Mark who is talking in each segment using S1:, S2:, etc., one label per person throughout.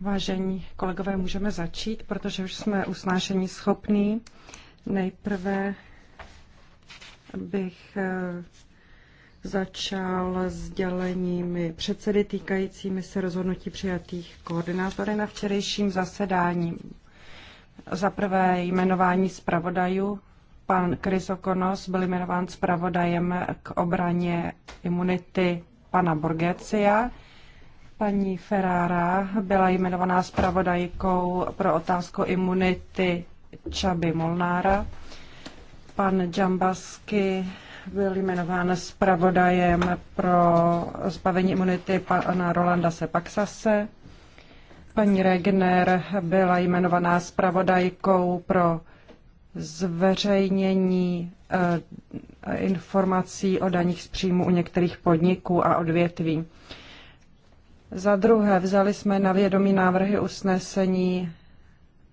S1: Vážení kolegové, můžeme začít, protože už jsme usnášení schopní. Nejprve bych eh, začal děleními předsedy týkajícími se rozhodnutí přijatých koordinátory na včerejším zasedání. Za prvé jmenování zpravodajů. Pan Krysokonos byl jmenován zpravodajem k obraně imunity pana Borgecia. Paní Ferrara byla jmenovaná zpravodajkou pro otázku imunity Čaby Molnára. Pan Džambasky byl jmenován zpravodajem pro zbavení imunity pana Rolanda Sepaksase. Paní Regner byla jmenovaná zpravodajkou pro zveřejnění eh, informací o daních z příjmu u některých podniků a odvětví. Za druhé, vzali jsme na vědomí návrhy usnesení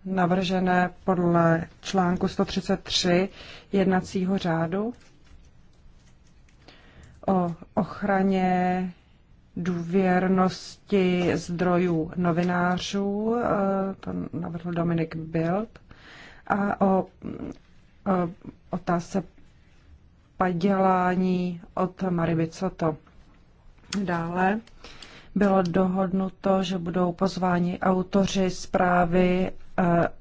S1: navržené podle článku 133 jednacího řádu o ochraně důvěrnosti zdrojů novinářů, eh, to navrhl Dominik Bild, a o otázce padělání od Mary to Dále bylo dohodnuto, že budou pozváni autoři zprávy eh, eh,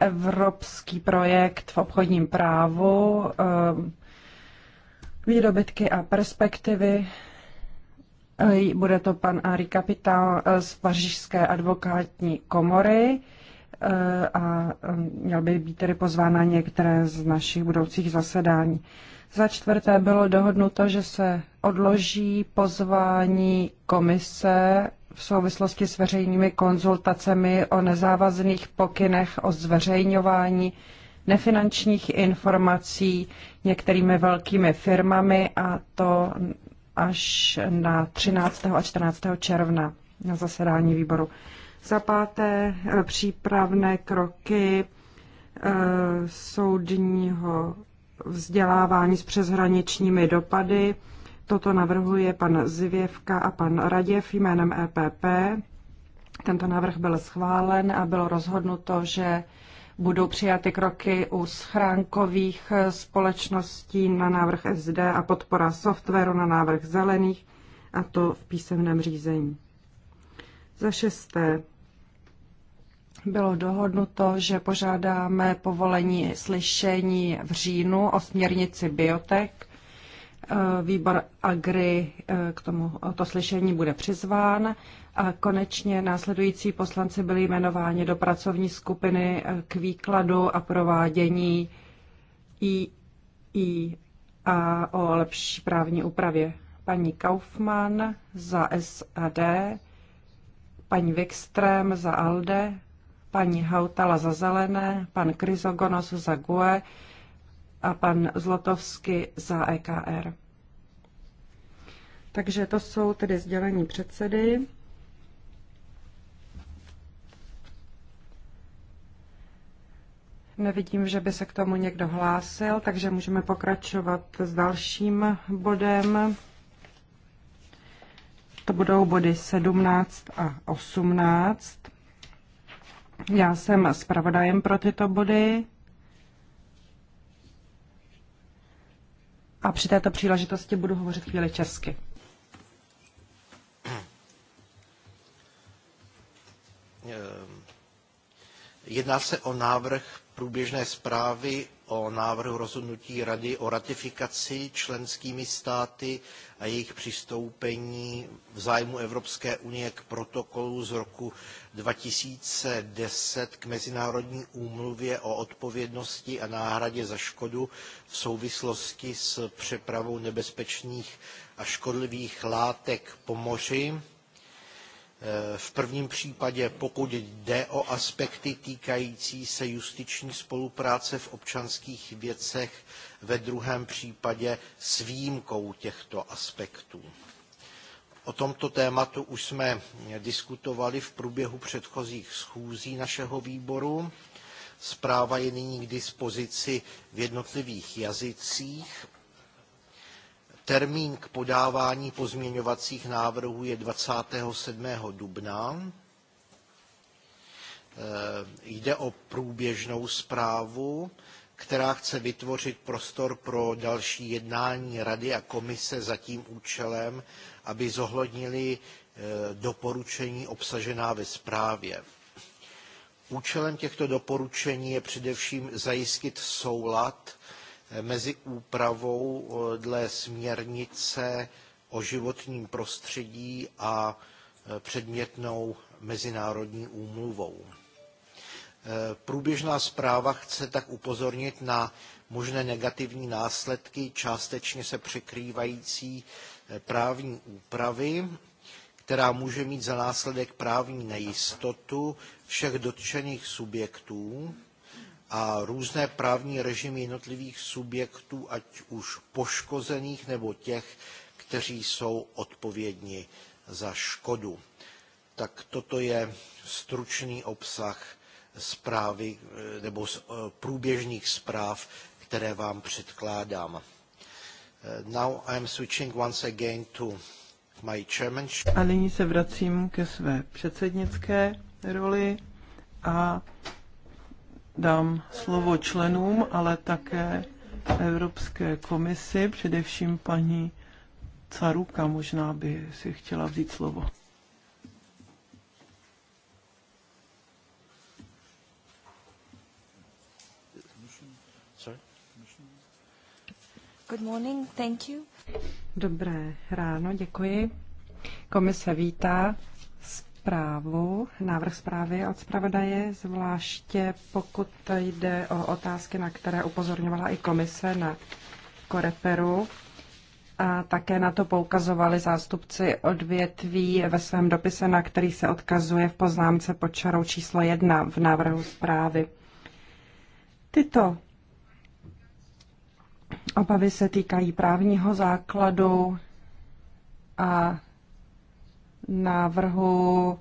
S1: Evropský projekt v obchodním právu, eh, výdobytky a perspektivy. Bude to pan Ari Kapitán z Pařížské advokátní komory Eh, a eh, měl by být tedy pozván na některé z našich budoucích zasedání. Za čtvrté bylo dohodnuto, že se odloží pozvání komise v souvislosti s veřejnými konzultacemi o nezávazných pokynech o zveřejňování nefinančních informací některými velkými firmami a to až na 13. a 14. června na zasedání výboru. Za páté eh, přípravné kroky eh, soudního vzdělávání s přeshraničními dopady. Toto navrhuje pan Zivěvka a pan Raděv jménem EPP. Tento návrh byl schválen a bylo rozhodnuto, že budou přijaty kroky u schránkových eh, společností na návrh SD a podpora softwaru na návrh zelených, a to v písemném řízení. Za šesté bylo dohodnuto, že požádáme povolení slyšení v říjnu o směrnici biotek. Eh, výbor Agri eh, k tomu eh, to slyšení bude přizván. A konečně následující poslanci byli jmenováni do pracovní skupiny k výkladu a provádění II a o lepší právní úpravě. Paní Kaufmann za SAD paní Wikström za ALDE, paní Hautala za Zelené, pan Kryzogonos za GUE a pan Zlotovsky za EKR. Takže to jsou tedy sdělení předsedy. Nevidím, že by se k tomu někdo hlásil, takže můžeme pokračovat s dalším bodem to budou body 17 a 18. Já jsem zpravodajem pro tyto body. A při této příležitosti budu hovořit chvíli česky.
S2: Ehm, jedná se o návrh průběžné zprávy o návrhu rozhodnutí Rady o ratifikaci členskými státy a jejich přistoupení v zájmu Evropské unie k protokolu z roku 2010 k Mezinárodní úmluvě o odpovědnosti a náhradě za škodu v souvislosti s přepravou nebezpečných a škodlivých látek po moři Eh, v prvním případě, pokud jde o aspekty týkající se justiční spolupráce v občanských věcech, ve druhém případě s výjimkou těchto aspektů. O tomto tématu už jsme diskutovali v průběhu předchozích schůzí našeho výboru. Zpráva je nyní k dispozici v jednotlivých jazycích Termín k podávání pozměňovacích návrhů je 27. dubna. Eh, jde o průběžnou zprávu, která chce vytvořit prostor pro další jednání Rady a komise za tím účelem, aby zohlednili eh, doporučení obsažená ve zprávě. Účelem těchto doporučení je především zajistit soulad mezi úpravou eh, dle směrnice o životním prostředí a eh, předmětnou mezinárodní úmluvou. Eh, průběžná zpráva chce tak upozornit na možné negativní následky částečně se překrývající právní úpravy, která může mít za následek právní nejistotu všech dotčených subjektů, a různé právní režimy jednotlivých subjektů, ať už poškozených nebo těch, kteří jsou odpovědni za škodu. Tak toto je stručný obsah zprávy nebo e, průběžných zpráv, které vám předkládám. E, now I am switching once again to my chairmanship.
S3: A nyní se vracím ke své předsednické roli a dám slovo členům, ale také Evropské komisi, především paní Caruka možná by si chtěla vzít slovo.
S2: Good morning, thank you.
S1: Dobré ráno, děkuji. Komise vítá zprávu, návrh zprávy od zpravodaje, zvláště pokud jde o otázky, na které upozorňovala i komise na Koreperu. A také na to poukazovali zástupci odvětví ve svém dopise, na který se odkazuje v poznámce pod čarou číslo 1 v návrhu zprávy. Tyto obavy se týkají právního základu a návrhu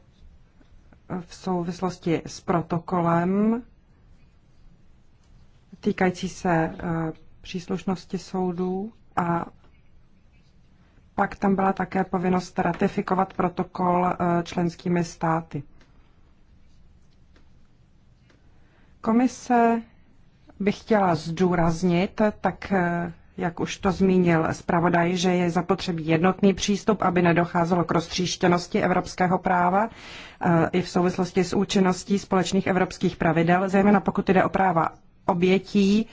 S1: v souvislosti s protokolem týkající se eh, příslušnosti soudů a pak tam byla také povinnost ratifikovat protokol eh, členskými státy. Komise by chtěla zdůraznit, tak eh, jak už to zmínil zpravodaj, že je zapotřebí jednotný přístup, aby nedocházelo k roztříštěnosti evropského práva eh, i v souvislosti s účinností společných evropských pravidel, zejména pokud jde o práva obětí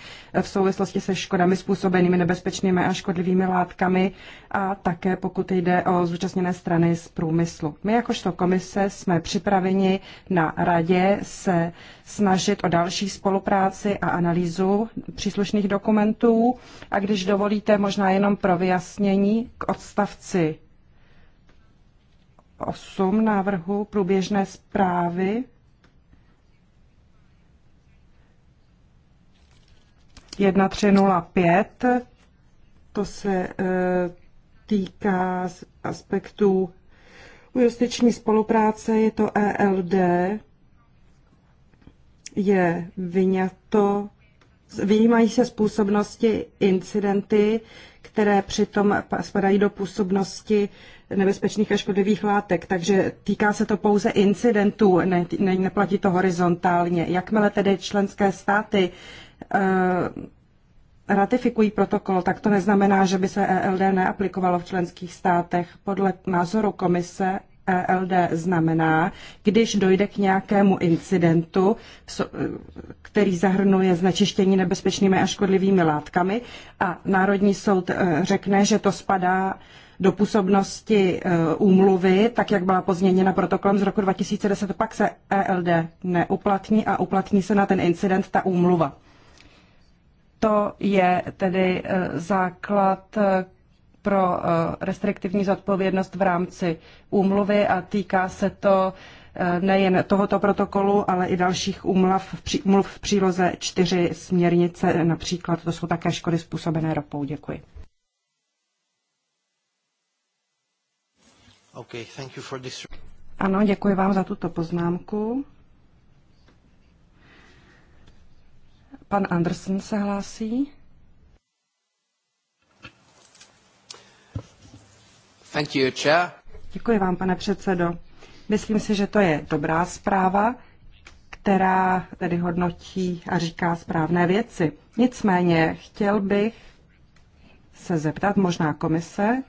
S1: v souvislosti se škodami způsobenými nebezpečnými a škodlivými látkami a také pokud jde o zúčastněné strany z průmyslu. My jakožto komise jsme připraveni na radě se snažit o další spolupráci a analýzu příslušných dokumentů a když dovolíte možná jenom pro vyjasnění k odstavci 8 návrhu průběžné zprávy 1305. To se e, týká aspektů justiční spolupráce, je to ELD, je vyňato, vyjímají se způsobnosti incidenty, které přitom spadají do působnosti nebezpečných a škodlivých látek. Takže týká se to pouze incidentů, ne, ne, neplatí to horizontálně. Jakmile tedy členské státy Eh, ratifikují protokol, tak to neznamená, že by se ELD neaplikovalo v členských státech. Podle názoru komise ELD znamená, když dojde k nějakému incidentu, eh, který zahrnuje znečištění nebezpečnými a škodlivými látkami a Národní soud eh, řekne, že to spadá do působnosti úmluvy, tak jak byla pozměněna protokolem z roku 2010, pak se ELD neuplatní a uplatní se na ten incident ta úmluva. To je tedy eh, základ eh, pro eh, restriktivní zodpovědnost v rámci úmluvy a týká se to nejen tohoto protokolu, ale i dalších úmluv v, pří, umluv v příloze čtyři směrnice, například to jsou také škody způsobené ropou.
S2: Děkuji. Okay, thank you for this.
S1: Ano, děkuji vám za tuto poznámku. Pan se hlásí.
S3: Thank you, chair.
S1: Děkuji vám, pane předsedo. Myslím si, že to je dobrá zpráva, která tedy hodnotí a říká správné věci. Nicméně chtěl bych se zeptat možná komise,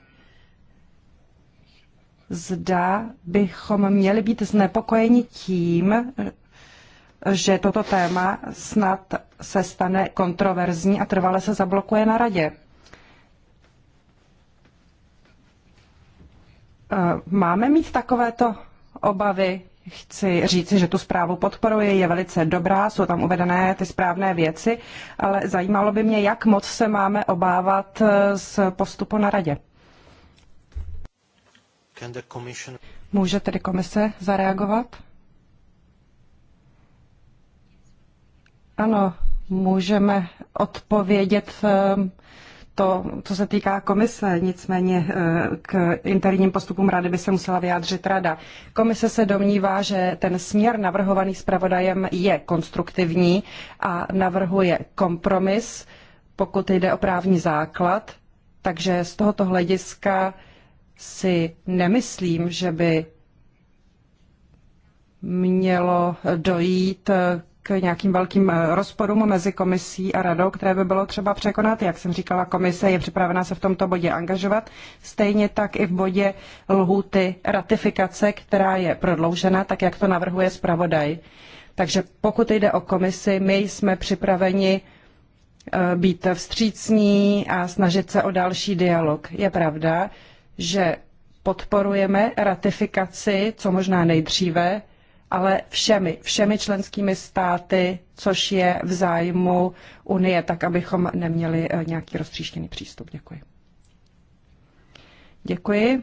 S1: zda bychom měli být znepokojeni tím, že toto téma snad se stane kontroverzní a trvale se zablokuje na radě. Eh, máme mít takovéto obavy? Chci říci, že tu zprávu podporuji, je velice dobrá, jsou tam uvedené ty správné věci, ale zajímalo by mě, jak moc se máme obávat eh, z postupu na radě. Může tedy komise zareagovat? Ano, můžeme odpovědět ehm, to, co se týká komise, nicméně eh, k interním postupům rady by se musela vyjádřit rada. Komise se domnívá, že ten směr navrhovaný zpravodajem je konstruktivní a navrhuje kompromis, pokud jde o právní základ, takže z tohoto hlediska si nemyslím, že by mělo dojít eh, k nějakým velkým eh, rozporům mezi komisí a radou, které by bylo třeba překonat. Jak jsem říkala, komise je připravena se v tomto bodě angažovat, stejně tak i v bodě lhuty ratifikace, která je prodloužena, tak jak to navrhuje zpravodaj. Takže pokud jde o komisi, my jsme připraveni eh, být vstřícní a snažit se o další dialog. Je pravda, že podporujeme ratifikaci co možná nejdříve, ale všemi, všemi členskými státy, což je v zájmu Unie, tak abychom neměli eh, nějaký roztříštěný přístup. Děkuji. Děkuji.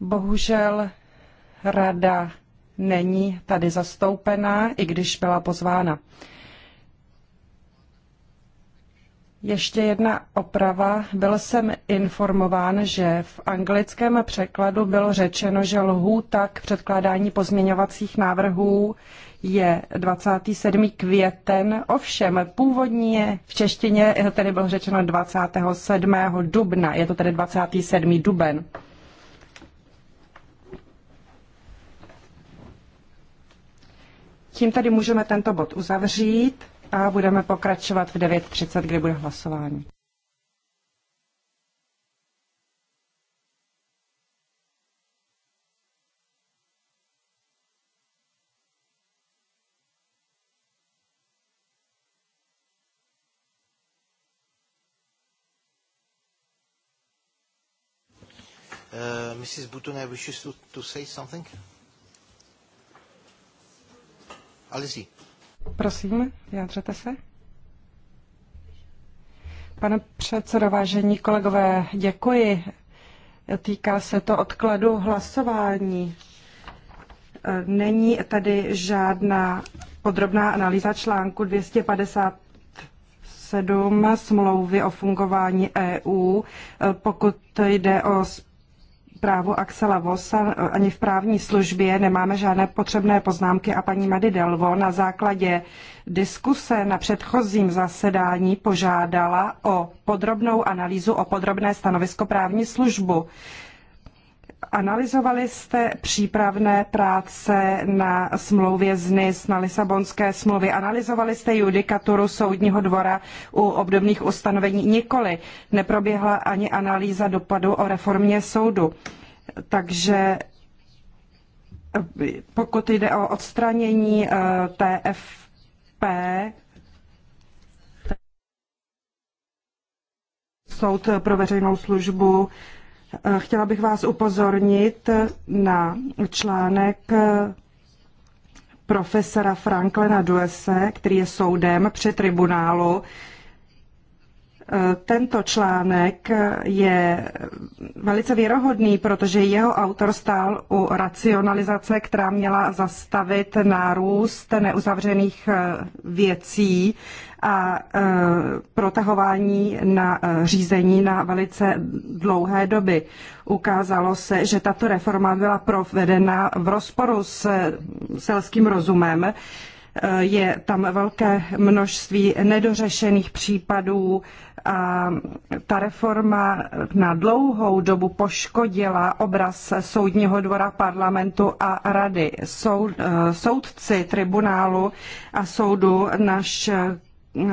S1: Bohužel rada není tady zastoupená, i když byla pozvána. Ještě jedna oprava. Byl jsem informován, že v anglickém překladu bylo řečeno, že lhůta k předkládání pozměňovacích návrhů je 27. květen, ovšem původně v češtině tedy bylo řečeno 27. dubna, je to tedy 27. duben. Tím tady můžeme tento bod uzavřít a budeme pokračovat v 9.30, kdy bude hlasování.
S2: Uh, Mrs. I wish you to, to say something? allez
S1: Prosím, vyjádřete se. Pane předsedo, vážení kolegové, děkuji. Týká se to odkladu hlasování. Není tady žádná podrobná analýza článku 257 smlouvy o fungování EU, pokud jde o zprávu Axela Vosa ani v právní službě nemáme žádné potřebné poznámky a paní Mady Delvo na základě diskuse na předchozím zasedání požádala o podrobnou analýzu, o podrobné stanovisko právní službu. Analyzovali jste přípravné práce na smlouvě z NIS, na Lisabonské smlouvě. Analyzovali jste judikaturu Soudního dvora u obdobných ustanovení. Nikoli neproběhla ani analýza dopadu o reformě soudu. Takže eh, pokud jde o odstranění eh, TFP, soud pro veřejnou službu Eh, chtěla bych vás upozornit na článek eh, profesora Franklina Duese, který je soudem při tribunálu, Eh, tento článek je velice věrohodný, protože jeho autor stál u racionalizace, která měla zastavit nárůst neuzavřených eh, věcí a eh, protahování na řízení na velice dlouhé doby. Ukázalo se, že tato reforma byla provedena v rozporu s selským rozumem je tam velké množství nedořešených případů a ta reforma na dlouhou dobu poškodila obraz soudního dvora parlamentu a rady. Soud, eh, soudci tribunálu a soudu náš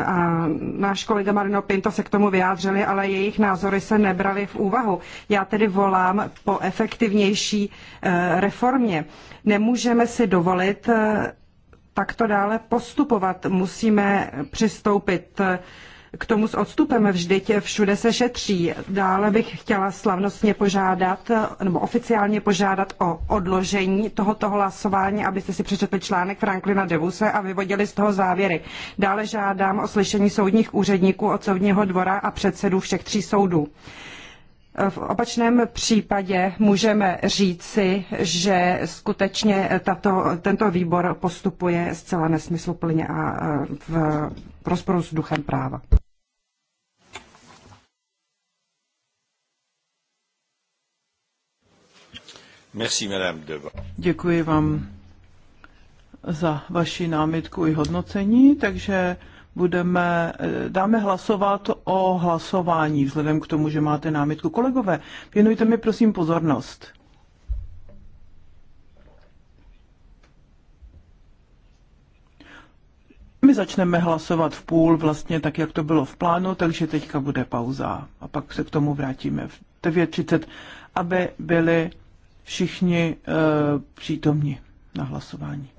S1: a náš kolega Marino Pinto se k tomu vyjádřili, ale jejich názory se nebrali v úvahu. Já tedy volám po efektivnější eh, reformě. Nemůžeme si dovolit eh, takto dále postupovat. Musíme přistoupit k tomu s odstupem vždyť všude se šetří. Dále bych chtěla slavnostně požádat, nebo oficiálně požádat o odložení tohoto hlasování, abyste si přečetli článek Franklina Devuse a vyvodili z toho závěry. Dále žádám o slyšení soudních úředníků od soudního dvora a předsedů všech tří soudů. V opačném případě můžeme říci, že skutečně tato, tento výbor postupuje zcela nesmysluplně a v rozporu s duchem práva.
S2: Merci, madame Deva.
S3: Děkuji vám za vaši námitku i hodnocení, takže budeme, eh, dáme hlasovat o hlasování, vzhledem k tomu, že máte námitku. Kolegové, věnujte mi prosím pozornost. My začneme hlasovat v půl, vlastně tak, jak to bylo v plánu, takže teďka bude pauza a pak se k tomu vrátíme v 9.30, aby byli všichni e, přítomni na hlasování.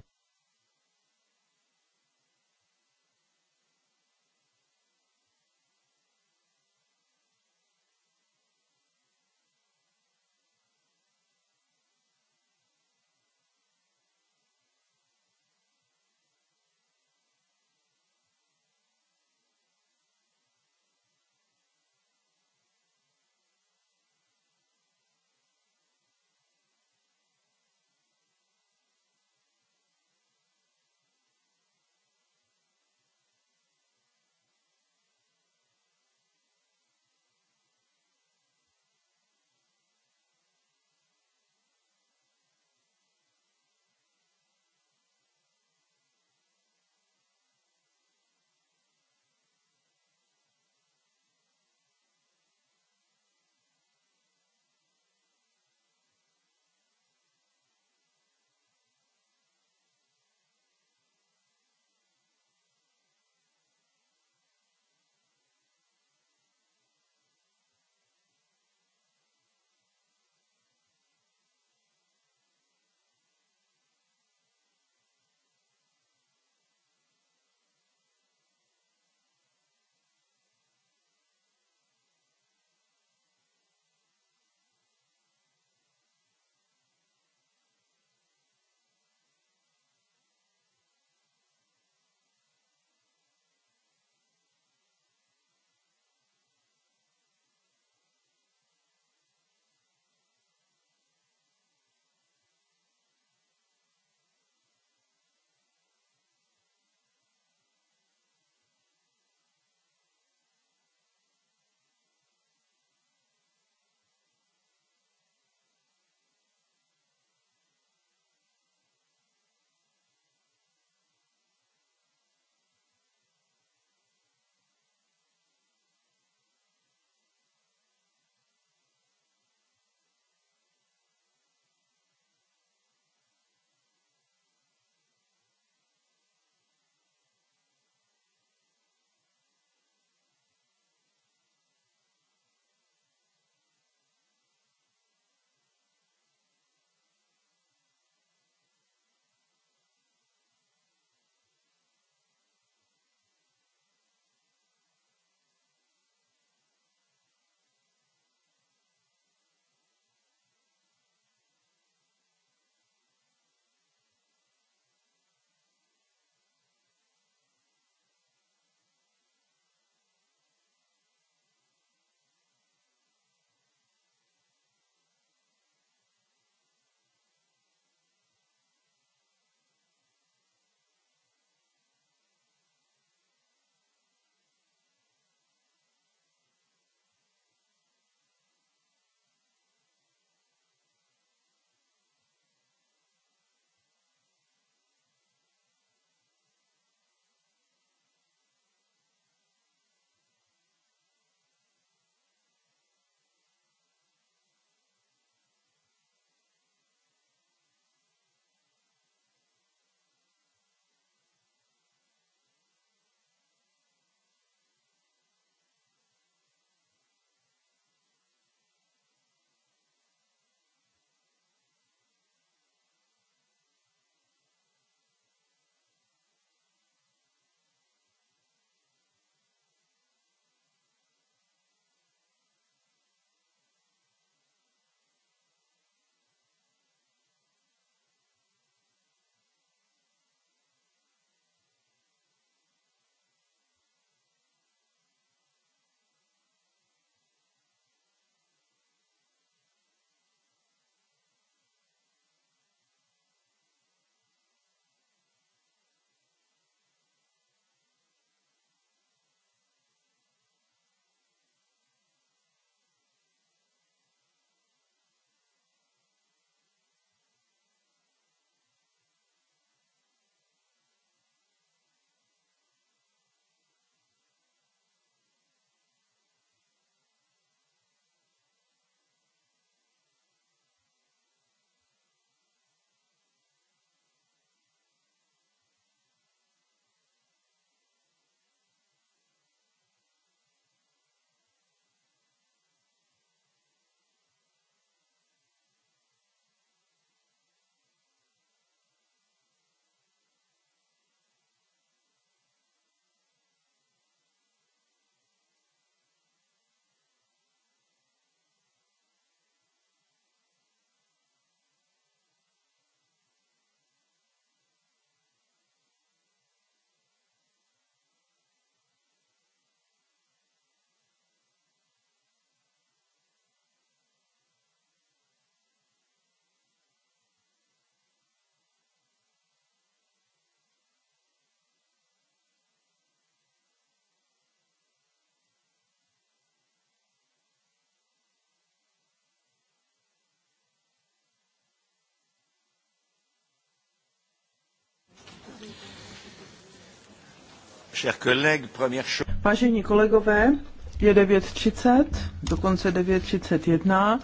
S3: Vážení kolegové, je 9.30, dokonce 9.31,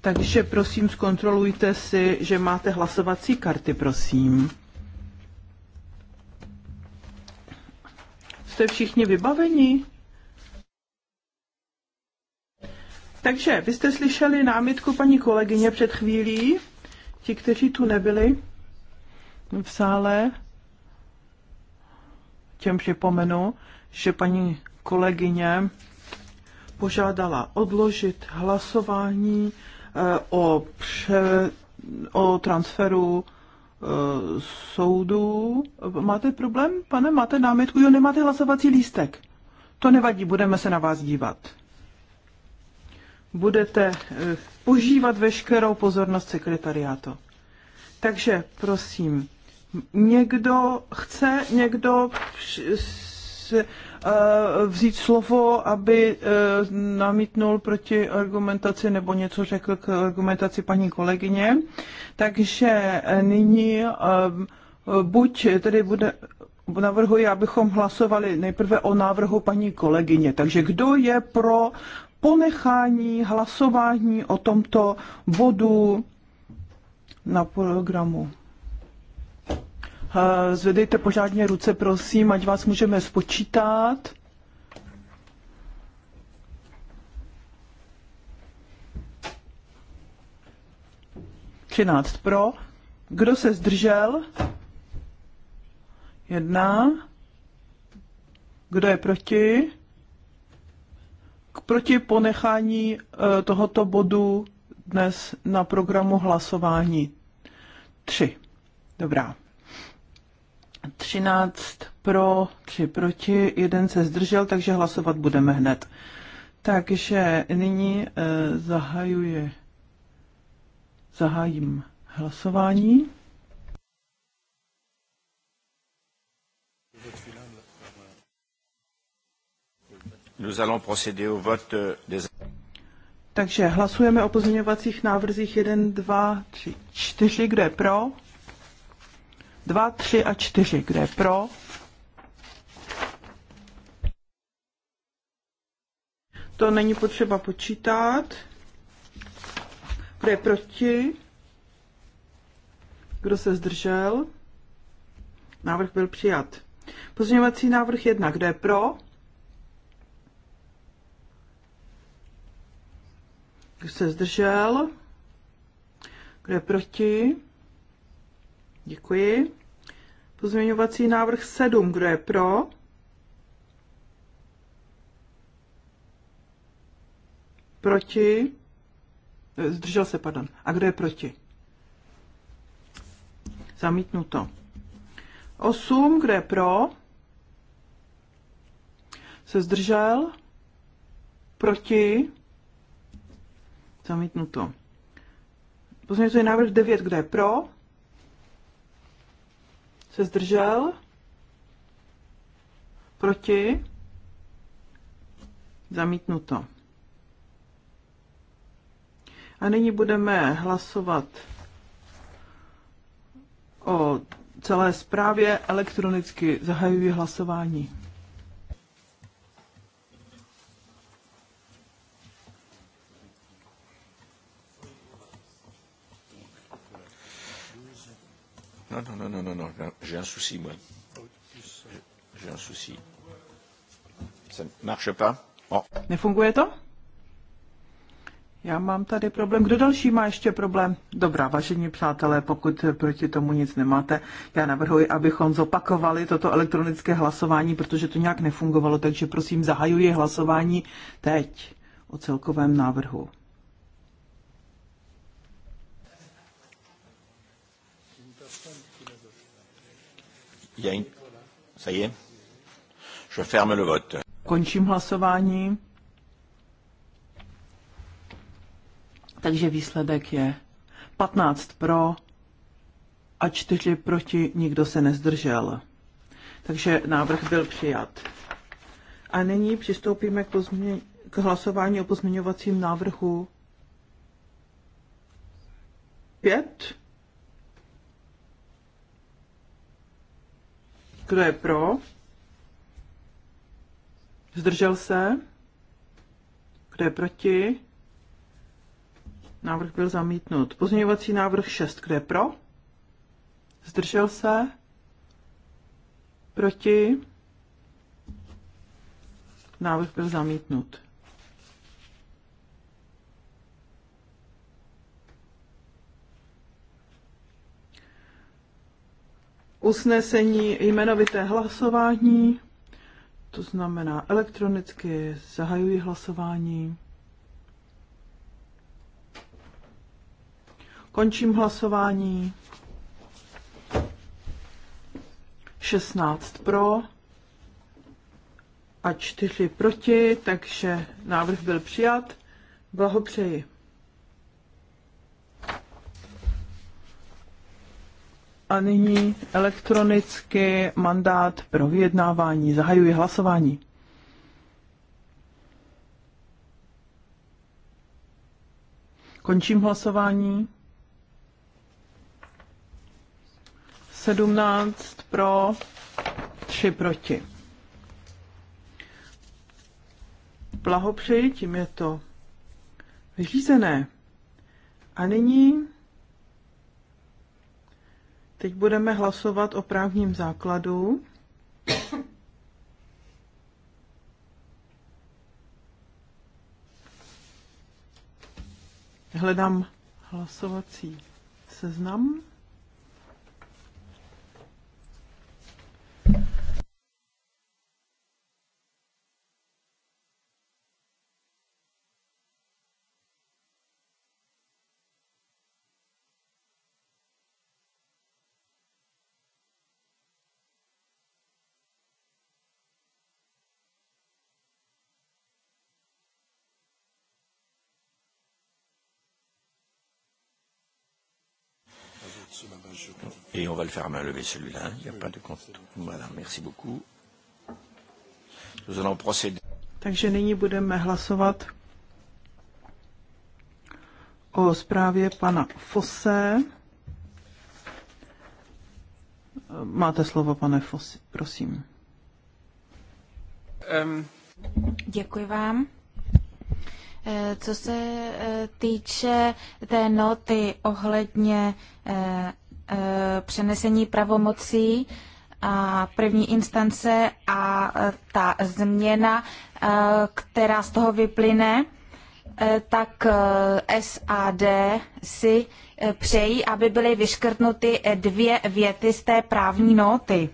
S3: takže prosím zkontrolujte si, že máte hlasovací karty, prosím. Jste všichni vybaveni? Takže, vy jste slyšeli námitku paní kolegyně před chvílí, ti, kteří tu nebyli v sále, těm připomenu, že paní kolegyně požádala odložit hlasování eh, o, pře, o transferu eh, soudu. Máte problém, pane? Máte námitku? Jo, nemáte hlasovací lístek. To nevadí, budeme se na vás dívat. Budete eh, požívat veškerou pozornost sekretariátu. Takže prosím, někdo chce, někdo si, eh, vzít slovo, aby eh, namítnul proti argumentaci nebo něco řekl k argumentaci paní kolegyně. Takže eh, nyní buď tedy bude, navrhuji, abychom hlasovali nejprve o návrhu paní kolegyně. Takže kdo je pro ponechání hlasování o tomto bodu na programu? Eh, zvedejte pořádně ruce, prosím, ať vás můžeme spočítat. Třináct pro. Kdo se zdržel? Jedna. Kdo je proti? K proti ponechání eh, tohoto bodu dnes na programu hlasování. Tři. Dobrá. 13 pro, 3 proti, jeden se zdržel, takže hlasovat budeme hned. Takže nyní e, zahajuje, zahájím hlasování. Nous allons procéder au vote des... Takže hlasujeme o pozměňovacích návrzích 1, 2, 3, 4. Kdo je pro? 2, 3 a 4. Kde je pro? To není potřeba počítat. Kdo je proti? Kdo se zdržel? Návrh byl přijat. Pozměňovací návrh 1. Kdo je pro? Kdo se zdržel? Kdo je proti? Děkuji. Pozměňovací návrh 7. Kdo je pro? Proti? Eh, zdržel se, pardon. A kdo je proti? Zamítnuto. 8. Kdo je pro? Se zdržel? Proti? Zamítnuto. Pozměňovací návrh 9. Kdo je pro? se zdržel? Proti? Zamítnuto. A nyní budeme hlasovat o celé zprávě. Elektronicky zahajuji hlasování. Non, non, non, non, non, non. j'ai un souci, moi. J'ai un souci. Ça ne marche pas. Oh. Nefunguje to? Já mám tady problém. Kdo další má ještě problém? Dobrá, vážení přátelé, pokud proti tomu nic nemáte, já navrhuji, abychom zopakovali toto elektronické hlasování, protože to nějak nefungovalo, takže prosím, zahajuji hlasování teď o celkovém návrhu. Bien. Ça y
S2: est. Je ferme le vote.
S3: Končím hlasování. Takže výsledek je 15 pro a 4 proti, nikdo se nezdržel. Takže návrh byl přijat. A nyní přistoupíme k, k hlasování o pozměňovacím návrhu 5. Kdo je pro? Zdržel se? Kdo je proti? Návrh byl zamítnut. Pozměňovací návrh 6. Kdo je pro? Zdržel se? Proti? Návrh byl zamítnut. usnesení jmenovité hlasování, to znamená elektronicky zahajuji hlasování. Končím hlasování. 16 pro a 4 proti, takže návrh byl přijat. Blahopřeji. A nyní elektronicky mandát pro vyjednávání. Zahajuji hlasování. Končím hlasování. 17 pro, 3 proti. Blahopřeji, tím je to vyřízené. A nyní Teď budeme hlasovat o právním základu. Hledám hlasovací seznam.
S2: Et on va le faire à main levée celui-là. Il n'y a pas de compte. Voilà, merci beaucoup. Nous allons procéder.
S3: Takže nyní budeme hlasovat o zprávě pana Fosse. Máte slovo, pane Fosse, prosím.
S2: Um.
S1: Děkuji vám. Eh, co se eh, týče té noty ohledně eh, Eh, přenesení pravomocí a první instance a eh, ta změna, eh, která z toho vyplyne, tak SAD si přejí, aby byly vyškrtnuty dvě věty z té právní noty.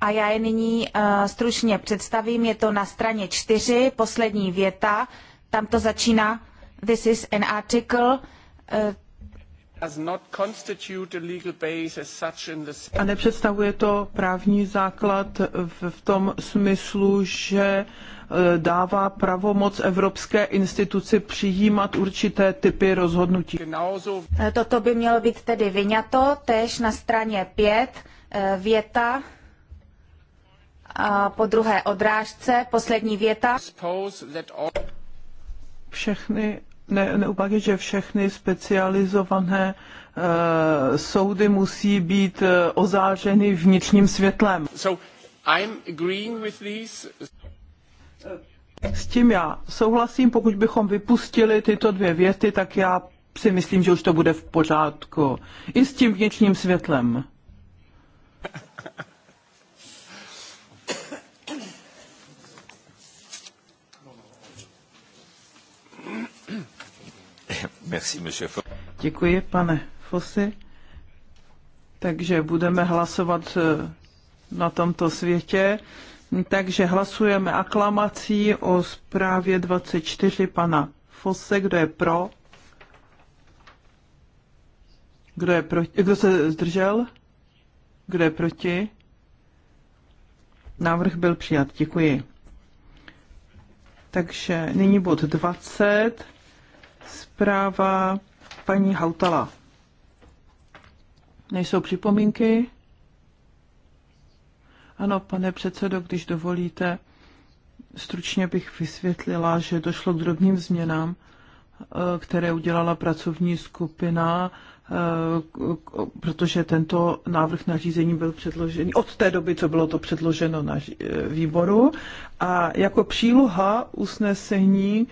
S1: A já je nyní stručně představím. Je to na straně čtyři, poslední věta.
S3: Tam to začíná This is an article a nepředstavuje to právní základ v, v tom smyslu, že e, dává pravomoc Evropské instituci přijímat určité typy rozhodnutí.
S1: E, toto by mělo být tedy vyňato, tež na straně 5 e, věta po druhé odrážce, poslední věta.
S3: Všechny ne, neuplatnit, že všechny specializované e, soudy musí být eh, ozářeny vnitřním světlem. So
S2: I'm agreeing with these.
S3: S tím já souhlasím, pokud bychom vypustili tyto dvě věty, tak já si myslím, že už to bude v pořádku. I s tím vnitřním světlem. Merci, monsieur. Děkuji, pane Fosy. Takže budeme hlasovat eh, na tomto světě. Takže hlasujeme aklamací o zprávě 24 pana Fosse, Kdo je pro? Kdo, je proti? Kdo se zdržel? Kdo je proti? Návrh byl přijat. Děkuji. Takže nyní bod 20 zpráva paní Hautala. Nejsou připomínky? Ano, pane předsedo, když dovolíte, stručně bych vysvětlila, že došlo k drobným změnám, eh, které udělala pracovní skupina Eh, protože tento návrh nařízení byl předložený od té doby, co bylo to předloženo na eh, výboru. A jako příloha usnesení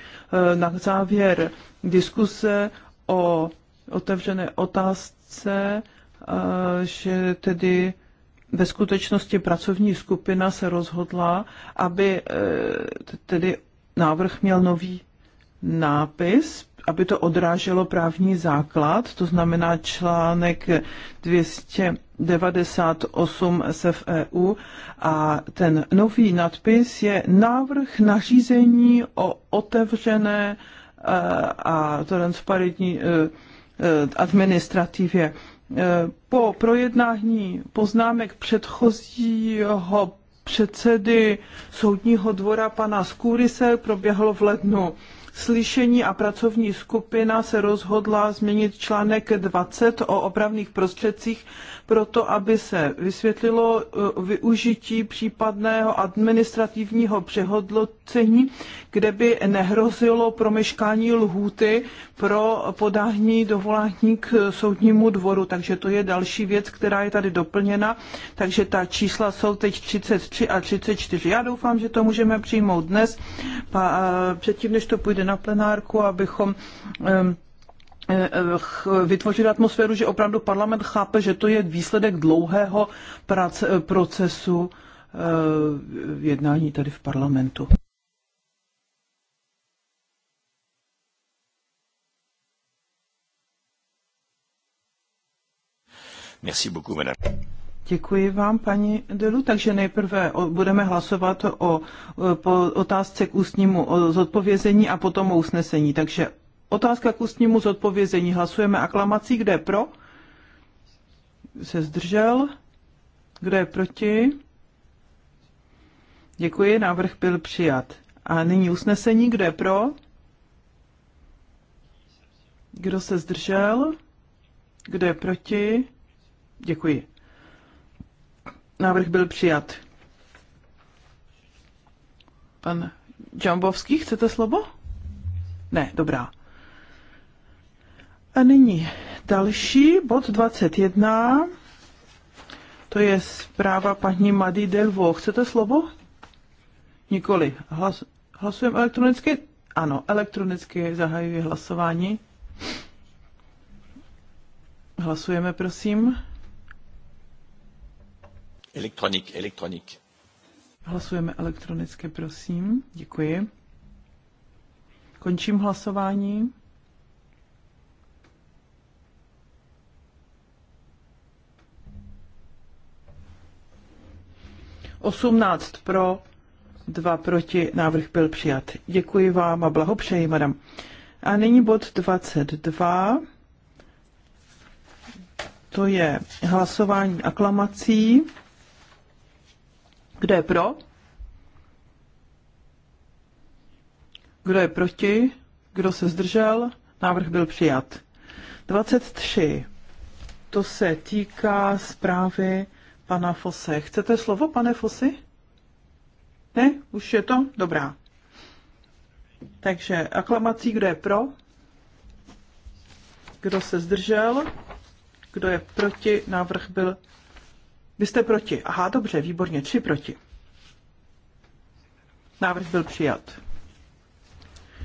S3: eh, na závěr diskuse o otevřené otázce, že tedy ve skutečnosti pracovní skupina se rozhodla, aby tedy návrh měl nový nápis, aby to odráželo právní základ, to znamená článek 298 SFEU a ten nový nadpis je návrh nařízení o otevřené eh, a transparentní eh, eh, administrativě. Po projednání poznámek předchozího předsedy soudního dvora pana Skůryse proběhlo v lednu slyšení a pracovní skupina se rozhodla změnit článek 20 o opravných prostředcích proto aby se vysvětlilo e, využití případného administrativního přehodnocení, kde by nehrozilo promeškání lhůty pro podání dovolání k soudnímu dvoru. Takže to je další věc, která je tady doplněna. Takže ta čísla jsou teď 33 a 34. Já doufám, že to můžeme přijmout dnes, e, předtím, než to půjde na plenárku, abychom um, Eh, vytvořit atmosféru, že opravdu parlament chápe, že to je výsledek dlouhého práce, eh, procesu eh, jednání tady v parlamentu.
S1: Merci beaucoup, madame.
S3: Děkuji vám, paní Delu. Takže nejprve budeme hlasovat o, o otázce k ústnímu zodpovězení a potom o usnesení. Takže Otázka k ústnímu zodpovězení. Hlasujeme aklamací. Kdo je pro? Se zdržel. Kdo je proti? Děkuji, návrh byl přijat. A nyní usnesení. Kdo je pro? Kdo se zdržel? Kdo je proti? Děkuji. Návrh byl přijat. Pan Džambovský, chcete slovo? Ne, dobrá. A nyní další, bod 21. To je zpráva paní Mady Delvo. Chcete slovo? Nikoli. Hlas, hlasujeme elektronicky? Ano, elektronicky zahajuji hlasování. Hlasujeme, prosím.
S2: Elektronik, elektronik.
S3: Hlasujeme elektronicky, prosím. Děkuji. Končím hlasování. 18 pro, 2 proti, návrh byl přijat. Děkuji vám a blahopřeji, madam. A nyní bod 22. To je hlasování aklamací. Kdo je pro? Kdo je proti? Kdo se zdržel? Návrh byl přijat. 23. To se týká zprávy pana Fose. Chcete slovo, pane Fosy? Ne? Už je to? Dobrá. Takže aklamací, kdo je pro? Kdo se zdržel? Kdo je proti? Návrh byl... Vy jste proti. Aha, dobře, výborně, tři proti. Návrh byl přijat.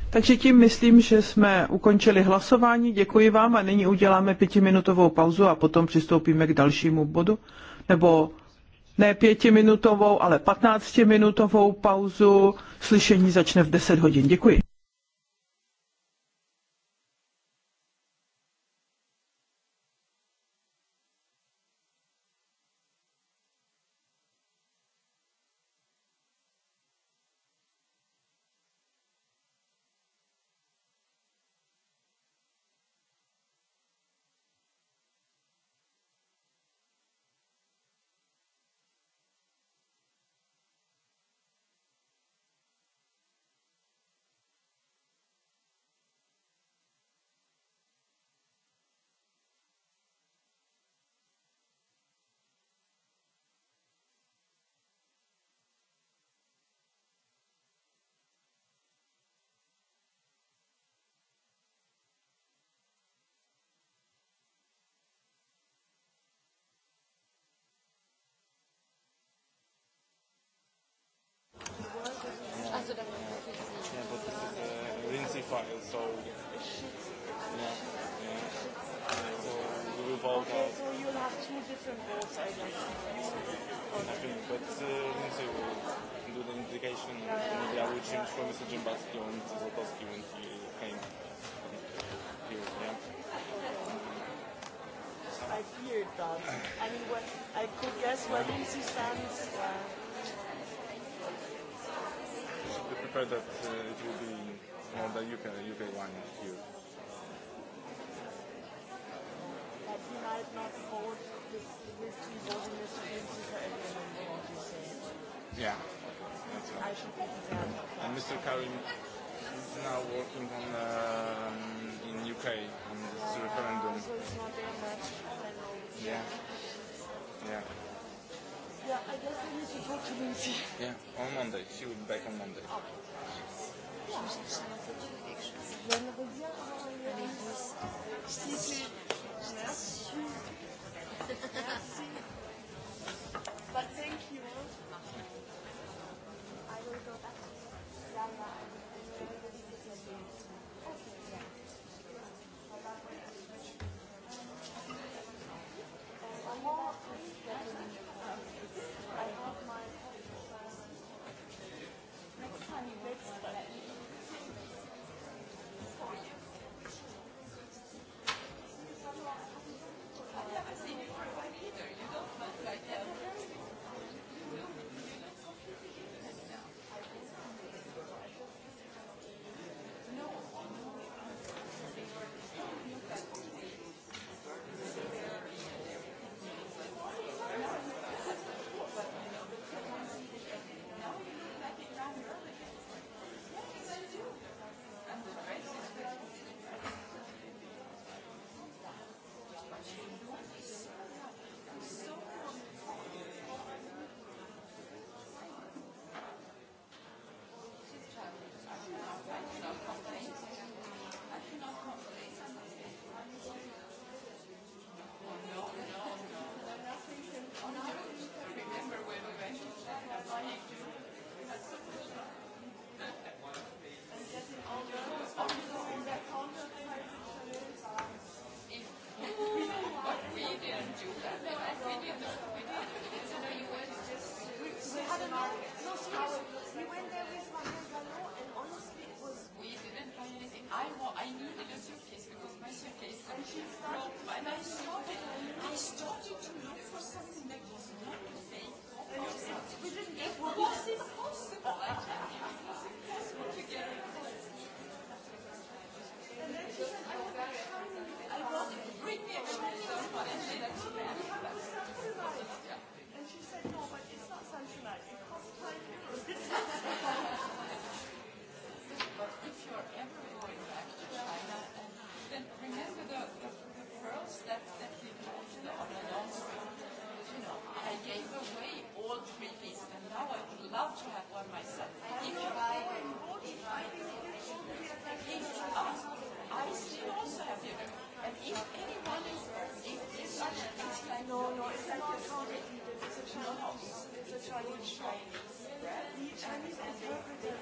S3: Takže tím myslím, že jsme ukončili hlasování. Děkuji vám a nyní uděláme pětiminutovou pauzu a potom přistoupíme k dalšímu bodu nebo ne pětiminutovou, ale patnáctiminutovou pauzu. Slyšení začne v 10 hodin. Děkuji.
S1: heard that uh, it will be more the
S2: UK, UK one here. Yeah. Okay.
S1: I should be prepared. And
S2: Mr. Karim is now working on um, in UK on this referendum. So
S3: it's not much. Yeah. Yeah. I guess I need to talk to Lindsay. Yeah, on Monday. She will be back on Monday. Okay.
S2: Yeah.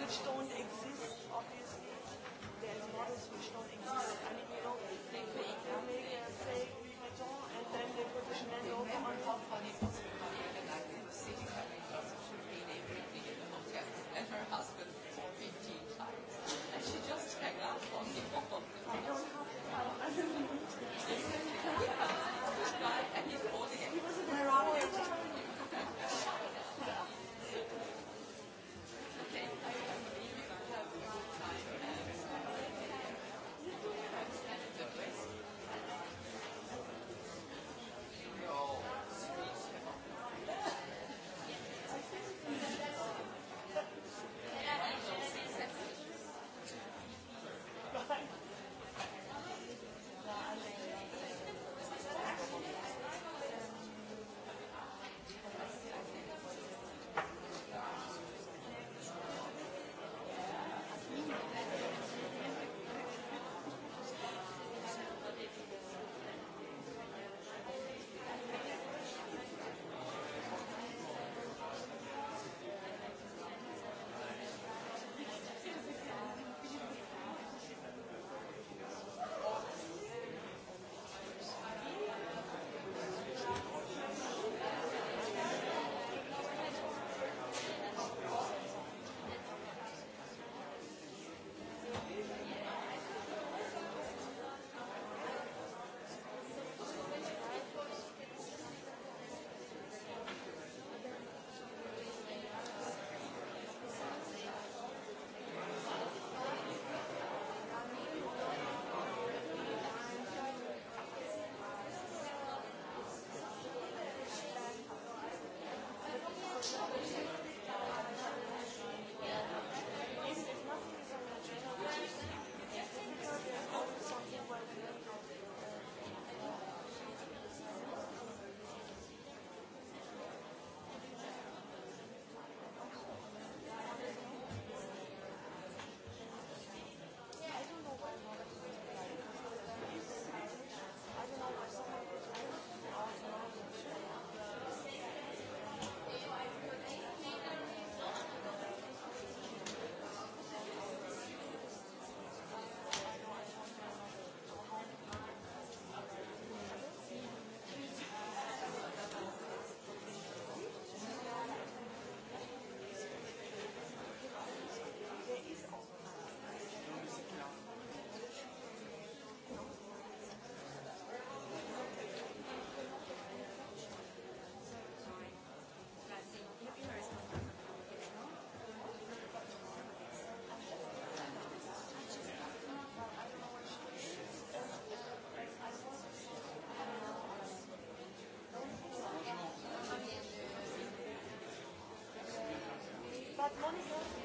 S2: which don't exist, obviously. There's models which don't exist. I mean, you know, they make America, uh, say, and then they put Chanel over on top of it.
S1: Monika.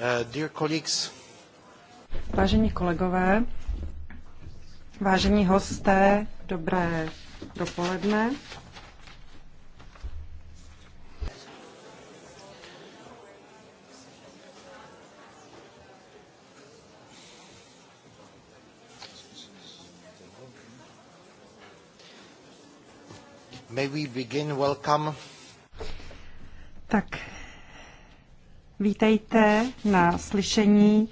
S2: Eh, dear colleagues.
S1: Vážení kolegové, vážení hosté, dobré dopoledne.
S2: May we begin welcome.
S1: Tak, Vítejte na slyšení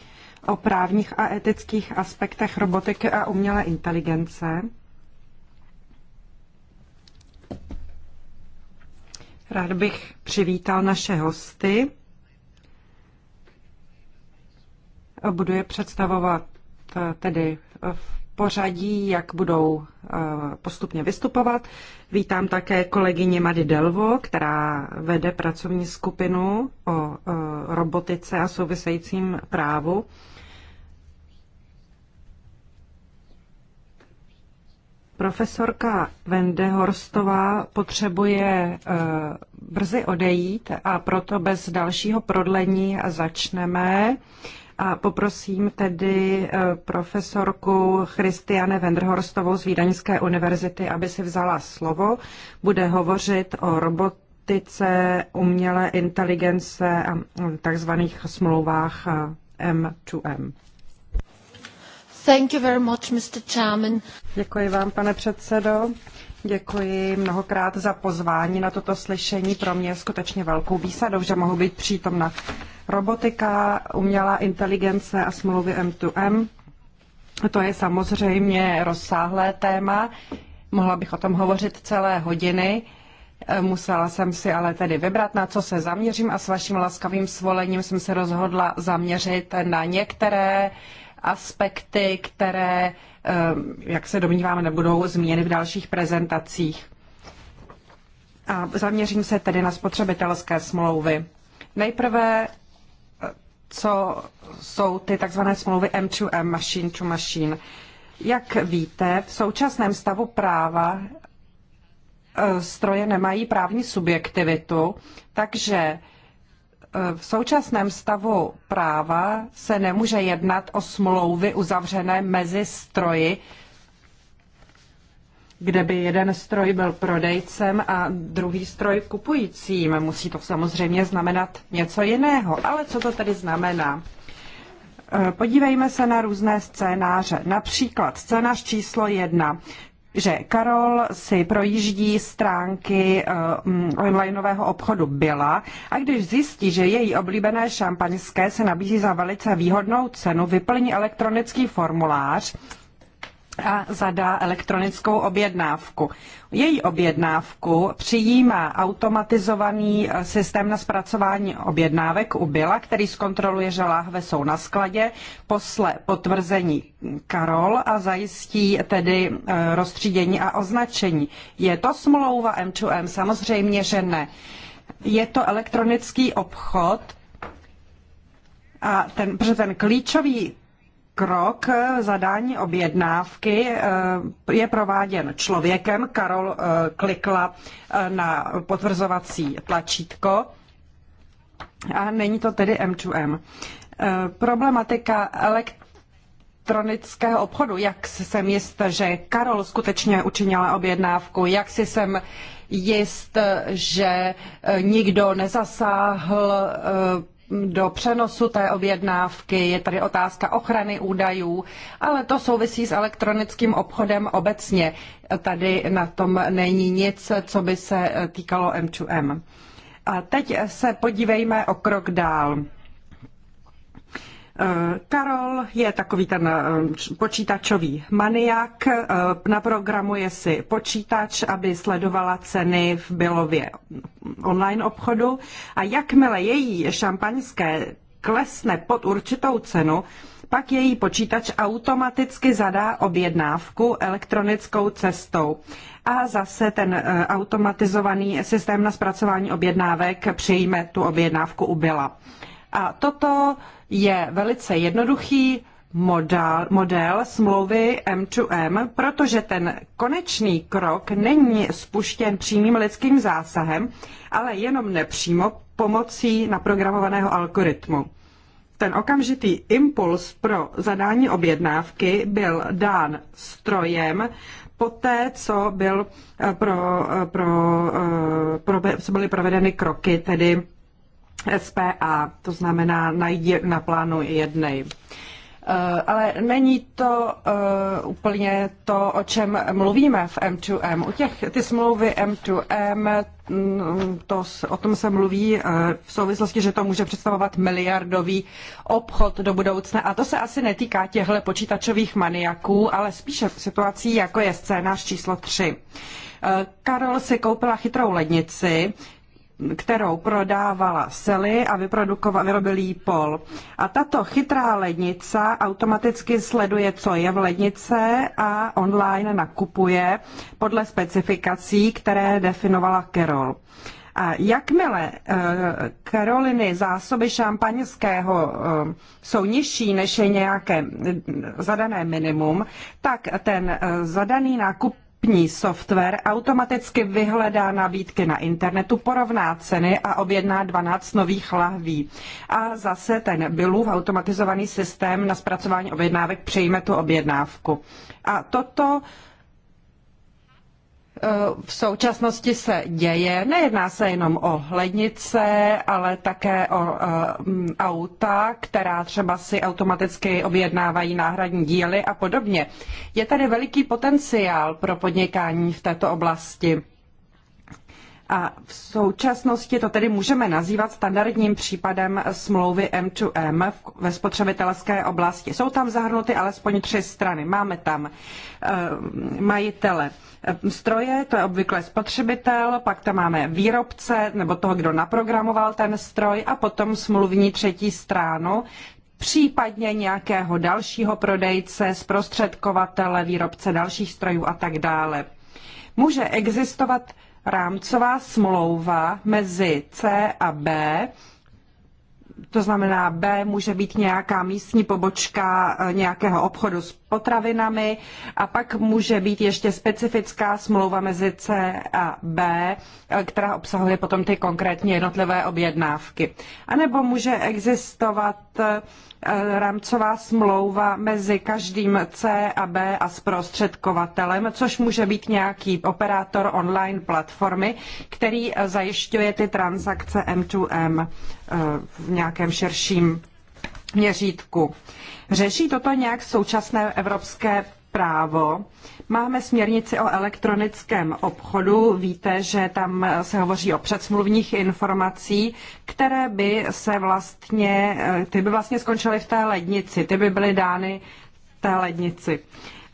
S1: o právních a etických aspektech robotiky a umělé inteligence. Rád bych přivítal naše hosty. Budu je představovat tedy v pořadí, jak budou eh, postupně vystupovat. Vítám také kolegyně Mady Delvo, která vede pracovní skupinu o eh, robotice a souvisejícím právu. Profesorka Vendehorstová potřebuje eh, brzy odejít a proto bez dalšího prodlení začneme a poprosím tedy eh, profesorku Christiane Wenderhorstovou z Vídaňské univerzity, aby si vzala slovo. Bude hovořit o robotice, umělé inteligence a mm, takzvaných smlouvách M2M. Eh,
S2: Thank you very much, Mr. Chairman.
S1: Děkuji vám, pane předsedo. Děkuji mnohokrát za pozvání na toto slyšení. Pro mě je skutečně velkou výsadou, že mohu být přítomna. Robotika, umělá inteligence a smlouvy M2M. To je samozřejmě rozsáhlé téma. Mohla bych o tom hovořit celé hodiny. Musela jsem si ale tedy vybrat, na co se zaměřím a s vaším laskavým svolením jsem se rozhodla zaměřit na některé aspekty, které, ehm, jak se domnívám, nebudou změny v dalších prezentacích. A zaměřím se tedy na spotřebitelské smlouvy. Nejprve co jsou ty takzvané smlouvy M2M, machine to machine. Jak víte, v současném stavu práva e, stroje nemají právní subjektivitu, takže e, v současném stavu práva se nemůže jednat o smlouvy uzavřené mezi stroji, kde by jeden stroj byl prodejcem a druhý stroj kupujícím. Musí to samozřejmě znamenat něco jiného. Ale co to tedy znamená? E, podívejme se na různé scénáře. Například scénář číslo jedna že Karol si projíždí stránky e, onlineového obchodu Byla a když zjistí, že její oblíbené šampaňské se nabízí za velice výhodnou cenu, vyplní elektronický formulář a zadá elektronickou objednávku. Její objednávku přijímá automatizovaný eh, systém na zpracování objednávek u Bila, který zkontroluje, že láhve jsou na skladě, posle potvrzení Karol a zajistí tedy eh, rozstřídění a označení. Je to smlouva M2M? Samozřejmě, že ne. Je to elektronický obchod, a ten, protože ten klíčový krok eh, zadání objednávky eh, je prováděn člověkem. Karol eh, klikla na potvrzovací tlačítko a není to tedy M2M. Problematika elektronického obchodu, jak si jsem jist, že Karol skutečně učinila objednávku, jak si jsem jist, že nikdo nezasáhl do přenosu té objednávky, je tady otázka ochrany údajů, ale to souvisí s elektronickým obchodem obecně. Tady na tom není nic, co by se týkalo M2M. A teď se podívejme o krok dál. Eh, Karol je takový ten eh, počítačový maniak, eh, naprogramuje si počítač, aby sledovala ceny v Bilově online obchodu a jakmile její šampaňské klesne pod určitou cenu, pak její počítač automaticky zadá objednávku elektronickou cestou. A zase ten automatizovaný systém na zpracování objednávek přijme tu objednávku u Bila. A toto je velice jednoduchý model, model smlouvy M2M, protože ten konečný krok není spuštěn přímým lidským zásahem, ale jenom nepřímo pomocí naprogramovaného algoritmu. Ten okamžitý impuls pro zadání objednávky byl dán strojem poté, co byl eh, pro, eh, pro, eh, pro, byly provedeny kroky, tedy SPA, to znamená na, na plánu jednej. Eh, ale není to uh, úplně to, o čem mluvíme v M2M. U těch, ty smlouvy M2M, mm, to, o tom se mluví uh, v souvislosti, že to může představovat miliardový obchod do budoucna. A to se asi netýká těchto počítačových maniaků, ale spíše situací, jako je scénář číslo 3. Karol si koupila chytrou lednici, kterou prodávala Sely a vyrobil jí Pol. A tato chytrá lednice automaticky sleduje, co je v lednice a online nakupuje podle specifikací, které definovala Kerol. A jakmile uh, Karoliny zásoby šampaňského uh, jsou nižší než je nějaké uh, zadané minimum, tak ten uh, zadaný nákup vstupní software automaticky vyhledá nabídky na internetu, porovná ceny a objedná 12 nových lahví. A zase ten bylův automatizovaný systém na zpracování objednávek přejme tu objednávku. A toto v současnosti se děje. Nejedná se jenom o lednice, ale také o eh, auta, která třeba si automaticky objednávají náhradní díly a podobně. Je tady veliký potenciál pro podnikání v této oblasti. A v současnosti to tedy můžeme nazývat standardním případem smlouvy M2M ve spotřebitelské oblasti. Jsou tam zahrnuty alespoň tři strany. Máme tam eh, majitele eh, stroje, to je obvykle spotřebitel, pak tam máme výrobce nebo toho, kdo naprogramoval ten stroj a potom smluvní třetí stranu, případně nějakého dalšího prodejce, zprostředkovatele, výrobce dalších strojů a tak dále. Může existovat rámcová smlouva mezi C a B, to znamená B může být nějaká místní pobočka eh, nějakého obchodu s potravinami a pak může být ještě specifická smlouva mezi C a B, eh, která obsahuje potom ty konkrétní jednotlivé objednávky. A nebo může existovat eh, Eh, rámcová smlouva mezi každým C a B a zprostředkovatelem, což může být nějaký operátor online platformy, který eh, zajišťuje ty transakce M2M eh, v nějakém širším měřítku. Řeší toto nějak současné evropské právo. Máme směrnici o elektronickém obchodu. Víte, že tam se hovoří o předsmluvních informací, které by se vlastně, ty by vlastně skončily v té lednici, ty by byly dány té lednici.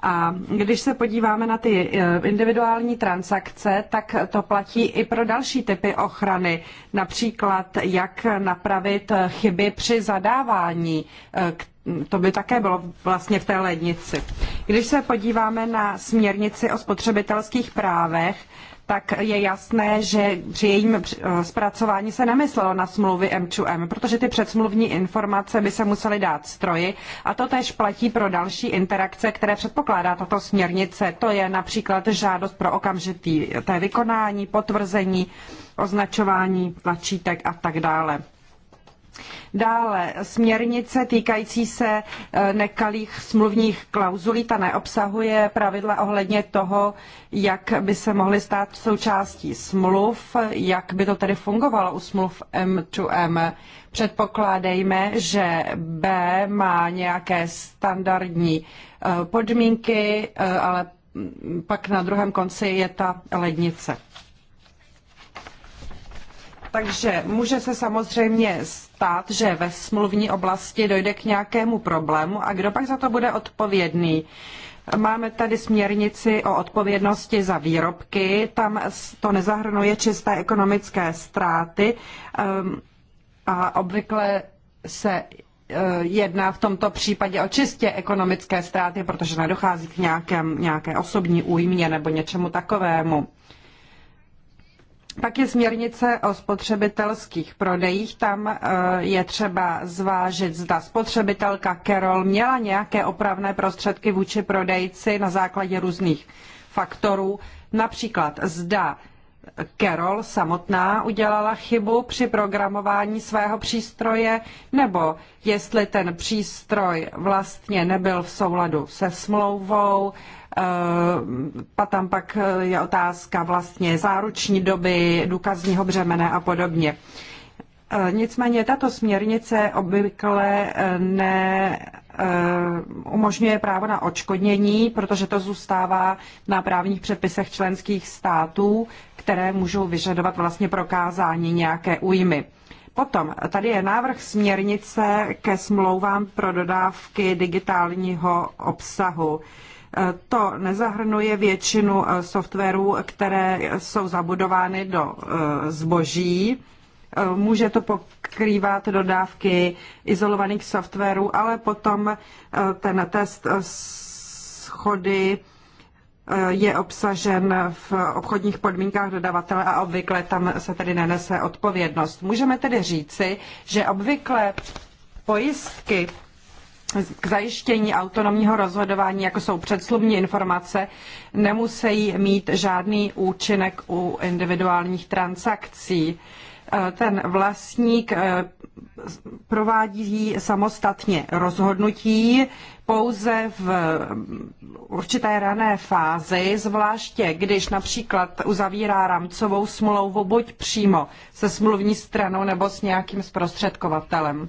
S1: A když se podíváme na ty eh, individuální transakce, tak to platí i pro další typy ochrany, například jak napravit chyby při zadávání, eh, to by také bylo vlastně v té lednici. Když se podíváme na směrnici o spotřebitelských právech, tak je jasné, že při jejím eh, zpracování se nemyslelo na smlouvy M2M, protože ty předsmluvní informace by se musely dát stroji a to tež platí pro další interakce, které předpokládá tato směrnice. To je například žádost pro okamžitý eh, vykonání, potvrzení, označování tlačítek a tak dále. Dále směrnice týkající se eh, nekalých smluvních klauzulí, ta neobsahuje pravidla ohledně toho, jak by se mohly stát součástí smluv, jak by to tedy fungovalo u smluv M2M. Předpokládejme, že B má nějaké standardní eh, podmínky, eh, ale mm, pak na druhém konci je ta lednice. Takže může se samozřejmě stát, že ve smluvní oblasti dojde k nějakému problému a kdo pak za to bude odpovědný? Máme tady směrnici o odpovědnosti za výrobky, tam to nezahrnuje čisté ekonomické ztráty ehm, a obvykle se e, jedná v tomto případě o čistě ekonomické ztráty, protože nedochází k nějakém, nějaké osobní újmě nebo něčemu takovému. Pak je směrnice o spotřebitelských prodejích. Tam eh, je třeba zvážit, zda spotřebitelka Carol měla nějaké opravné prostředky vůči prodejci na základě různých faktorů. Například zda Carol samotná udělala chybu při programování svého přístroje, nebo jestli ten přístroj vlastně nebyl v souladu se smlouvou, Eh, a tam pak je otázka vlastně záruční doby, důkazního břemene a podobně. Eh, nicméně tato směrnice obvykle eh, ne umožňuje právo na odškodnění, protože to zůstává na právních předpisech členských států, které můžou vyžadovat vlastně prokázání nějaké újmy. Potom tady je návrh směrnice ke smlouvám pro dodávky digitálního obsahu. To nezahrnuje většinu eh, softwarů, které jsou zabudovány do eh, zboží. Eh, může to pokrývat dodávky izolovaných softwarů, ale potom ten test schody je obsažen v obchodních podmínkách dodavatele a obvykle tam se tedy nenese odpovědnost. Můžeme tedy říci, že obvykle pojistky k zajištění autonomního rozhodování, jako jsou předslubní informace, nemusí mít žádný účinek u individuálních transakcí. E, ten vlastník e, provádí samostatně rozhodnutí pouze v určité rané fázi, zvláště když například uzavírá rámcovou smlouvu buď přímo se smluvní stranou nebo s nějakým zprostředkovatelem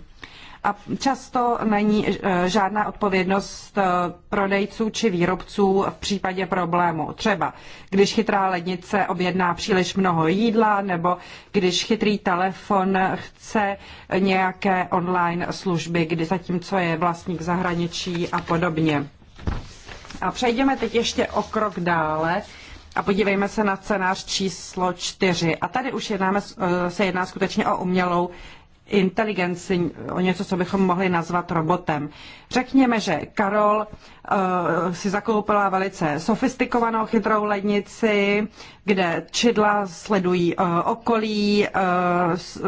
S1: a často není eh, žádná odpovědnost eh, prodejců či výrobců v případě problému. Třeba když chytrá lednice objedná příliš mnoho jídla nebo když chytrý telefon chce nějaké online služby, kdy zatímco je vlastník zahraničí a podobně. A přejdeme teď ještě o krok dále a podívejme se na scénář číslo čtyři. A tady už jednáme, eh, se jedná skutečně o umělou inteligenci, o něco, co bychom mohli nazvat robotem. Řekněme, že Karol uh, si zakoupila velice sofistikovanou chytrou lednici, kde čidla sledují uh, okolí,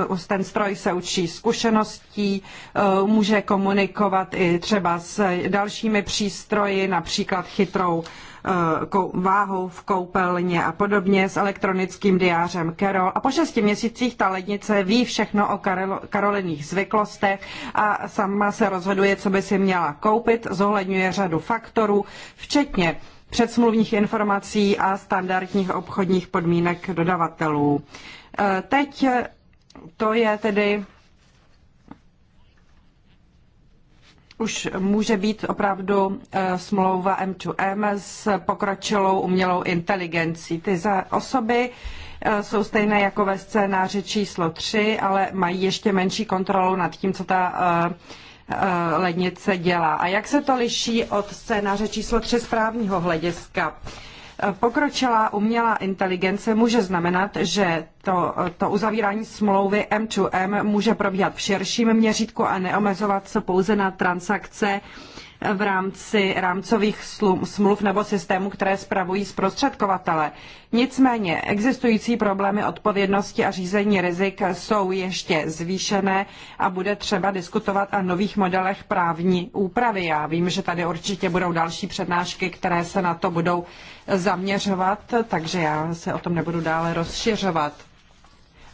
S1: uh, ten stroj se učí zkušeností, uh, může komunikovat i třeba s dalšími přístroji, například chytrou uh, Eh, váhu v koupelně a podobně s elektronickým diářem Carol. A po šesti měsících ta lednice ví všechno o Karol, zvyklostech a sama se rozhoduje, co by si měla koupit, zohledňuje řadu faktorů, včetně předsmluvních informací a standardních obchodních podmínek dodavatelů. Eh, teď to je tedy už může být opravdu eh, smlouva M2M s pokročilou umělou inteligencí. Ty za osoby eh, jsou stejné jako ve scénáři číslo 3, ale mají ještě menší kontrolu nad tím, co ta eh, lednice dělá. A jak se to liší od scénáře číslo 3 z právního hlediska? Pokročilá umělá inteligence může znamenat, že to, to uzavírání smlouvy M2M může probíhat v širším měřítku a neomezovat se pouze na transakce, v rámci rámcových smluv nebo systémů, které spravují zprostředkovatele. Nicméně existující problémy odpovědnosti a řízení rizik jsou ještě zvýšené a bude třeba diskutovat o nových modelech právní úpravy. Já vím, že tady určitě budou další přednášky, které se na to budou zaměřovat, takže já se o tom nebudu dále rozšiřovat.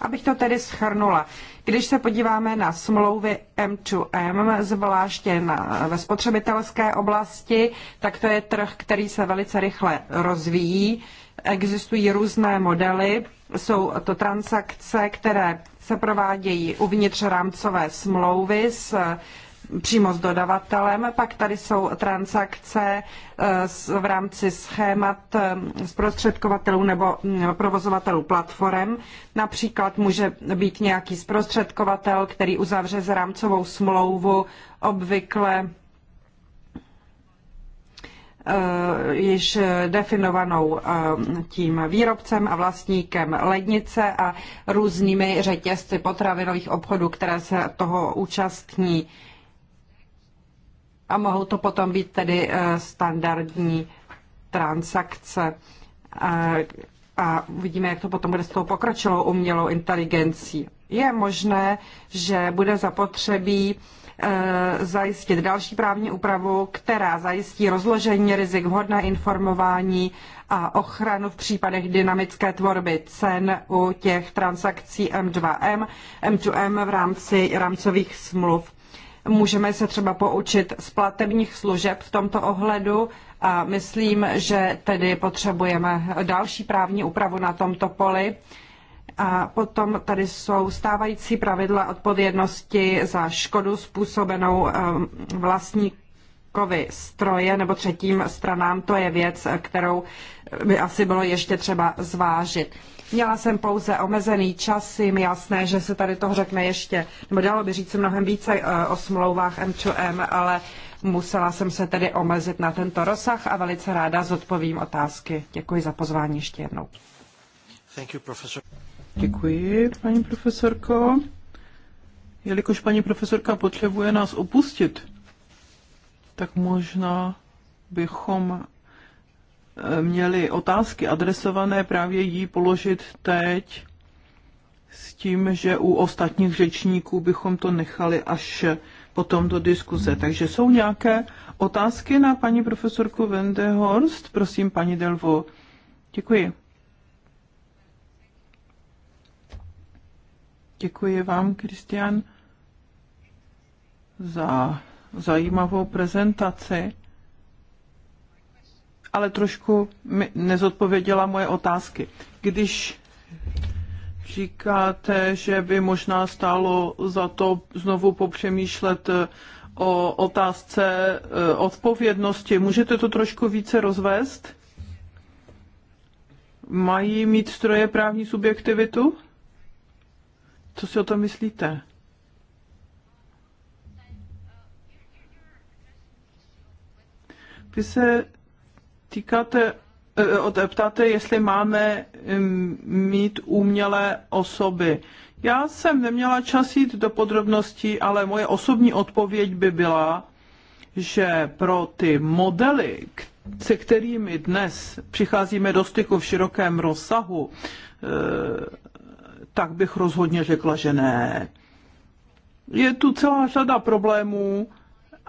S1: Abych to tedy schrnula, když se podíváme na smlouvy M2M, zvláště na, ve spotřebitelské oblasti, tak to je trh, který se velice rychle rozvíjí. Existují různé modely, jsou to transakce, které se provádějí uvnitř rámcové smlouvy s přímo s dodavatelem. Pak tady jsou transakce eh, v rámci schémat eh, zprostředkovatelů nebo mm, provozovatelů platform. Například může být nějaký zprostředkovatel, který uzavře z rámcovou smlouvu obvykle eh, již definovanou tím výrobcem a vlastníkem lednice a různými řetězci potravinových obchodů, které se toho účastní a mohou to potom být tedy eh, standardní transakce. Eh, a, vidíme, uvidíme, jak to potom bude s tou pokročilou umělou inteligencí. Je možné, že bude zapotřebí eh, zajistit další právní úpravu, která zajistí rozložení rizik, vhodné informování a ochranu v případech dynamické tvorby cen u těch transakcí M2M, M2M v rámci rámcových smluv. Můžeme se třeba poučit z platebních služeb v tomto ohledu a myslím, že tedy potřebujeme další právní úpravu na tomto poli. A potom tady jsou stávající pravidla odpovědnosti za škodu způsobenou eh, vlastníkovi stroje nebo třetím stranám. To je věc, kterou by asi bylo ještě třeba zvážit. Měla jsem pouze omezený čas, je mi jasné, že se tady toho řekne ještě, nebo dalo by říct mnohem více eh, o smlouvách M2M, ale musela jsem se tedy omezit na tento rozsah a velice ráda zodpovím otázky. Děkuji za pozvání ještě jednou.
S2: Thank you, professor.
S3: Děkuji, paní profesorko. Jelikož paní profesorka potřebuje nás opustit, tak možná bychom měli otázky adresované právě jí položit teď s tím, že u ostatních řečníků bychom to nechali až potom do diskuze. Takže jsou nějaké otázky na paní profesorku Wendehorst? Prosím, paní Delvo. Děkuji. Děkuji vám, Kristian, za zajímavou prezentaci ale trošku mi nezodpověděla moje otázky. Když říkáte, že by možná stálo za to znovu popřemýšlet eh, o otázce eh, odpovědnosti, můžete to trošku více rozvést? Mají mít stroje právní subjektivitu? Co si o to myslíte? Vy se týkáte, e, e, odeptáte, jestli máme mít umělé osoby. Já jsem neměla čas jít do podrobností, ale moje osobní odpověď by byla, že pro ty modely, se kterými dnes přicházíme do styku v širokém rozsahu, e, tak bych rozhodně řekla, že ne. Je tu celá řada problémů,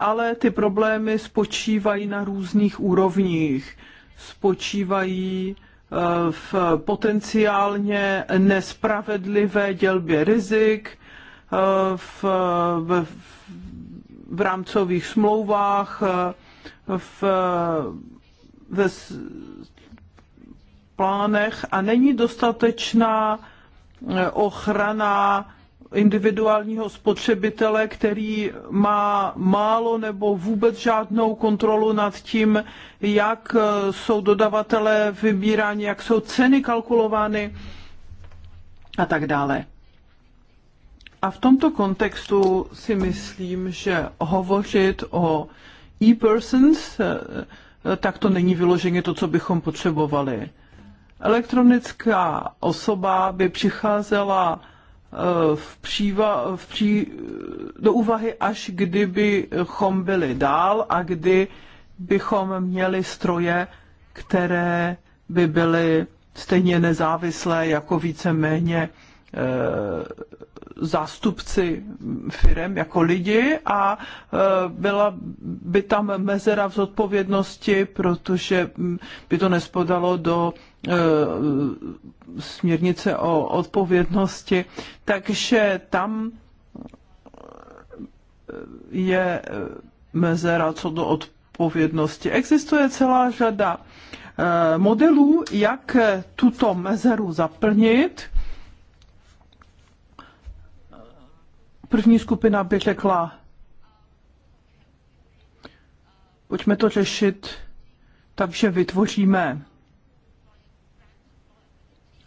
S3: ale ty problémy spočívají na různých úrovních. Spočívají eh, v potenciálně nespravedlivé dělbě rizik, eh, v, v, v rámcových smlouvách, eh, v, ve plánech a není dostatečná ochrana individuálního spotřebitele, který má málo nebo vůbec žádnou kontrolu nad tím, jak eh, jsou dodavatelé vybíráni, jak jsou ceny kalkulovány a tak dále. A v tomto kontextu si myslím, že hovořit o e-persons, eh, eh, tak to není vyloženě to, co bychom potřebovali. Elektronická osoba by přicházela Eh, v příva, v pří, do úvahy, až kdybychom byli dál a kdy bychom měli stroje, které by byly stejně nezávislé jako více méně eh, zástupci firem jako lidi a e, byla by tam mezera v zodpovědnosti, protože by to nespodalo do e, směrnice o odpovědnosti. Takže tam je mezera co do odpovědnosti. Existuje celá řada e, modelů, jak tuto mezeru zaplnit – První skupina by řekla, pojďme to řešit, takže vytvoříme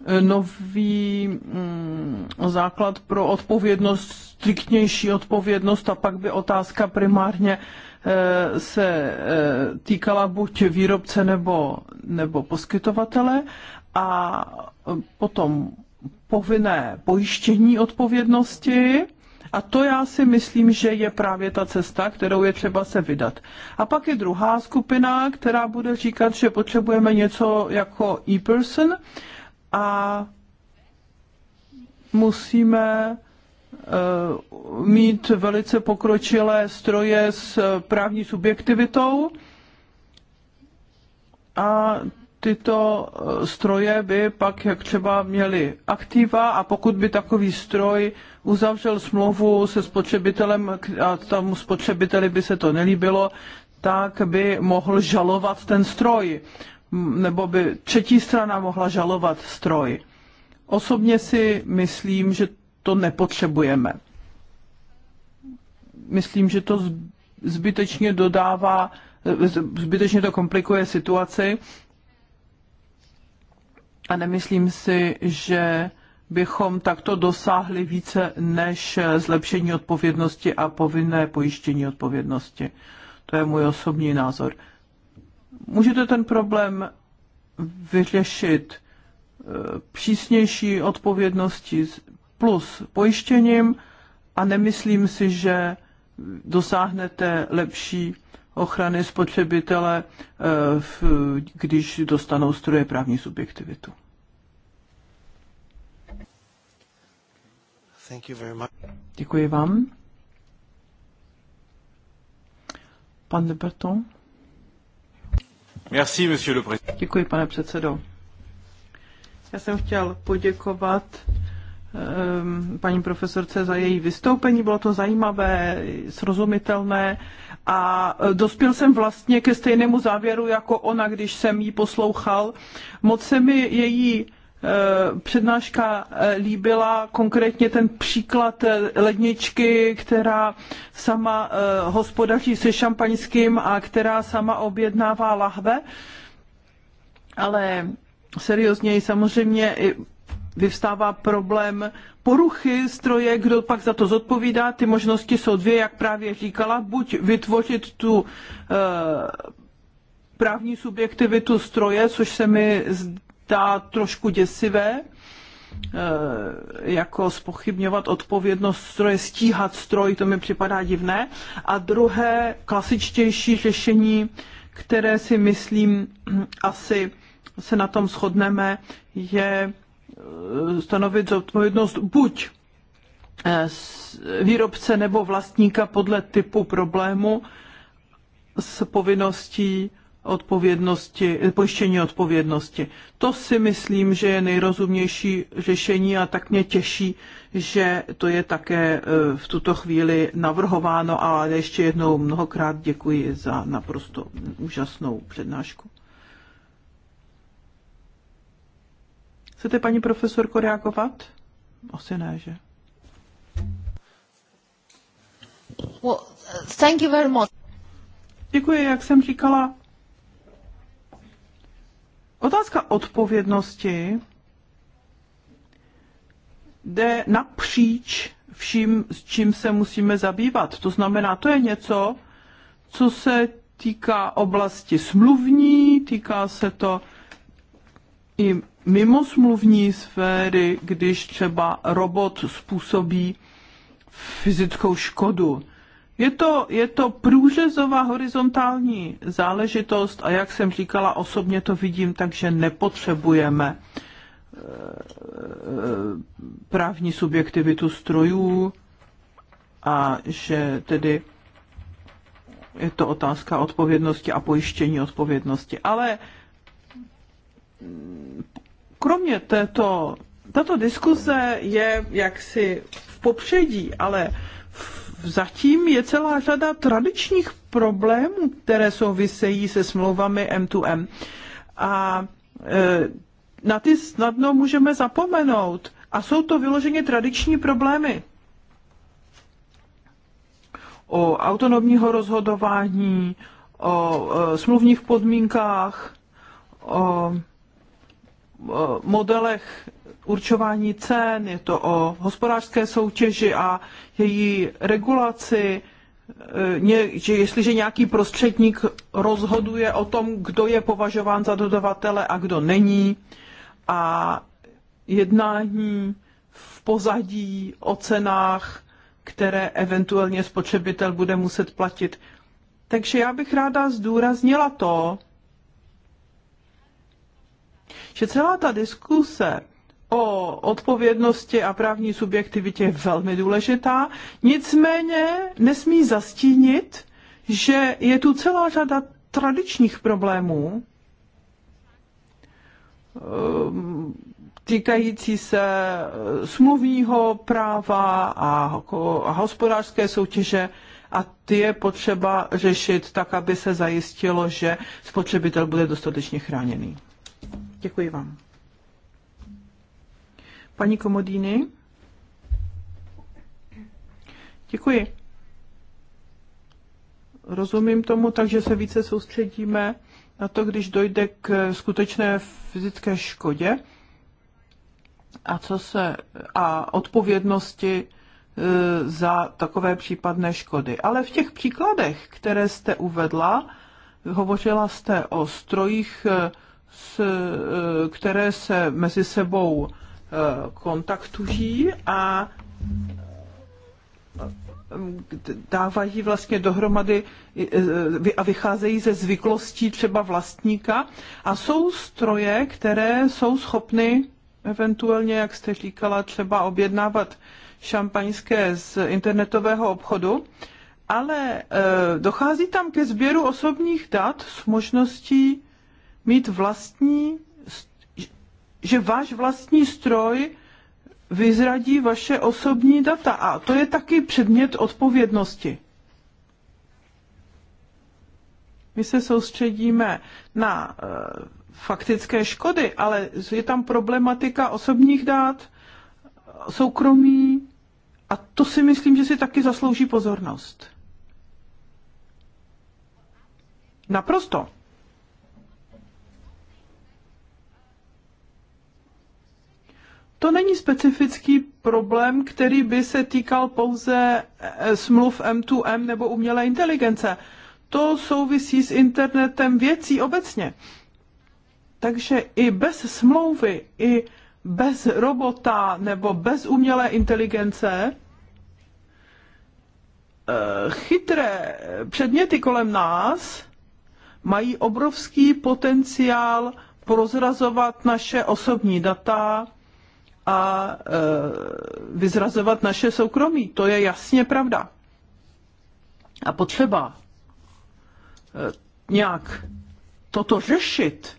S3: eh, nový mm, základ pro odpovědnost, striktnější odpovědnost a pak by otázka primárně e, se e, týkala buď výrobce nebo, nebo poskytovatele a potom povinné pojištění odpovědnosti a to já si myslím, že je právě ta cesta, kterou je třeba se vydat. A pak je druhá skupina, která bude říkat, že potřebujeme něco jako e-person a musíme eh, mít velice pokročilé stroje s právní subjektivitou a tyto eh, stroje by pak jak třeba měly aktiva a pokud by takový stroj uzavřel smlouvu se spotřebitelem a tam spotřebiteli by se to nelíbilo, tak by mohl žalovat ten stroj, nebo by třetí strana mohla žalovat stroj. Osobně si myslím, že to nepotřebujeme. Myslím, že to zbytečně dodává, zbytečně to komplikuje situaci a nemyslím si, že bychom takto dosáhli více než zlepšení odpovědnosti a povinné pojištění odpovědnosti. To je můj osobní názor. Můžete ten problém vyřešit eh, přísnější odpovědnosti plus pojištěním a nemyslím si, že dosáhnete lepší ochrany spotřebitele, eh, když dostanou stroje právní subjektivitu. Thank you very much. Děkuji vám. Pan de Berton. Merci, monsieur le président. Děkuji, pane předsedo. Já jsem chtěl poděkovat ehm, paní profesorce za její vystoupení. Bylo to zajímavé, srozumitelné a e, dospěl jsem vlastně ke stejnému závěru jako ona, když jsem ji poslouchal. Moc se mi její e, přednáška e, líbila, konkrétně ten příklad ledničky, která sama hospodaří se šampaňským a která sama objednává lahve. Ale seriózněji samozřejmě vyvstává problém poruchy stroje, kdo pak za to zodpovídá. Ty možnosti jsou dvě, jak právě říkala, buď vytvořit tu e, právní subjektivitu stroje, což se mi zdá trošku děsivé, eh, jako spochybňovat odpovědnost stroje, stíhat stroj, to mi připadá divné. A druhé, klasičtější řešení, které si myslím hm, asi se na tom shodneme, je Eh, stanovit zodpovědnost buď eh, výrobce nebo vlastníka podle typu problému s povinností odpovědnosti, pojištění odpovědnosti. To si myslím, že je nejrozumnější řešení a tak mě těší, že to je také eh, v tuto chvíli navrhováno a ještě jednou mnohokrát děkuji za naprosto úžasnou přednášku. Chcete paní profesorko reagovat? Asi ne, že? Well, thank you very much. Děkuji, jak jsem říkala. Otázka odpovědnosti jde napříč vším, s čím se musíme zabývat. To znamená, to je něco, co se týká oblasti smluvní, týká se to i mimo smluvní sféry, když třeba robot způsobí fyzickou škodu. Je to, je to průřezová horizontální záležitost a jak jsem říkala, osobně to vidím, takže nepotřebujeme eh, eh, právní subjektivitu strojů a že tedy je to otázka odpovědnosti a pojištění odpovědnosti. Ale Kromě této, tato diskuze je jaksi v popředí, ale zatím je celá řada tradičních problémů, které souvisejí se smlouvami M2M. A e, na ty snadno můžeme zapomenout. A jsou to vyloženě tradiční problémy. O autonomního rozhodování, o, o e, smluvních podmínkách, o Eh, modelech určování cen, je to o hospodářské soutěži a její regulaci, eh, že jestliže nějaký prostředník rozhoduje o tom, kdo je považován za dodavatele a kdo není, a jednání v pozadí o cenách, které eventuálně spotřebitel bude muset platit. Takže já bych ráda zdůraznila to, že celá ta diskuse o odpovědnosti a právní subjektivitě je velmi důležitá, nicméně nesmí zastínit, že je tu celá řada tradičních problémů, ehm, týkající se eh, smluvního práva a, hospodářské soutěže a ty je potřeba řešit tak, aby se zajistilo, že spotřebitel bude dostatečně chráněný. Děkuji vám. Paní Komodíny? Děkuji. Rozumím tomu, takže se více soustředíme na to, když dojde k skutečné fyzické škodě a, co se, a odpovědnosti e, za takové případné škody. Ale v těch příkladech, které jste uvedla, hovořila jste o strojích e, Eh, které se mezi sebou eh, kontaktují a eh, dávají vlastně dohromady a vycházejí ze zvyklostí třeba vlastníka a jsou stroje, které jsou schopny eventuálně, jak jste říkala, třeba objednávat šampaňské z internetového obchodu, ale dochází tam ke sběru osobních dat s možností mít vlastní, že váš vlastní stroj vyzradí vaše osobní data. A to je taky předmět odpovědnosti. My se soustředíme na e, faktické škody, ale je tam problematika osobních dát, soukromí a to si myslím, že si taky zaslouží pozornost. Naprosto. to není specifický problém, který by se týkal pouze eh, smluv M2M nebo umělé inteligence. To souvisí s internetem věcí obecně. Takže i bez smlouvy, i bez robota nebo bez umělé inteligence eh, chytré předměty kolem nás mají obrovský potenciál prozrazovat naše osobní data, a e, vyzrazovat naše soukromí. To je jasně pravda. A potřeba e, nějak toto řešit, e,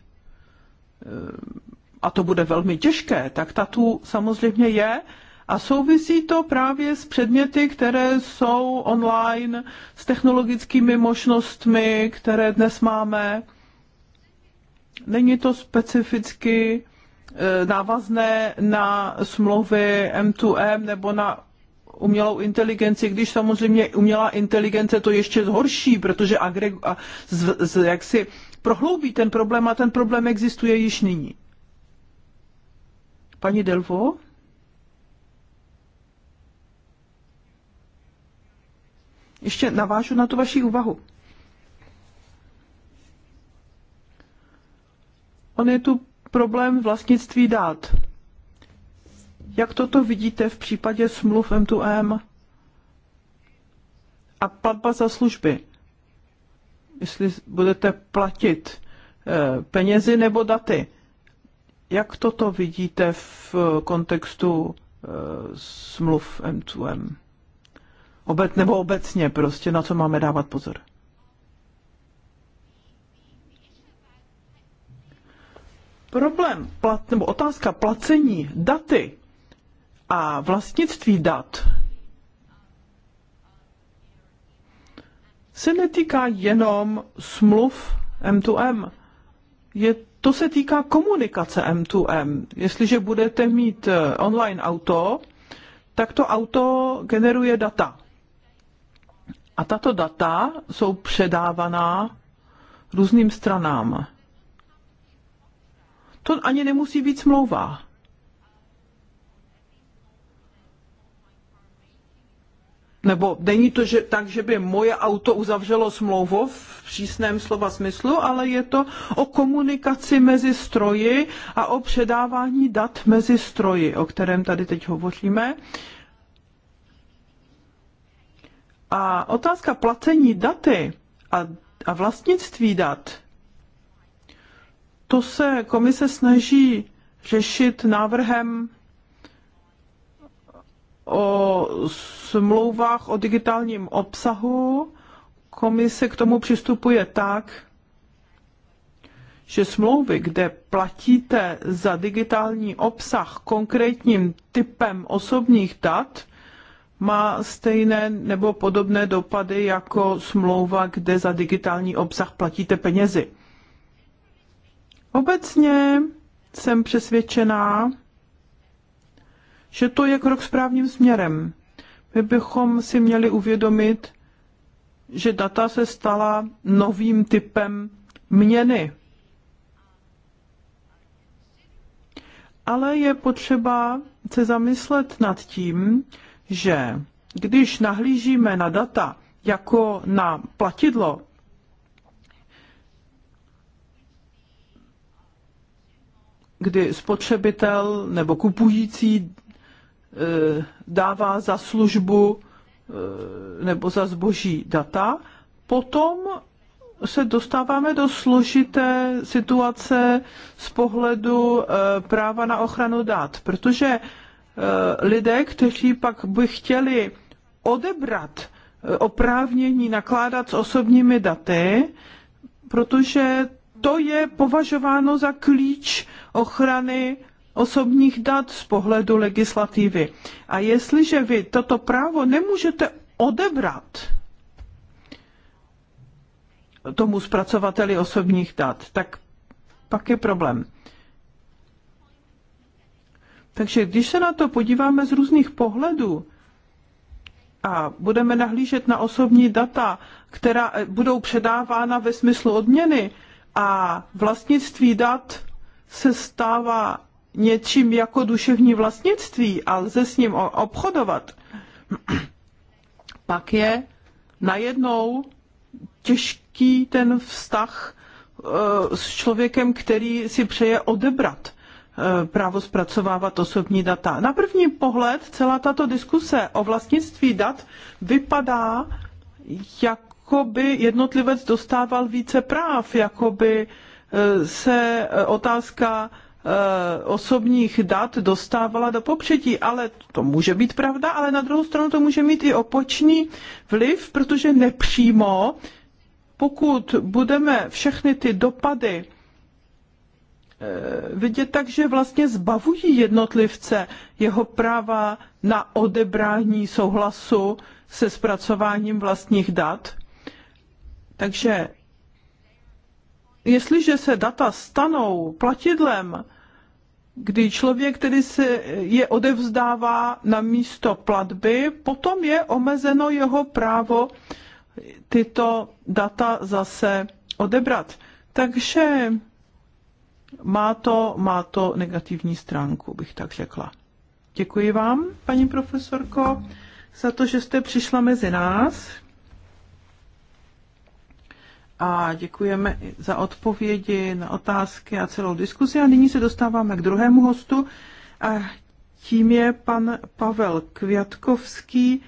S3: a to bude velmi těžké, tak ta tu samozřejmě je, a souvisí to právě s předměty, které jsou online, s technologickými možnostmi, které dnes máme. Není to specificky Eh, návazné na smlouvy M2M nebo na umělou inteligenci, když samozřejmě umělá inteligence to ještě zhorší, protože agreg- a z, z, jak si prohloubí ten problém a ten problém existuje již nyní. Paní Delvo? Ještě navážu na tu vaši úvahu. On je tu problém vlastnictví dát. Jak toto vidíte v případě smluv M2M a platba za služby? Jestli budete platit eh, penězi nebo daty. Jak toto vidíte v kontextu eh, smluv M2M? Obec, nebo obecně prostě, na co máme dávat pozor? problém plat, nebo otázka placení daty a vlastnictví dat se netýká jenom smluv M2M. Je, to se týká komunikace M2M. Jestliže budete mít eh, online auto, tak to auto generuje data. A tato data jsou předávaná různým stranám. To ani nemusí být smlouva. Nebo není to že, tak, že by moje auto uzavřelo smlouvu v přísném slova smyslu, ale je to o komunikaci mezi stroji a o předávání dat mezi stroji, o kterém tady teď hovoříme. A otázka placení daty a, a vlastnictví dat to se komise snaží řešit návrhem o smlouvách o digitálním obsahu. Komise k tomu přistupuje tak, že smlouvy, kde platíte za digitální obsah konkrétním typem osobních dat, má stejné nebo podobné dopady jako smlouva, kde za digitální obsah platíte penězi. Obecně jsem přesvědčená, že to je krok správným směrem. My bychom si měli uvědomit, že data se stala novým typem měny. Ale je potřeba se zamyslet nad tím, že když nahlížíme na data jako na platidlo kdy spotřebitel nebo kupující e, dává za službu e, nebo za zboží data, potom se dostáváme do složité situace z pohledu e, práva na ochranu dat, protože lidé, kteří pak by chtěli odebrat oprávnění nakládat s osobními daty, protože to je považováno za klíč ochrany osobních dat z pohledu legislativy. A jestliže vy toto právo nemůžete odebrat tomu zpracovateli osobních dat, tak pak je problém. Takže když se na to podíváme z různých pohledů a budeme nahlížet na osobní data, která eh, budou předávána ve smyslu odměny, a vlastnictví dat se stává něčím jako duševní vlastnictví a lze s ním obchodovat, pak je najednou těžký ten vztah eh, s člověkem, který si přeje odebrat eh, právo zpracovávat osobní data. Na první pohled celá tato diskuse o vlastnictví dat vypadá jak jako by jednotlivec dostával více práv, jako by e, se e, otázka e, osobních dat dostávala do popředí, ale to může být pravda, ale na druhou stranu to může mít i opočný vliv, protože nepřímo, pokud budeme všechny ty dopady vidět tak, že vlastně zbavují jednotlivce jeho práva na odebrání souhlasu se zpracováním vlastních dat, takže jestliže se data stanou platidlem, kdy člověk, který se je odevzdává na místo platby, potom je omezeno jeho právo tyto data zase odebrat. Takže má to, má to negativní stránku, bych tak řekla. Děkuji vám, paní profesorko, za to, že jste přišla mezi nás a děkujeme za odpovědi na otázky a celou diskuzi. A nyní se dostáváme k druhému hostu a tím je pan Pavel Květkovský,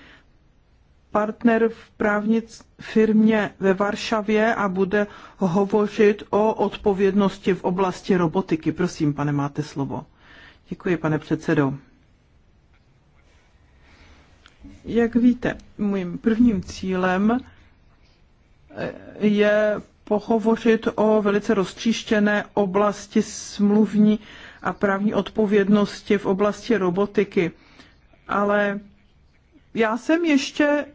S3: partner v právnic firmě ve Varšavě a bude hovořit o odpovědnosti v oblasti robotiky. Prosím, pane, máte slovo. Děkuji, pane předsedo. Jak víte, mým prvním cílem je pohovořit o velice roztříštěné oblasti smluvní a právní odpovědnosti v oblasti robotiky. Ale já jsem ještě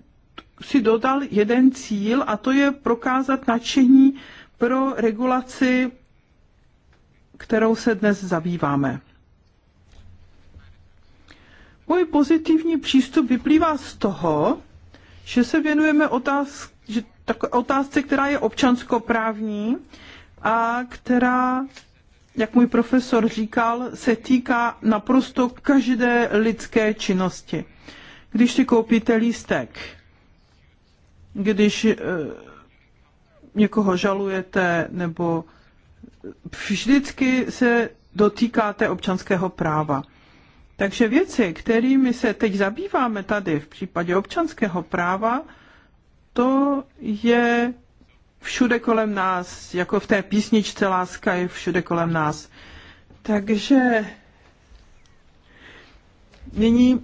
S3: si dodal jeden cíl a to je prokázat nadšení pro regulaci, kterou se dnes zabýváme. Můj pozitivní přístup vyplývá z toho, že se věnujeme otázkám, tak otázce, která je občanskoprávní a která, jak můj profesor říkal, se týká naprosto každé lidské činnosti. Když si koupíte lístek, když eh, někoho žalujete nebo vždycky se dotýkáte občanského práva. Takže věci, kterými se teď zabýváme tady v případě občanského práva, to je všude kolem nás, jako v té písničce Láska je všude kolem nás. Takže nyní mm,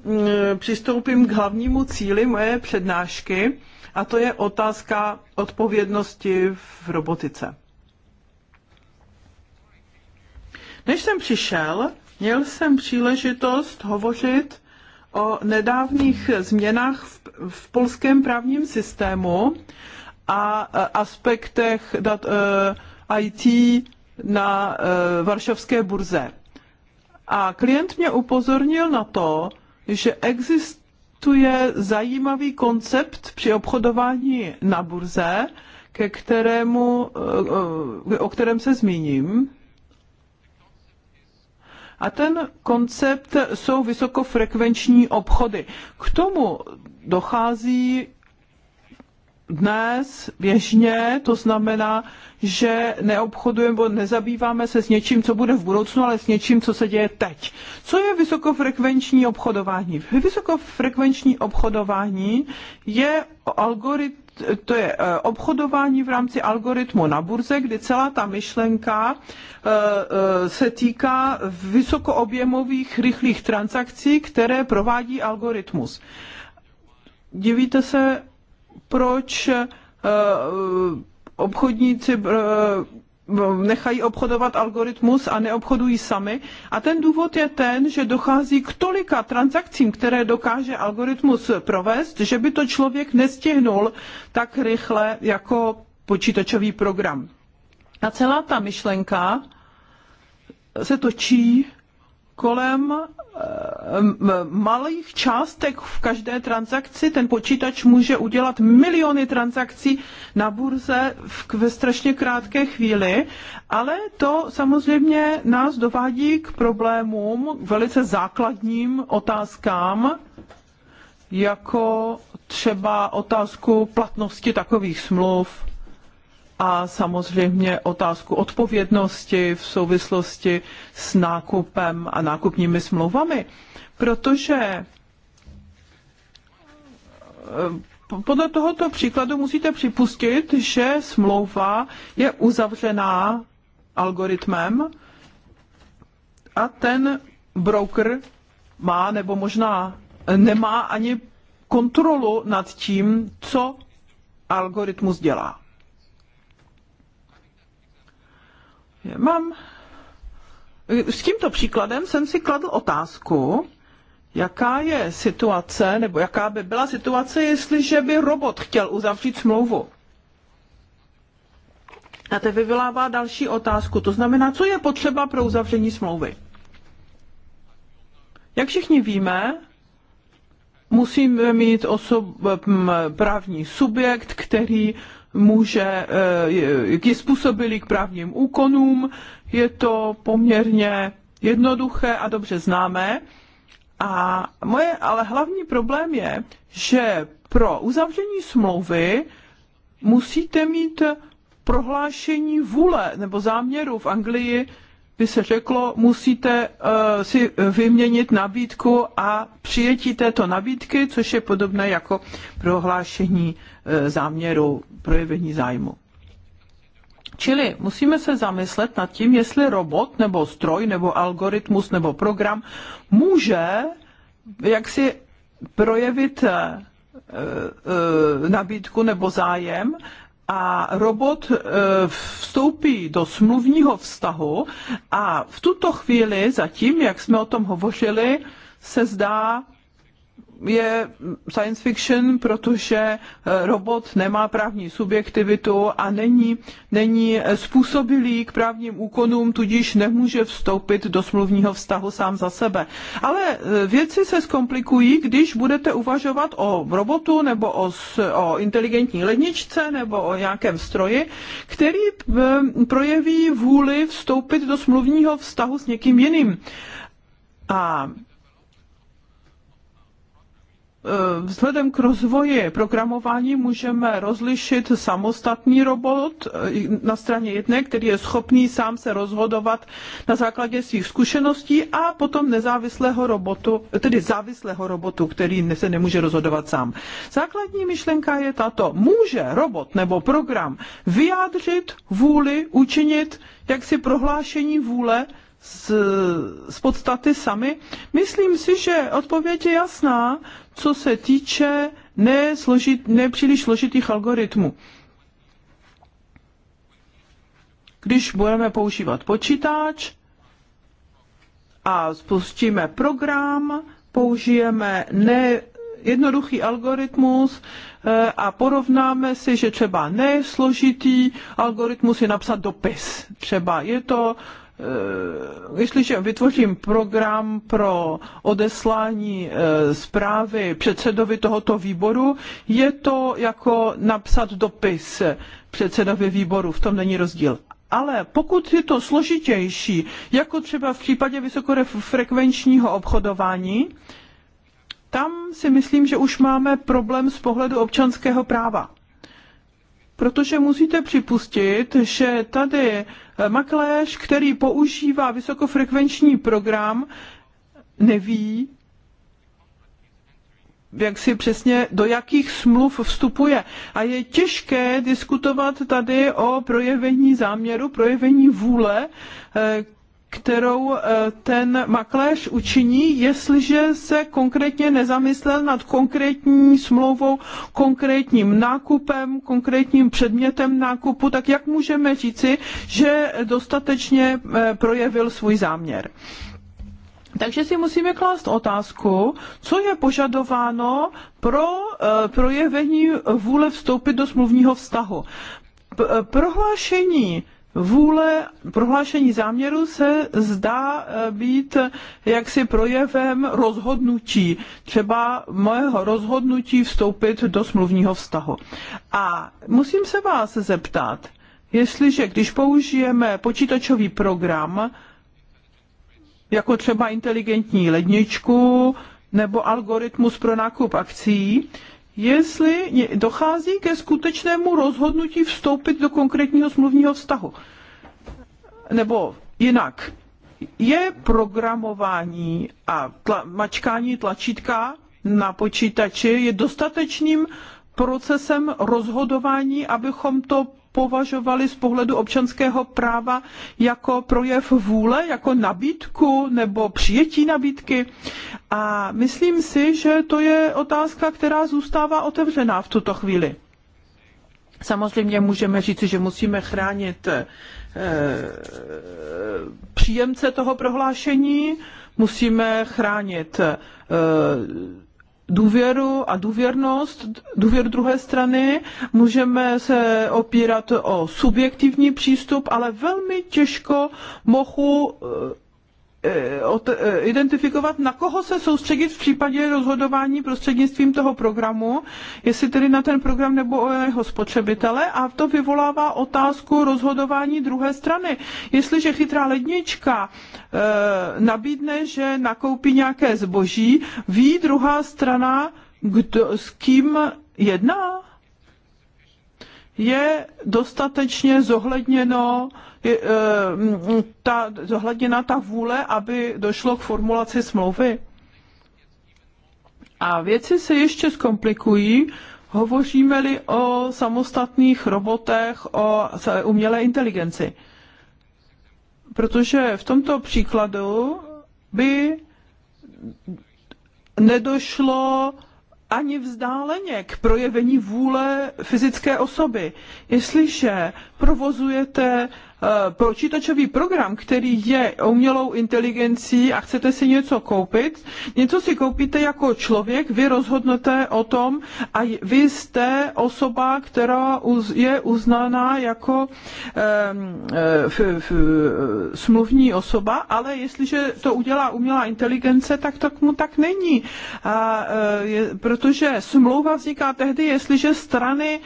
S3: přistoupím k hlavnímu cíli moje přednášky a to je otázka odpovědnosti v robotice. Než jsem přišel, měl jsem příležitost hovořit o nedávných změnách v, v polském právním systému a aspektech dat, e, IT na e, varšavské burze. A klient mě upozornil na to, že existuje zajímavý koncept při obchodování na burze, ke kterému, e, o kterém se zmíním. A ten koncept jsou vysokofrekvenční obchody. K tomu dochází dnes běžně, to znamená, že neobchodujeme nebo nezabýváme se s něčím, co bude v budoucnu, ale s něčím, co se děje teď. Co je vysokofrekvenční obchodování? Vysokofrekvenční obchodování je algorit, to je eh, obchodování v rámci algoritmu na burze, kdy celá ta myšlenka eh, eh, se týká vysokoobjemových rychlých transakcí, které provádí algoritmus. Divíte se, proč obchodníci Eh, nechají obchodovat algoritmus a neobchodují sami. A ten důvod je ten, že dochází k tolika transakcím, které dokáže algoritmus provést, že by to člověk nestihnul tak rychle jako počítačový program. A celá ta myšlenka se točí kolem eh, malých částek v každé transakci. Ten počítač může udělat miliony transakcí na burze v, ve strašně krátké chvíli, ale to samozřejmě nás dovádí k problémům, k velice základním otázkám, jako třeba otázku platnosti takových smluv a samozřejmě otázku odpovědnosti v souvislosti s nákupem a nákupními smlouvami, protože eh, podle tohoto příkladu musíte připustit, že smlouva je uzavřená algoritmem a ten broker má nebo možná nemá ani kontrolu nad tím, co algoritmus dělá. Mám s tímto příkladem jsem si kladl otázku, jaká je situace, nebo jaká by byla situace, jestliže by robot chtěl uzavřít smlouvu. A to vyvolává další otázku, to znamená, co je potřeba pro uzavření smlouvy. Jak všichni víme, musíme mít osob, právní subjekt, který může, eh, je způsobilý k právním úkonům, je to poměrně jednoduché a dobře známé. A moje ale hlavní problém je, že pro uzavření smlouvy musíte mít prohlášení vůle nebo záměru v Anglii by se řeklo, musíte uh, si vyměnit nabídku a přijetí této nabídky, což je podobné jako prohlášení uh, záměru, projevení zájmu. Čili musíme se zamyslet nad tím, jestli robot nebo stroj nebo algoritmus nebo program může jaksi projevit eh, nabídku nebo zájem a robot eh, vstoupí do smluvního vztahu a v tuto chvíli zatím, jak jsme o tom hovořili, se zdá, je science fiction, protože eh, robot nemá právní subjektivitu a není, není způsobilý k právním úkonům, tudíž nemůže vstoupit do smluvního vztahu sám za sebe. Ale eh, věci se zkomplikují, když budete uvažovat o robotu nebo o, o inteligentní ledničce nebo o nějakém stroji, který eh, projeví vůli vstoupit do smluvního vztahu s někým jiným. A Eh, vzhledem k rozvoji programování můžeme rozlišit samostatný robot eh, na straně jedné, který je schopný sám se rozhodovat na základě svých zkušeností a potom nezávislého robotu, tedy závislého robotu, který se nemůže rozhodovat sám. Základní myšlenka je tato. Může robot nebo program vyjádřit vůli, učinit jaksi prohlášení vůle z, z podstaty sami? Myslím si, že odpověď je jasná co se týče nesložit, nepříliš složitých algoritmů. Když budeme používat počítač a spustíme program, použijeme ne jednoduchý algoritmus eh, a porovnáme si, že třeba nesložitý algoritmus je napsat dopis. Třeba je to Eh, jestliže vytvořím program pro odeslání eh, zprávy předsedovi tohoto výboru, je to jako napsat dopis předsedovi výboru, v tom není rozdíl. Ale pokud je to složitější, jako třeba v případě vysokofrekvenčního obchodování, tam si myslím, že už máme problém z pohledu občanského práva. Protože musíte připustit, že tady Eh, makléř, který používá vysokofrekvenční program, neví, jak si přesně do jakých smluv vstupuje. A je těžké diskutovat tady o projevení záměru, projevení vůle, eh, kterou eh, ten makléř učiní, jestliže se konkrétně nezamyslel nad konkrétní smlouvou, konkrétním nákupem, konkrétním předmětem nákupu, tak jak můžeme říci, že dostatečně eh, projevil svůj záměr. Takže si musíme klást otázku, co je požadováno pro eh, projevení vůle vstoupit do smluvního vztahu. prohlášení vůle prohlášení záměru se zdá eh, být jaksi projevem rozhodnutí, třeba mého rozhodnutí vstoupit do smluvního vztahu. A musím se vás zeptat, jestliže když použijeme počítačový program, jako třeba inteligentní ledničku nebo algoritmus pro nákup akcí, jestli dochází ke skutečnému rozhodnutí vstoupit do konkrétního smluvního vztahu. Nebo jinak, je programování a tla, mačkání tlačítka na počítači je dostatečným procesem rozhodování, abychom to považovali z pohledu občanského práva jako projev vůle, jako nabídku nebo přijetí nabídky. A myslím si, že to je otázka, která zůstává otevřená v tuto chvíli. Samozřejmě můžeme říci, že musíme chránit eh, příjemce toho prohlášení, musíme chránit eh, důvěru a důvěrnost, důvěru druhé strany, můžeme se opírat o subjektivní přístup, ale velmi těžko mohu eh, Eh, eh, identifikovat, na koho se soustředit v případě rozhodování prostřednictvím toho programu, jestli tedy na ten program nebo o jeho spotřebitele a to vyvolává otázku rozhodování druhé strany. Jestliže chytrá lednička e, nabídne, že nakoupí nějaké zboží, ví druhá strana, kdo, s kým jedná? Je dostatečně zohledněno e, Ehm, ta, zohledněna ta vůle, aby došlo k formulaci smlouvy. A věci se ještě zkomplikují, hovoříme-li o samostatných robotech, o umělé inteligenci. Protože v tomto příkladu by nedošlo ani vzdáleně k projevení vůle fyzické osoby. Jestliže provozujete Eh, počítačový program, který je umělou inteligencí a chcete si něco koupit, něco si koupíte jako člověk, vy rozhodnete o tom a vy jste osoba, která je uznána jako ehm, eh, smluvní osoba, ale jestliže to udělá umělá inteligence, tak to mu tak není. A, eh, je, protože smlouva vzniká tehdy, jestliže strany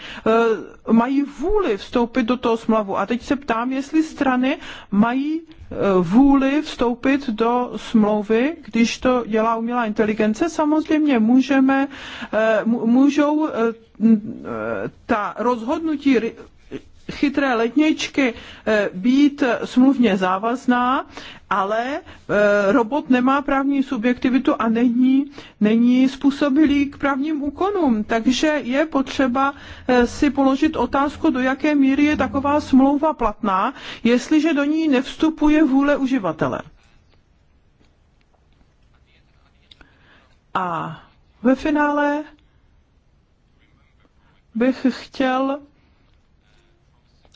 S3: mají vůli vstoupit do toho smlavu. A teď se ptám, jestli jestli strany mají eh, vůli vstoupit do smlouvy, když to dělá umělá inteligence. Samozřejmě můžeme, eh, můžou eh, ta rozhodnutí chytré letničky eh, být smluvně závazná, ale eh, robot nemá právní subjektivitu a není, není způsobilý k právním úkonům. Takže je potřeba eh, si položit otázku, do jaké míry je taková smlouva platná, jestliže do ní nevstupuje vůle uživatele. A ve finále bych chtěl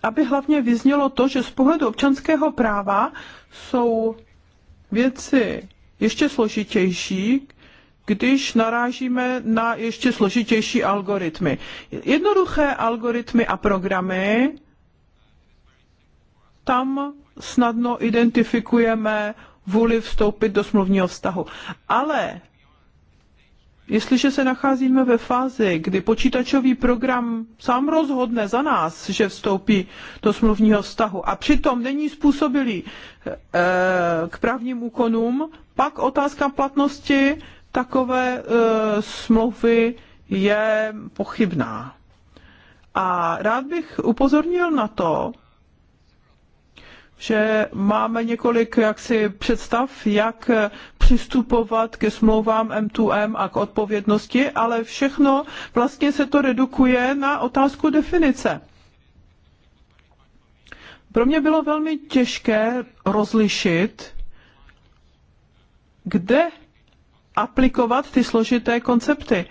S3: aby hlavně vyznělo to, že z pohledu občanského práva jsou věci ještě složitější, když narážíme na ještě složitější algoritmy. Jednoduché algoritmy a programy, tam snadno identifikujeme vůli vstoupit do smluvního vztahu. Ale Jestliže se nacházíme ve fázi, kdy počítačový program sám rozhodne za nás, že vstoupí do smluvního vztahu a přitom není způsobilý eh, k právním úkonům, pak otázka platnosti takové eh, smlouvy je pochybná. A rád bych upozornil na to, že máme několik jaksi představ, jak přistupovat ke smlouvám M2M a k odpovědnosti, ale všechno vlastně se to redukuje na otázku definice. Pro mě bylo velmi těžké rozlišit, kde aplikovat ty složité koncepty,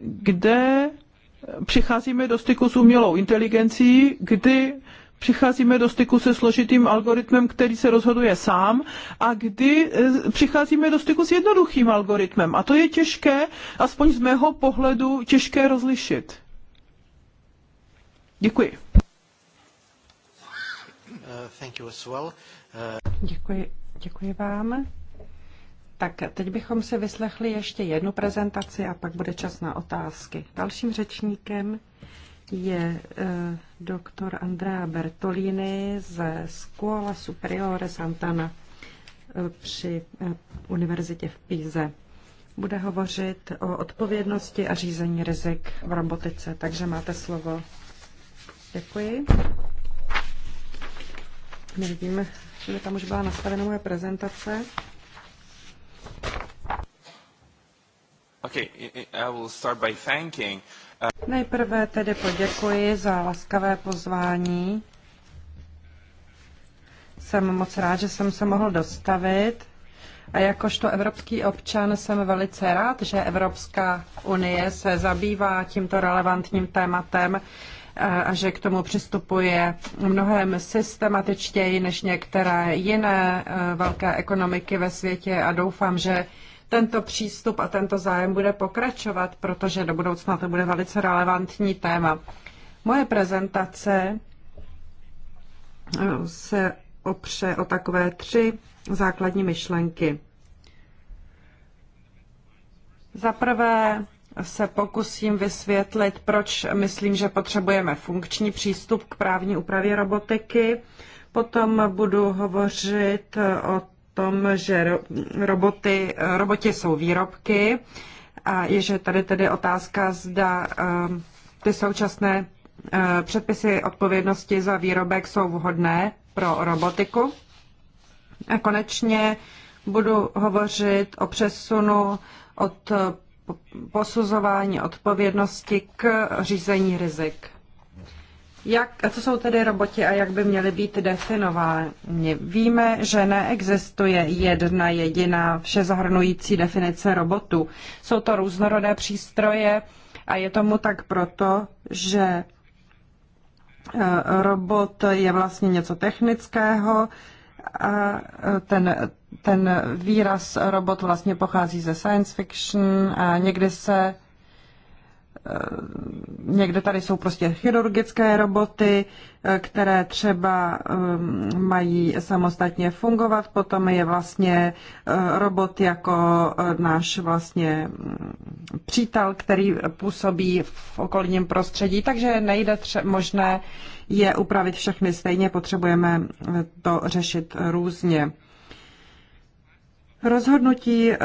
S3: kde přicházíme do styku s umělou inteligencí, kdy přicházíme do styku se složitým algoritmem, který se rozhoduje sám a kdy e, přicházíme do styku s jednoduchým algoritmem. A to je těžké, aspoň z mého pohledu, těžké rozlišit. Děkuji. Děkuji, děkuji vám.
S1: Tak teď bychom si vyslechli ještě jednu prezentaci a pak bude čas na otázky. Dalším řečníkem je eh, doktor Andrea Bertolini ze Scuola Superiore Santana eh, při eh, univerzitě v Píze. Bude hovořit o odpovědnosti a řízení rizik v robotice, takže máte slovo. Děkuji. Nevidím, že tam už byla nastavena moje prezentace.
S3: Okay, I will start by thanking uh,
S1: Nejprve tedy poděkuji za laskavé pozvání. Jsem moc rád, že jsem se mohl dostavit. A jakožto evropský občan jsem velice rád, že Evropská unie se zabývá tímto relevantním tématem eh, a že k tomu přistupuje mnohem systematičtěji než některé jiné eh, velké ekonomiky ve světě a doufám, že tento přístup a tento zájem bude pokračovat, protože do budoucna to bude velice relevantní téma. Moje prezentace eh, se opře o takové tři základní myšlenky. Za prvé se pokusím vysvětlit, proč myslím, že potřebujeme funkční přístup k právní úpravě robotiky. Potom budu hovořit o tom, že roboty, roboti jsou výrobky a je, že tady tedy otázka, zda ehm, ty současné eh, předpisy odpovědnosti za výrobek jsou vhodné pro robotiku. A konečně budu hovořit o přesunu od eh, posuzování odpovědnosti k řízení rizik. Jak, co jsou tedy roboti a jak by měly být definovány? Víme, že neexistuje jedna jediná všezahrnující definice robotu. Jsou to různorodé přístroje a je tomu tak proto, že e, robot je vlastně něco technického a e, ten, ten výraz robot vlastně pochází ze science fiction a někdy se Eh, někde tady jsou prostě chirurgické roboty, eh, které třeba eh, mají samostatně fungovat, potom je vlastně robot jako náš vlastně mm, přítel, který působí v okolním prostředí, takže nejde tře- možné je upravit všechny stejně, potřebujeme to řešit různě. Rozhodnutí eh,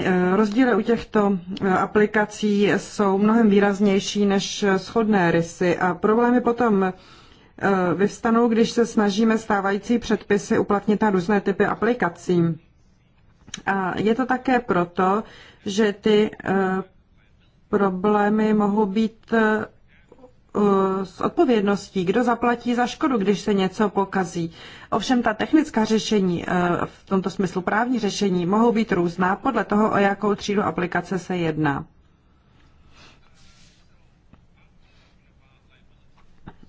S1: eh, rozdíly, u těchto eh, aplikací jsou mnohem výraznější než shodné rysy a problémy potom vyvstanou, když se snažíme stávající předpisy uplatnit na různé typy aplikací. A je to také proto, že ty problémy mohou být Eh, s odpovědností, kdo zaplatí za škodu, když se něco pokazí. Ovšem ta technická řešení, eh, v tomto smyslu právní řešení, mohou být různá podle toho, o jakou třídu aplikace se jedná.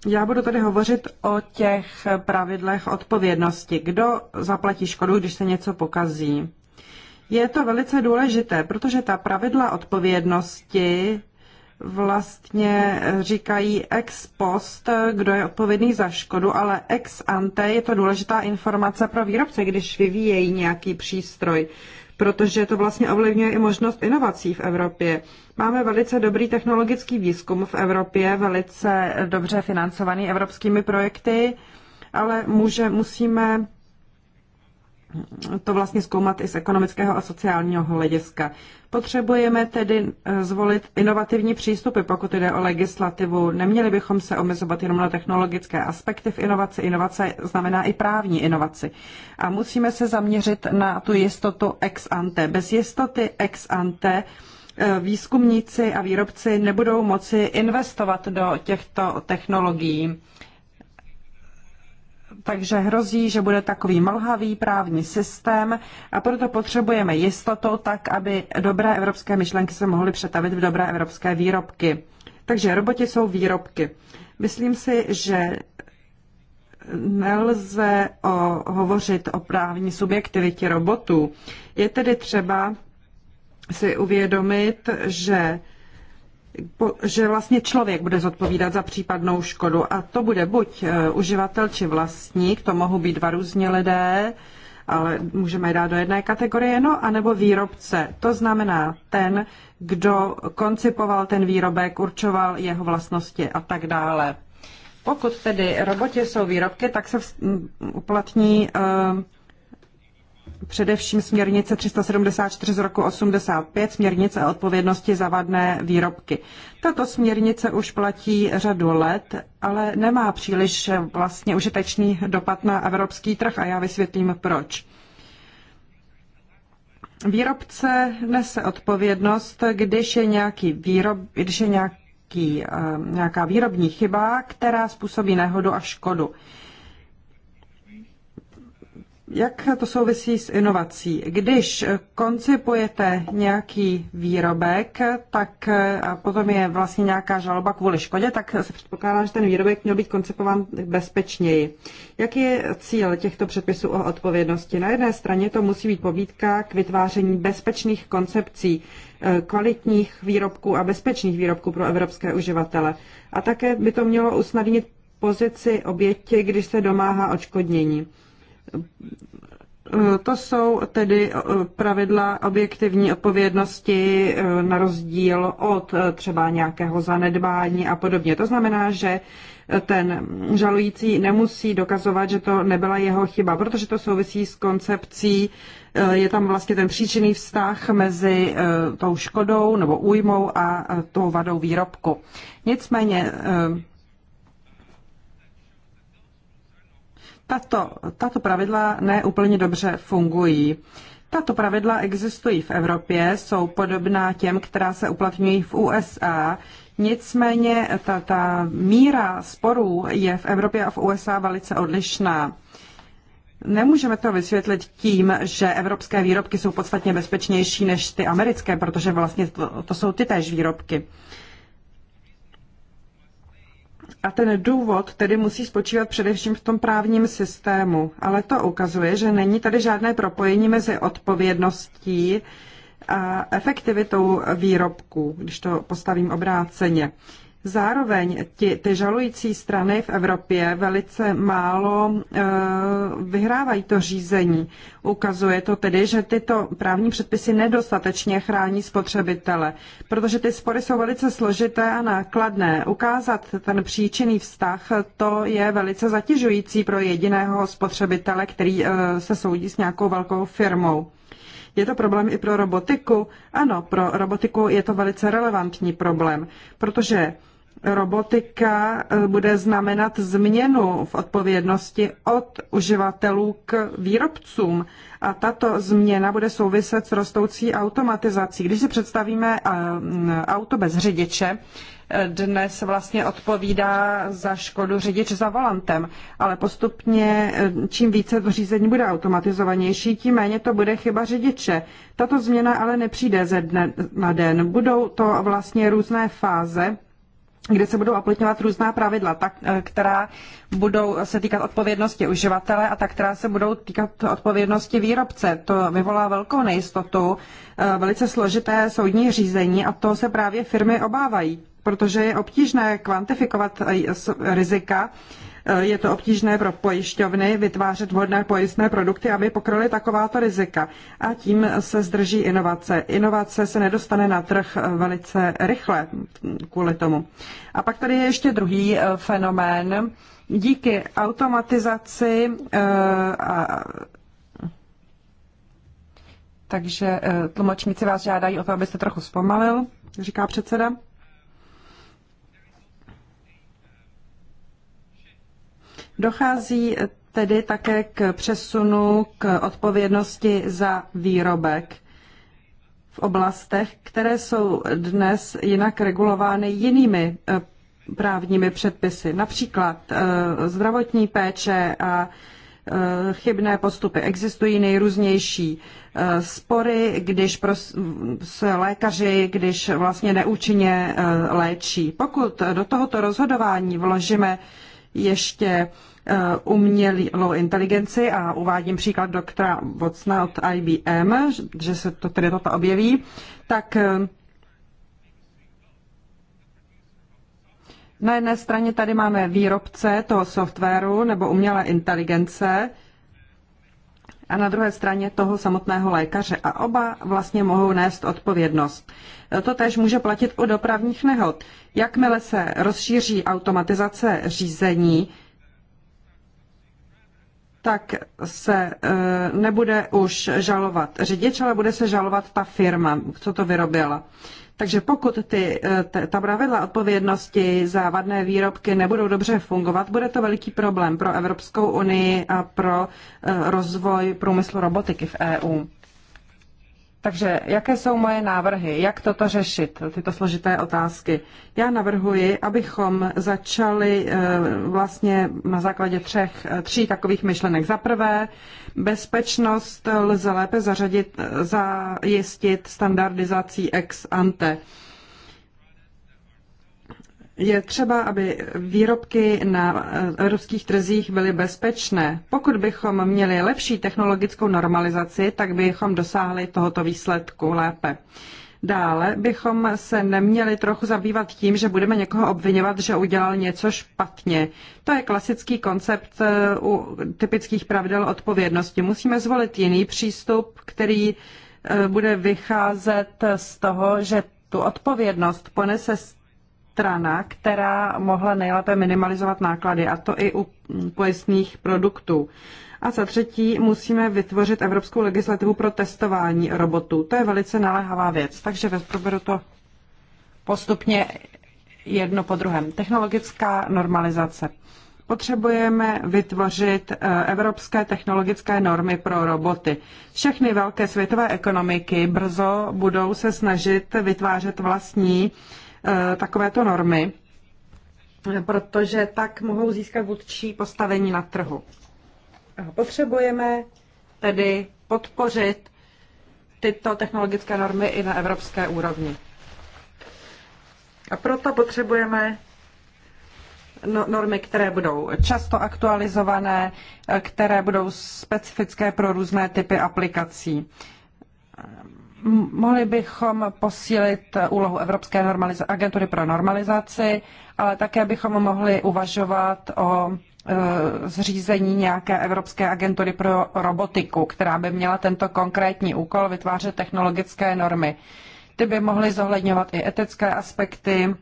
S1: Já budu tady hovořit o těch pravidlech odpovědnosti. Kdo zaplatí škodu, když se něco pokazí? Je to velice důležité, protože ta pravidla odpovědnosti vlastně říkají ex post, kdo je odpovědný za škodu, ale ex ante je to důležitá informace pro výrobce, když vyvíjejí nějaký přístroj, protože to vlastně ovlivňuje i možnost inovací v Evropě. Máme velice dobrý technologický výzkum v Evropě, velice dobře financovaný evropskými projekty, ale může, musíme to vlastně zkoumat i z ekonomického a sociálního hlediska. Potřebujeme tedy e, zvolit inovativní přístupy, pokud jde o legislativu. Neměli bychom se omezovat jenom na technologické aspekty v inovaci. Inovace znamená i právní inovaci. A musíme se zaměřit na tu jistotu ex ante. Bez jistoty ex ante e, výzkumníci a výrobci nebudou moci investovat do těchto technologií takže hrozí, že bude takový mlhavý právní systém a proto potřebujeme jistotu tak, aby dobré evropské myšlenky se mohly přetavit v dobré evropské výrobky. Takže roboti jsou výrobky. Myslím si, že nelze o, hovořit o právní subjektivitě robotů. Je tedy třeba si uvědomit, že že vlastně člověk bude zodpovídat za případnou škodu a to bude buď eh, uživatel či vlastník, to mohou být dva různě lidé, ale můžeme je dát do jedné kategorie, no, anebo výrobce. To znamená ten, kdo koncipoval ten výrobek, určoval jeho vlastnosti a tak dále. Pokud tedy robotě jsou výrobky, tak se uplatní uh, především směrnice 374 z roku 85, směrnice o odpovědnosti za vadné výrobky. Tato směrnice už platí řadu let, ale nemá příliš vlastně užitečný dopad na evropský trh a já vysvětlím proč. Výrobce nese odpovědnost, když je nějaký výrob, když je nějaký, eh, nějaká výrobní chyba, která způsobí nehodu a škodu. Jak to souvisí s inovací? Když koncipujete nějaký výrobek, tak a potom je vlastně nějaká žaloba kvůli škodě, tak se předpokládá, že ten výrobek měl být koncipován bezpečněji. Jaký je cíl těchto předpisů o odpovědnosti? Na jedné straně to musí být pobídka k vytváření bezpečných koncepcí, eh, kvalitních výrobků a bezpečných výrobků pro evropské uživatele. A také by to mělo usnadnit pozici oběti, když se domáhá odškodnění. To jsou tedy eh, pravidla objektivní odpovědnosti eh, na rozdíl od eh, třeba nějakého zanedbání a podobně. To znamená, že ten žalující nemusí dokazovat, že to nebyla jeho chyba, protože to souvisí s koncepcí, je tam vlastně ten příčinný vztah mezi tou škodou nebo újmou a tou vadou výrobku. Nicméně Tato, tato pravidla neúplně dobře fungují. Tato pravidla existují v Evropě, jsou podobná těm, která se uplatňují v USA. Nicméně ta, ta míra sporů je v Evropě a v USA velice odlišná. Nemůžeme to vysvětlit tím, že evropské výrobky jsou podstatně bezpečnější než ty americké, protože vlastně to, to jsou ty též výrobky. A ten důvod tedy musí spočívat především v tom právním systému. Ale to ukazuje, že není tady žádné propojení mezi odpovědností a efektivitou výrobků, když to postavím obráceně. Zároveň ti, ty žalující strany v Evropě velice málo e, vyhrávají to řízení. Ukazuje to tedy, že tyto právní předpisy nedostatečně chrání spotřebitele, protože ty spory jsou velice složité a nákladné. Ukázat ten příčinný vztah, to je velice zatěžující pro jediného spotřebitele, který e, se soudí s nějakou velkou firmou. Je to problém i pro robotiku? Ano, pro robotiku je to velice relevantní problém, protože robotika eh, bude znamenat změnu v odpovědnosti od uživatelů k výrobcům. A tato změna bude souviset s rostoucí automatizací. Když si představíme eh, auto bez řidiče, eh, dnes vlastně odpovídá za škodu řidič za volantem, ale postupně čím více to řízení bude automatizovanější, tím méně to bude chyba řidiče. Tato změna ale nepřijde ze dne na den. Budou to vlastně různé fáze, kde se budou aplikovat různá pravidla, tak, eh, která budou se týkat odpovědnosti uživatele a tak, která se budou týkat odpovědnosti výrobce. To vyvolá velkou nejistotu, eh, velice složité soudní řízení a to se právě firmy obávají, protože je obtížné kvantifikovat eh, rizika je to obtížné pro pojišťovny vytvářet vhodné pojistné produkty, aby pokryly takováto rizika. A tím se zdrží inovace. Inovace se nedostane na trh velice rychle kvůli tomu. A pak tady je ještě druhý eh, fenomén. Díky automatizaci eh, a takže eh, tlumočníci vás žádají o to, abyste trochu zpomalil, říká předseda. Dochází tedy také k přesunu k odpovědnosti za výrobek v oblastech, které jsou dnes jinak regulovány jinými eh, právními předpisy, například eh, zdravotní péče a eh, chybné postupy. Existují nejrůznější spory, když se lékaři, když vlastně neúčinně léčí. Pokud do tohoto rozhodování vložíme ještě eh, umělou inteligenci a uvádím příklad doktora Watsona od IBM, že se to tedy toto objeví, tak eh, na jedné straně tady máme výrobce toho softwaru nebo umělé inteligence, a na druhé straně toho samotného lékaře a oba vlastně mohou nést odpovědnost. To tež může platit u dopravních nehod. Jakmile se rozšíří automatizace řízení, tak se e, nebude už žalovat řidič, ale bude se žalovat ta firma, co to vyrobila. Takže pokud ty, eh, ta pravidla odpovědnosti za vadné výrobky nebudou dobře fungovat, bude to veliký problém pro Evropskou unii a pro eh, rozvoj průmyslu robotiky v EU. Takže jaké jsou moje návrhy? Jak toto řešit, tyto složité otázky? Já navrhuji, abychom začali eh, vlastně na základě třech, eh, tří takových myšlenek. Za prvé, bezpečnost lze lépe zařadit, eh, zajistit standardizací ex ante. Je třeba, aby výrobky na eh, evropských trzích byly bezpečné. Pokud bychom měli lepší technologickou normalizaci, tak bychom dosáhli tohoto výsledku lépe. Dále bychom se neměli trochu zabývat tím, že budeme někoho obvinovat, že udělal něco špatně. To je klasický koncept eh, u typických pravidel odpovědnosti. Musíme zvolit jiný přístup, který eh, bude vycházet z toho, že tu odpovědnost ponese strana, která mohla nejlépe minimalizovat náklady, a to i u pojistných produktů. A za třetí musíme vytvořit evropskou legislativu pro testování robotů. To je velice naléhavá věc, takže proberu to postupně jedno po druhém. Technologická normalizace. Potřebujeme vytvořit eh, evropské technologické normy pro roboty. Všechny velké světové ekonomiky brzo budou se snažit vytvářet vlastní Eh, takovéto normy, protože tak mohou získat vůdčí postavení na trhu. Potřebujeme tedy podpořit tyto technologické normy i na evropské úrovni. A proto potřebujeme no, normy, které budou často aktualizované, eh, které budou specifické pro různé typy aplikací. Mohli bychom posílit úlohu Evropské agentury pro normalizaci, ale také bychom mohli uvažovat o e, zřízení nějaké Evropské agentury pro robotiku, která by měla tento konkrétní úkol vytvářet technologické normy. Ty by mohly zohledňovat i etické aspekty,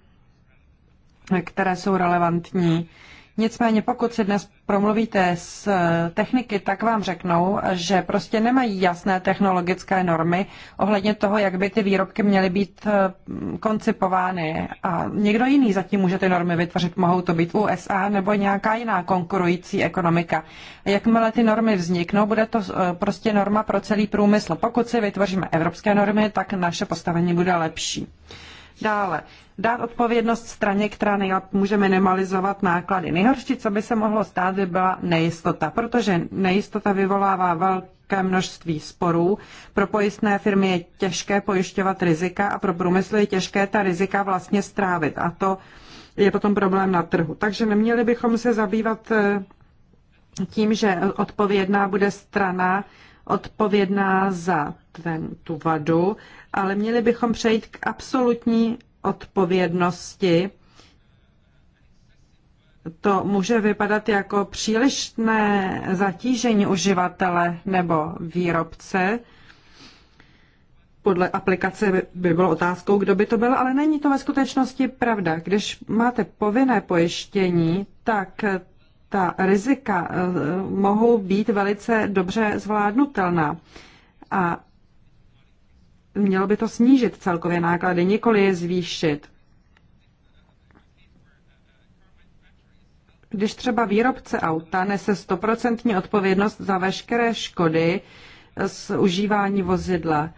S1: které jsou relevantní Nicméně pokud si dnes promluvíte s techniky, tak vám řeknou, že prostě nemají jasné technologické normy ohledně toho, jak by ty výrobky měly být eh, koncipovány. A někdo jiný zatím může ty normy vytvořit. Mohou to být USA nebo nějaká jiná konkurující ekonomika. A jakmile ty normy vzniknou, bude to eh, prostě norma pro celý průmysl. Pokud si vytvoříme evropské normy, tak naše postavení bude lepší. Dále, dát odpovědnost straně, která nejlep může minimalizovat náklady. Nejhorší, co by se mohlo stát, by byla nejistota, protože nejistota vyvolává velké množství sporů. Pro pojistné firmy je těžké pojišťovat rizika a pro průmysl je těžké ta rizika vlastně strávit. A to je potom problém na trhu. Takže neměli bychom se zabývat eh, tím, že odpovědná bude strana odpovědná za ten, tu vadu, ale měli bychom přejít k absolutní odpovědnosti. To může vypadat jako přílišné zatížení uživatele nebo výrobce. Podle aplikace by bylo otázkou, kdo by to byl, ale není to ve skutečnosti pravda. Když máte povinné pojištění, tak ta rizika eh, mohou být velice dobře zvládnutelná. A mělo by to snížit celkové náklady, nikoli je zvýšit. Když třeba výrobce auta nese stoprocentní odpovědnost za veškeré škody z užívání vozidla,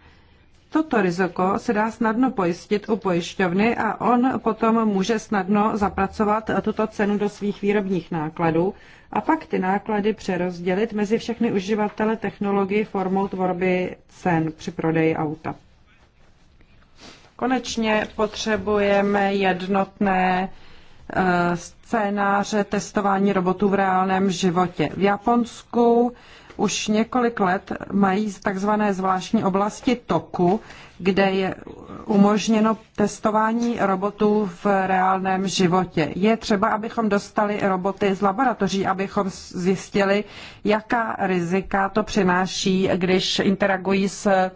S1: Toto riziko se dá snadno pojistit u pojišťovny a on potom může snadno zapracovat tuto cenu do svých výrobních nákladů a pak ty náklady přerozdělit mezi všechny uživatele technologii formou tvorby cen při prodeji auta. Konečně potřebujeme jednotné eh, scénáře testování robotů v reálném životě. V Japonsku už několik let mají takzvané zvláštní oblasti toku, kde je umožněno testování robotů v reálném životě. Je třeba, abychom dostali roboty z laboratoří, abychom zjistili, jaká rizika to přináší, když interagují s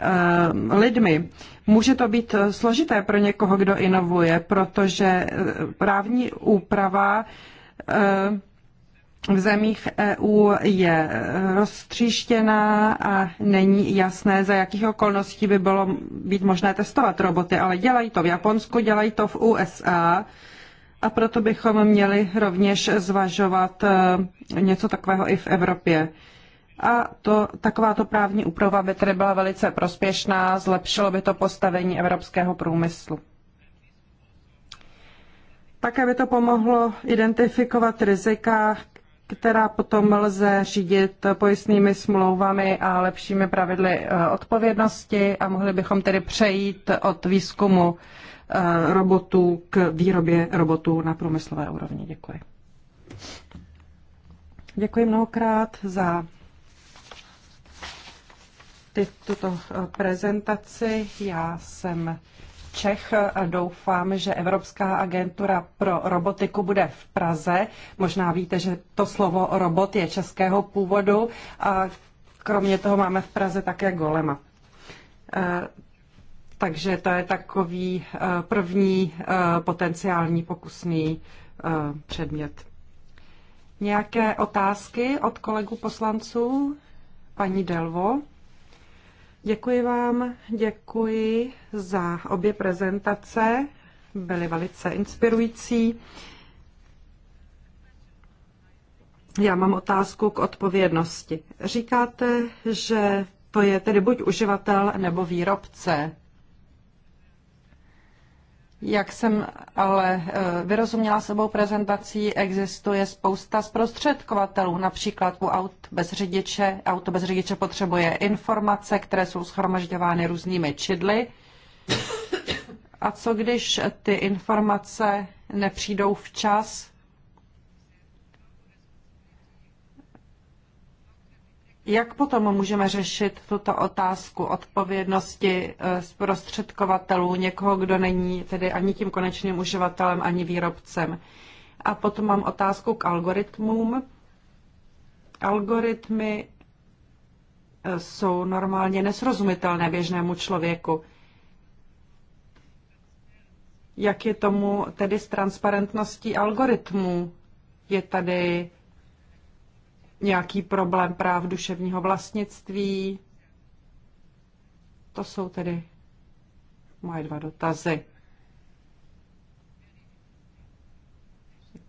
S1: Eh, lidmi. Může to být složité pro někoho, kdo inovuje, protože eh, právní úprava eh, v zemích EU je roztříštěná a není jasné, za jakých okolností by bylo být možné testovat roboty, ale dělají to v Japonsku, dělají to v USA a proto bychom měli rovněž zvažovat něco takového i v Evropě. A to, takováto právní úprava by tedy byla velice prospěšná, zlepšilo by to postavení evropského průmyslu. Také by to pomohlo identifikovat rizika, která potom lze řídit pojistnými smlouvami a lepšími pravidly eh, odpovědnosti a mohli bychom tedy přejít od výzkumu eh, robotů k výrobě robotů na průmyslové úrovni. Děkuji. Děkuji mnohokrát za ty, tuto eh, prezentaci. Já jsem Čech a doufám, že Evropská agentura pro robotiku bude v Praze. Možná víte, že to slovo robot je českého původu a kromě toho máme v Praze také Golema. Eh, takže to je takový eh, první potenciální pokusný předmět. Nějaké otázky od kolegů poslanců? Paní Delvo. Děkuji vám, děkuji za obě prezentace, byly velice inspirující. Já mám otázku k odpovědnosti. Říkáte, že to je tedy buď uživatel nebo výrobce. Jak jsem ale eh, vyrozuměla sebou prezentací, existuje spousta zprostředkovatelů. Například u aut bez řidiče, auto bez řidiče potřebuje informace, které jsou schromažďovány různými čidly. A co když ty informace nepřijdou včas? Jak potom můžeme řešit tuto otázku odpovědnosti eh, zprostředkovatelů, někoho, kdo není tedy ani tím konečným uživatelem, ani výrobcem? A potom mám otázku k algoritmům. Algoritmy eh, jsou normálně nesrozumitelné běžnému člověku. Jak je tomu tedy s transparentností algoritmů? Je tady nějaký problém práv duševního vlastnictví. To jsou tedy moje dva dotazy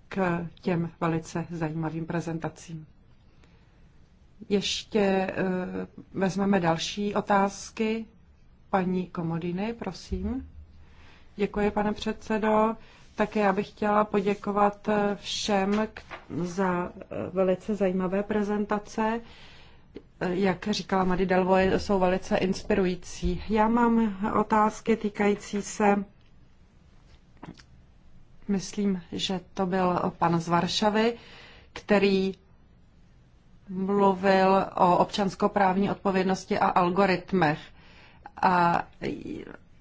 S1: k těm velice zajímavým prezentacím. Ještě eh, vezmeme další otázky. Paní Komodiny, prosím. Děkuji, pane předsedo. Také já bych chtěla poděkovat eh, všem za eh, velice zajímavé prezentace. Eh, jak říkala Mady Delvoje, jsou velice inspirující. Já mám otázky týkající se, myslím, že to byl pan z Varšavy, který mluvil o občanskoprávní odpovědnosti a algoritmech. A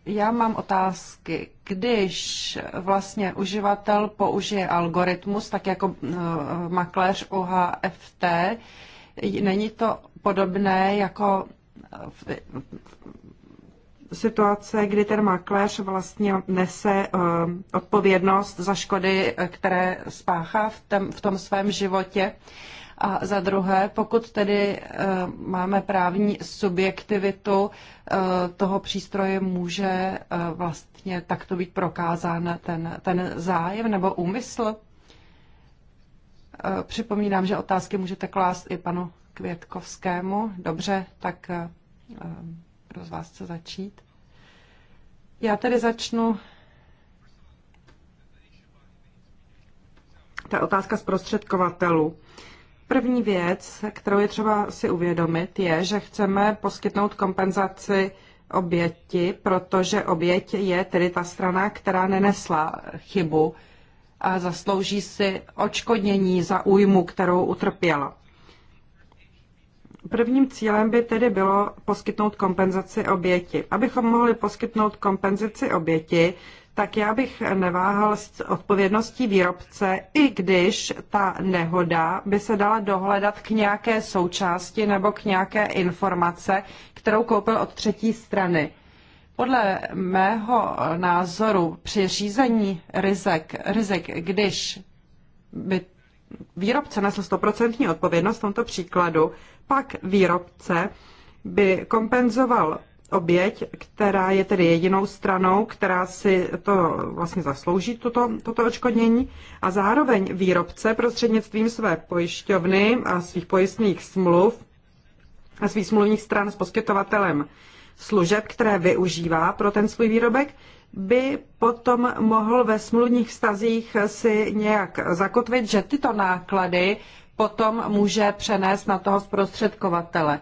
S1: já mám otázky. Když vlastně uživatel použije algoritmus, tak jako e, makléř u HFT, není to podobné jako v situace, kdy ten makléř vlastně nese e, odpovědnost za škody, e, které spáchá v tom, v tom svém životě. A za druhé, pokud tedy eh, máme právní subjektivitu eh, toho přístroje, může eh, vlastně takto být prokázán ten, ten zájem nebo úmysl? Připomínám, že otázky můžete klást i panu Květkovskému. Dobře, tak kdo z vás chce začít? Já tedy začnu. Ta otázka zprostředkovatelů. První věc, kterou je třeba si uvědomit, je, že chceme poskytnout kompenzaci oběti, protože oběť je tedy ta strana, která nenesla chybu a zaslouží si očkodnění za újmu, kterou utrpěla. Prvním cílem by tedy bylo poskytnout kompenzaci oběti. Abychom mohli poskytnout kompenzaci oběti, tak já bych neváhal s odpovědností výrobce, i když ta nehoda by se dala dohledat k nějaké součásti nebo k nějaké informace, kterou koupil od třetí strany. Podle mého názoru při řízení rizik, rizik když by výrobce nesl stoprocentní odpovědnost v tomto příkladu, pak výrobce by kompenzoval oběť, která je tedy jedinou stranou, která si to vlastně zaslouží, toto, toto očkodnění, a zároveň výrobce prostřednictvím své pojišťovny a svých pojistných smluv a svých smluvních stran s poskytovatelem služeb, které využívá pro ten svůj výrobek, by potom mohl ve smluvních vztazích si nějak zakotvit, že tyto náklady potom může přenést na toho zprostředkovatele.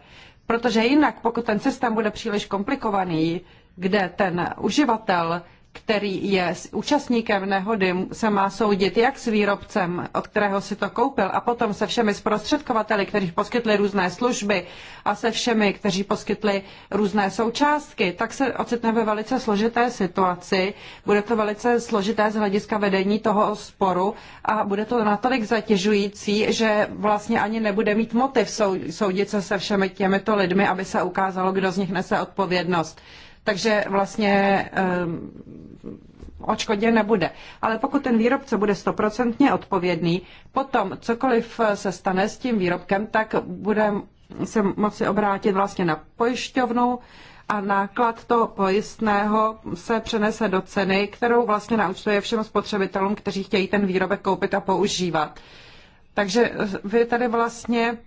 S1: Protože jinak, pokud ten systém bude příliš komplikovaný, kde ten uživatel který je účastníkem nehody, se má soudit jak s výrobcem, od kterého si to koupil, a potom se všemi zprostředkovateli, kteří poskytli různé služby a se všemi, kteří poskytli různé součástky, tak se ocitne ve velice složité situaci. Bude to velice složité z hlediska vedení toho sporu a bude to natolik zatěžující, že vlastně ani nebude mít motiv soudit se se všemi těmito lidmi, aby se ukázalo, kdo z nich nese odpovědnost takže vlastně ehm, očkodě nebude. Ale pokud ten výrobce bude stoprocentně odpovědný, potom cokoliv se stane s tím výrobkem, tak bude se moci obrátit vlastně na pojišťovnu a náklad toho pojistného se přenese do ceny, kterou vlastně naučtuje všem spotřebitelům, kteří chtějí ten výrobek koupit a používat. Takže vy tady vlastně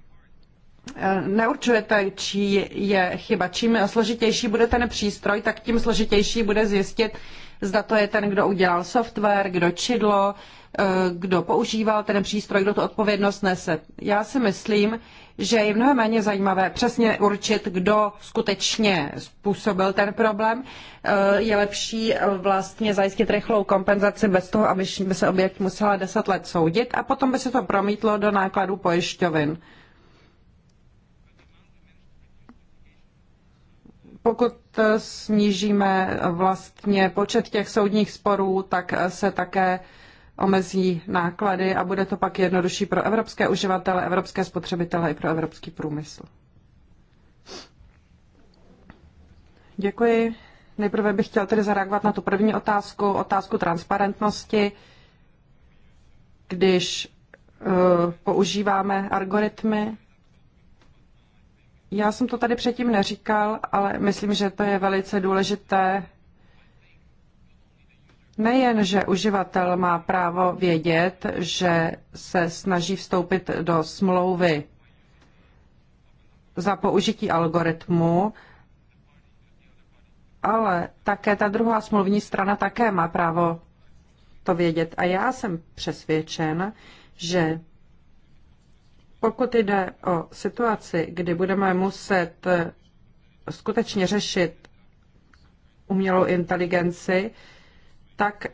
S1: neurčujete, čí je chyba. Čím složitější bude ten přístroj, tak tím složitější bude zjistit, zda to je ten, kdo udělal software, kdo čidlo, eh, kdo používal ten přístroj, kdo tu odpovědnost nese. Já si myslím, že je mnohem méně zajímavé přesně určit, kdo skutečně způsobil ten problém. Eh, je lepší vlastně zajistit rychlou kompenzaci bez toho, aby se objekt musela deset let soudit a potom by se to promítlo do nákladů pojišťovin. Pokud eh, snížíme vlastně počet těch soudních sporů, tak eh, se také omezí náklady a bude to pak jednodušší pro evropské uživatele, evropské spotřebitele i pro evropský průmysl. Děkuji. Nejprve bych chtěl tedy zareagovat na tu první otázku, otázku transparentnosti. Když uh, používáme algoritmy, já jsem to tady předtím neříkal, ale myslím, že to je velice důležité. Nejen, že uživatel má právo vědět, že se snaží vstoupit do smlouvy za použití algoritmu, ale také ta druhá smluvní strana také má právo to vědět. A já jsem přesvědčen, že pokud jde o situaci, kdy budeme muset eh, skutečně řešit umělou inteligenci, tak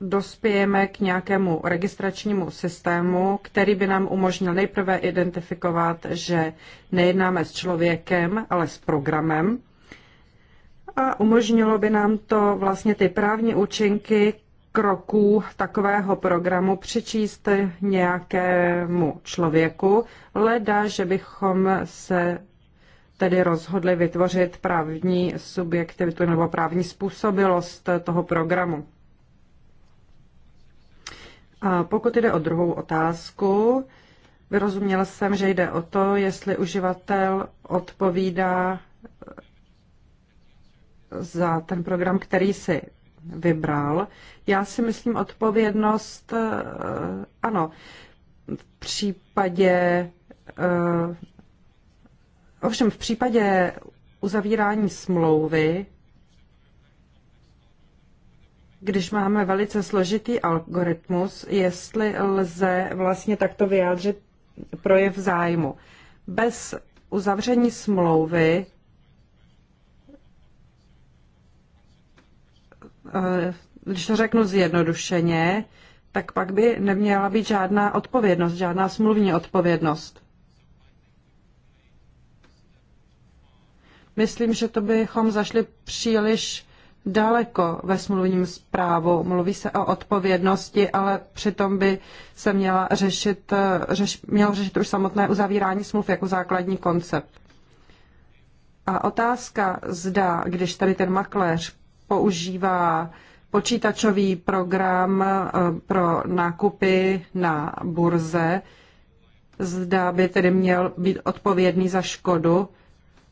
S1: dospějeme k nějakému registračnímu systému, který by nám umožnil nejprve identifikovat, že nejednáme s člověkem, ale s programem. A umožnilo by nám to vlastně ty právní účinky, kroků takového programu přečíst nějakému člověku, leda, že bychom se tedy rozhodli vytvořit právní subjektivitu nebo právní způsobilost toho programu. A pokud jde o druhou otázku, vyrozuměl jsem, že jde o to, jestli uživatel odpovídá za ten program, který si vybral. Já si myslím odpovědnost, eh, ano, v případě, eh, ovšem v případě uzavírání smlouvy, když máme velice složitý algoritmus, jestli lze vlastně takto vyjádřit projev zájmu. Bez uzavření smlouvy Eh, když to řeknu zjednodušeně, tak pak by neměla být žádná odpovědnost, žádná smluvní odpovědnost. Myslím, že to bychom zašli příliš daleko ve smluvním zprávu. Mluví se o odpovědnosti, ale přitom by se měla řešit, eh, řeš, mělo řešit už samotné uzavírání smluv jako základní koncept. A otázka zda, když tady ten makléř používá počítačový program eh, pro nákupy na burze, zda by tedy měl být odpovědný za škodu,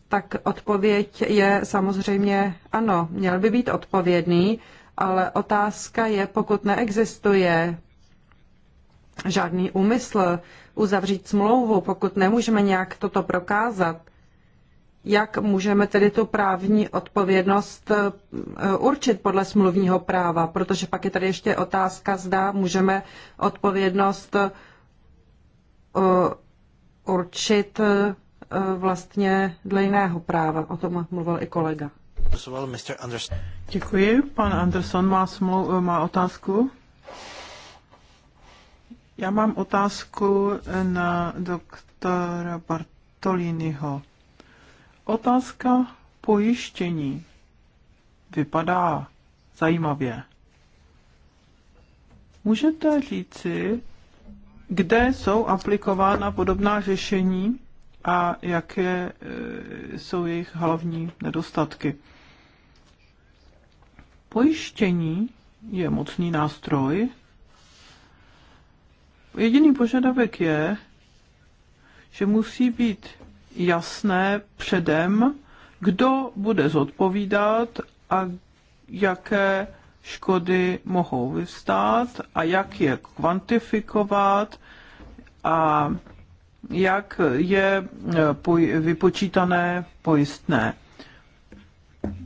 S1: tak odpověď je samozřejmě ano, měl by být odpovědný, ale otázka je, pokud neexistuje žádný úmysl uzavřít smlouvu, pokud nemůžeme nějak toto prokázat, jak můžeme tedy tu právní odpovědnost eh, určit podle smluvního práva, protože pak je tady ještě otázka, zda můžeme odpovědnost eh, určit eh, vlastně dle jiného práva. O tom mluvil
S3: i kolega. Děkuji. Pan Anderson má, smlou- má otázku. Já mám otázku na doktora Bartoliniho. Otázka pojištění vypadá zajímavě. Můžete říci, kde jsou aplikována podobná řešení a jaké e, jsou jejich hlavní nedostatky. Pojištění je mocný nástroj. Jediný požadavek je, že musí být jasné předem, kdo bude zodpovídat a jaké škody mohou vyvstát a jak je kvantifikovat a jak je e, vypočítané pojistné.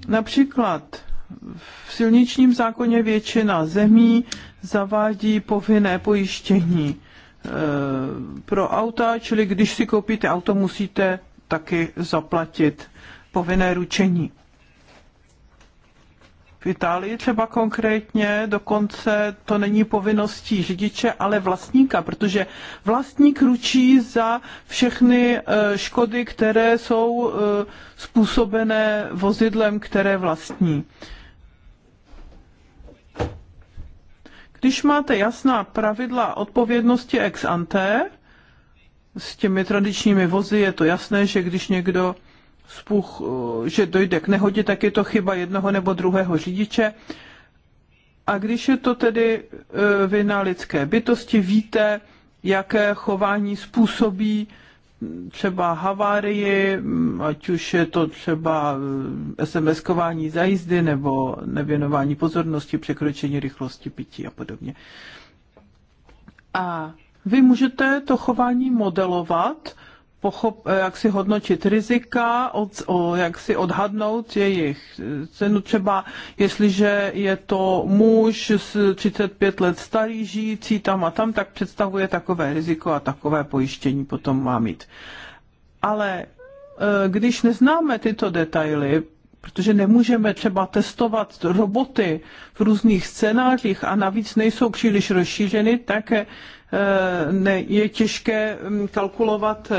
S3: Například v silničním zákoně většina zemí zavádí povinné pojištění pro auta, čili když si koupíte auto, musíte taky zaplatit povinné ručení. V Itálii třeba konkrétně dokonce to není povinností řidiče, ale vlastníka, protože vlastník ručí za všechny eh, škody, které jsou eh, způsobené vozidlem, které vlastní. Když máte jasná pravidla odpovědnosti ex ante, s těmi tradičními vozy je to jasné, že když někdo spuch, eh, že dojde k nehodě, tak je to chyba jednoho nebo druhého řidiče. A když je to tedy eh, vina lidské bytosti, víte, jaké chování způsobí třeba havárii, ať už je to třeba eh, SMS-kování za jízdy nebo nevěnování pozornosti, překročení rychlosti pití a podobně. A vy můžete to chování modelovat, pochop, eh, jak si hodnotit rizika, od, o, jak si odhadnout jejich cenu. Třeba jestliže je to muž s 35 let starý, žijící tam a tam, tak představuje takové riziko a takové pojištění potom má mít. Ale eh, když neznáme tyto detaily, protože nemůžeme třeba testovat roboty v různých scénářích a navíc nejsou příliš rozšířeny, tak eh, ne, je těžké mm, kalkulovat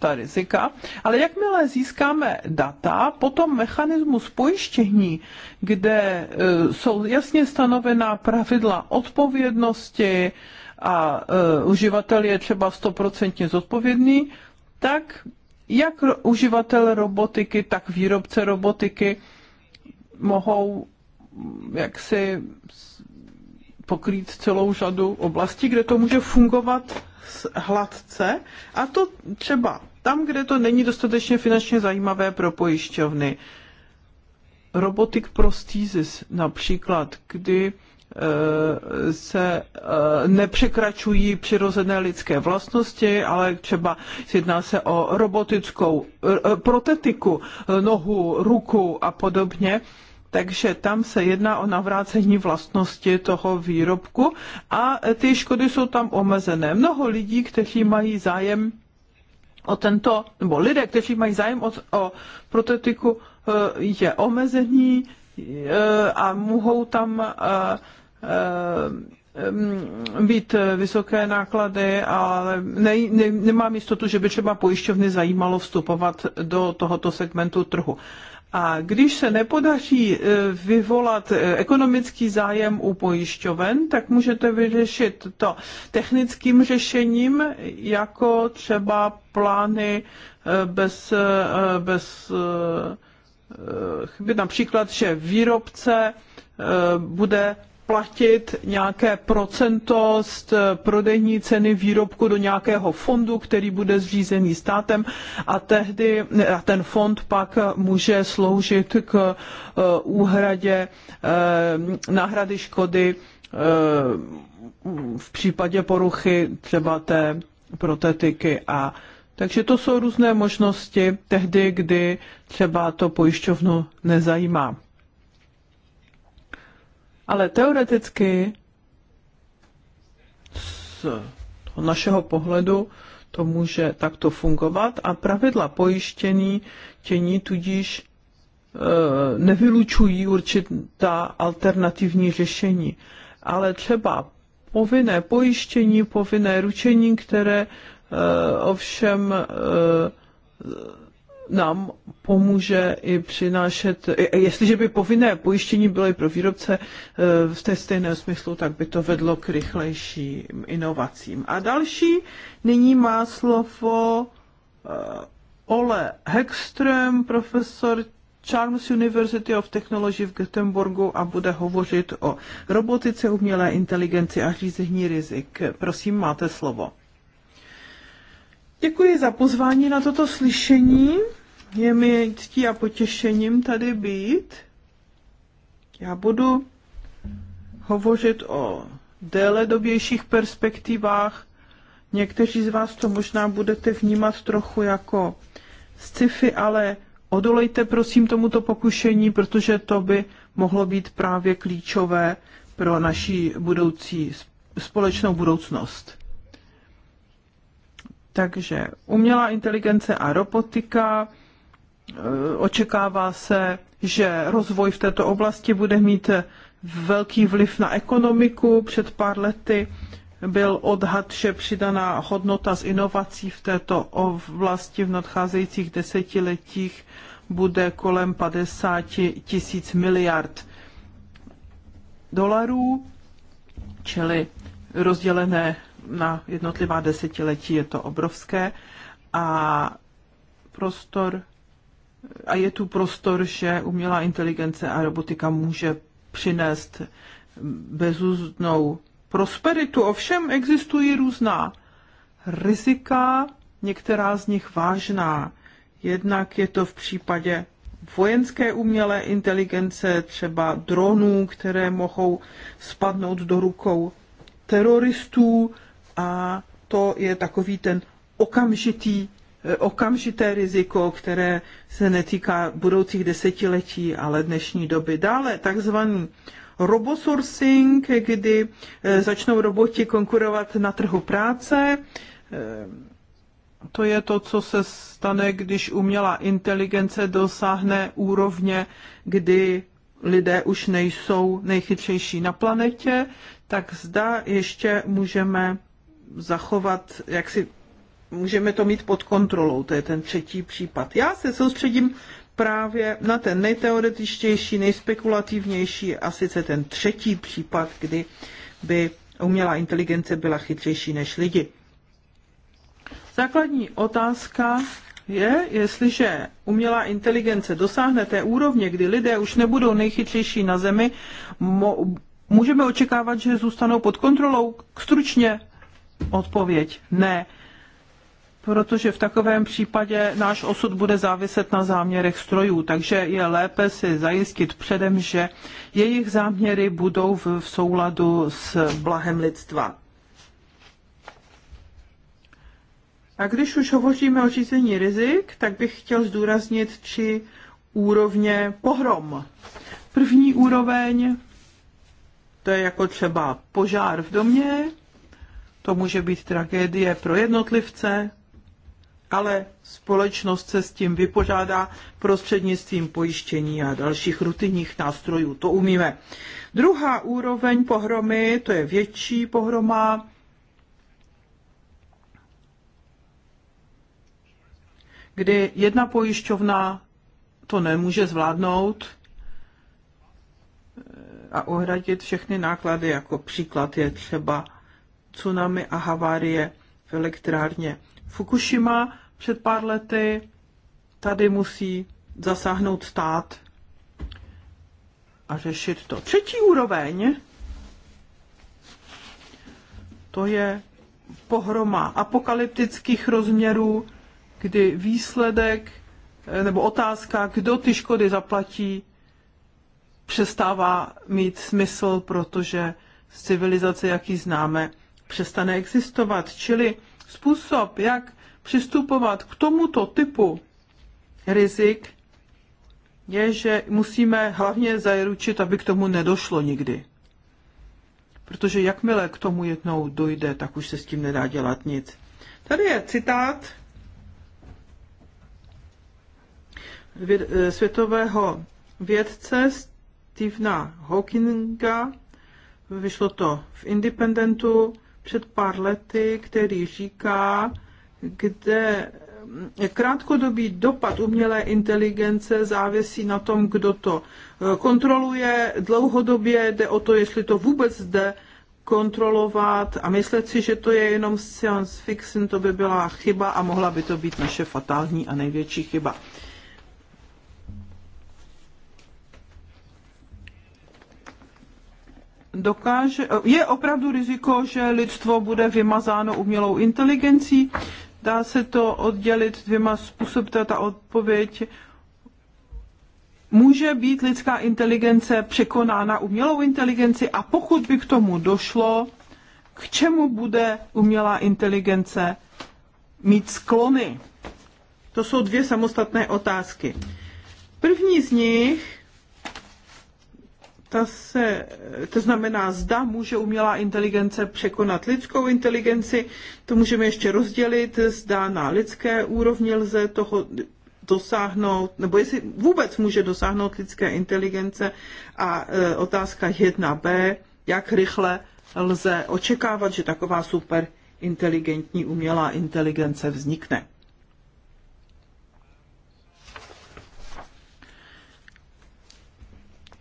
S3: ta rizika, ale jakmile získáme data, potom mechanismus pojištění, kde e, jsou jasně stanovená pravidla odpovědnosti a e, uživatel je třeba stoprocentně zodpovědný, tak jak uživatel robotiky, tak výrobce robotiky mohou mm, jaksi pokrýt celou řadu oblastí, kde to může fungovat hladce. A to třeba tam, kde to není dostatečně finančně zajímavé pro pojišťovny. Robotic prosthesis například, kdy e, se e, nepřekračují přirozené lidské vlastnosti, ale třeba jedná se o robotickou e, protetiku, nohu, ruku a podobně. Takže tam se jedná o navrácení vlastnosti toho výrobku a ty škody jsou tam omezené. Mnoho lidí, kteří mají zájem o tento, nebo lidé, kteří mají zájem o, o protetiku, eh, je omezení eh, a mohou tam eh, mm, být vysoké náklady, ale ne, ne, nemám jistotu, že by třeba pojišťovny zajímalo vstupovat do tohoto segmentu trhu. A když se nepodaří e, vyvolat e, ekonomický zájem u pojišťoven, tak můžete vyřešit to technickým řešením, jako třeba plány e, bez, bez chyby, například, že výrobce bude platit nějaké procento z eh, prodejní ceny výrobku do nějakého fondu, který bude zřízený státem a tehdy a ten fond pak může sloužit k eh, úhradě eh, náhrady škody v případě poruchy třeba té protetiky a takže to jsou různé možnosti tehdy, kdy třeba to pojišťovnu nezajímá. Ale teoreticky z našeho pohledu to může takto fungovat a pravidla pojištění tění tudíž e, nevylučují určitá alternativní řešení. Ale třeba povinné pojištění, povinné ručení, které e, ovšem e, nám pomůže i přinášet, jestliže by povinné pojištění bylo i pro výrobce eh, v té stejném smyslu, tak by to vedlo k rychlejším inovacím. A další nyní má slovo eh, Ole Hekström, profesor Charles University of Technology v Göteborgu a bude hovořit o robotice, umělé inteligenci a řízení rizik. Prosím, máte slovo. Děkuji za pozvání na toto slyšení. Je mi ctí a potěšením tady být. Já budu hovořit o déle dobějších perspektivách. Někteří z vás to možná budete vnímat trochu jako sci-fi, ale odolejte prosím tomuto pokušení, protože to by mohlo být právě klíčové pro naší budoucí společnou budoucnost. Takže umělá inteligence a robotika, Eh, očekává se, že rozvoj v této oblasti bude mít velký vliv na ekonomiku. Před pár lety byl odhad, že přidaná hodnota z inovací v této oblasti v nadcházejících desetiletích bude kolem 50 tisíc miliard dolarů, čili rozdělené na jednotlivá desetiletí je to obrovské a prostor a je tu prostor, že umělá inteligence a robotika může přinést bezúzdnou prosperitu. Ovšem existují různá rizika, některá z nich vážná. Jednak je to v případě vojenské umělé inteligence, třeba dronů, které mohou spadnout do rukou teroristů a to je takový ten okamžitý okamžité riziko, které se netýká budoucích desetiletí, ale dnešní doby. Dále takzvaný robosourcing, kdy eh, začnou roboti konkurovat na trhu práce. Eh, to je to, co se stane, když umělá inteligence dosáhne úrovně, kdy lidé už nejsou nejchytřejší na planetě, tak zda ještě můžeme zachovat jaksi můžeme to mít pod kontrolou, to je ten třetí případ. Já se soustředím právě na ten nejteoretičtější, nejspekulativnější a sice ten třetí případ, kdy by umělá inteligence byla chytřejší než lidi. Základní otázka je, jestliže umělá inteligence dosáhne té úrovně, kdy lidé už nebudou nejchytřejší na Zemi, můžeme očekávat, že zůstanou pod kontrolou? Stručně odpověď ne protože v takovém případě náš osud bude záviset na záměrech strojů, takže je lépe si zajistit předem, že jejich záměry budou v, souladu s blahem lidstva. A když už hovoříme o řízení rizik, tak bych chtěl zdůraznit tři úrovně pohrom. První úroveň, to je jako třeba požár v domě, to může být tragédie pro jednotlivce, ale společnost se s tím vypořádá prostřednictvím pojištění a dalších rutinních nástrojů. To umíme. Druhá úroveň pohromy, to je větší pohroma, kdy jedna pojišťovna to nemůže zvládnout eh, a uhradit všechny náklady, jako příklad je třeba tsunami a havárie v elektrárně Fukushima před pár lety, tady musí zasáhnout stát a řešit to. Třetí úroveň, to je pohroma apokalyptických rozměrů, kdy výsledek eh, nebo otázka, kdo ty škody zaplatí, přestává mít smysl, protože civilizace, jaký známe, přestane existovat. Čili způsob, jak přistupovat k tomuto typu rizik, je, že musíme hlavně zaručit, aby k tomu nedošlo nikdy. Protože jakmile k tomu jednou dojde, tak už se s tím nedá dělat nic. Tady je citát eh, světového vědce Stevena Hawkinga, vyšlo to v Independentu před pár lety, který říká, kde mm, krátkodobý dopad umělé inteligence závisí na tom, kdo to e, kontroluje. Dlouhodobě jde o to, jestli to vůbec jde kontrolovat a myslet si, že to je jenom science fiction, to by byla chyba a mohla by to být naše fatální a největší chyba. dokáže, je opravdu riziko, že lidstvo bude vymazáno umělou inteligencí. Dá se to oddělit dvěma způsoby, ta odpověď. Může být lidská inteligence překonána umělou inteligenci a pokud by k tomu došlo, k čemu bude umělá inteligence mít sklony? To jsou dvě samostatné otázky. První z nich ta se, to znamená, zda může umělá inteligence překonat lidskou inteligenci, to můžeme ještě rozdělit, zda na lidské úrovni lze toho dosáhnout, nebo jestli vůbec může dosáhnout lidské inteligence a e, otázka 1b, jak rychle lze očekávat, že taková super inteligentní umělá inteligence vznikne.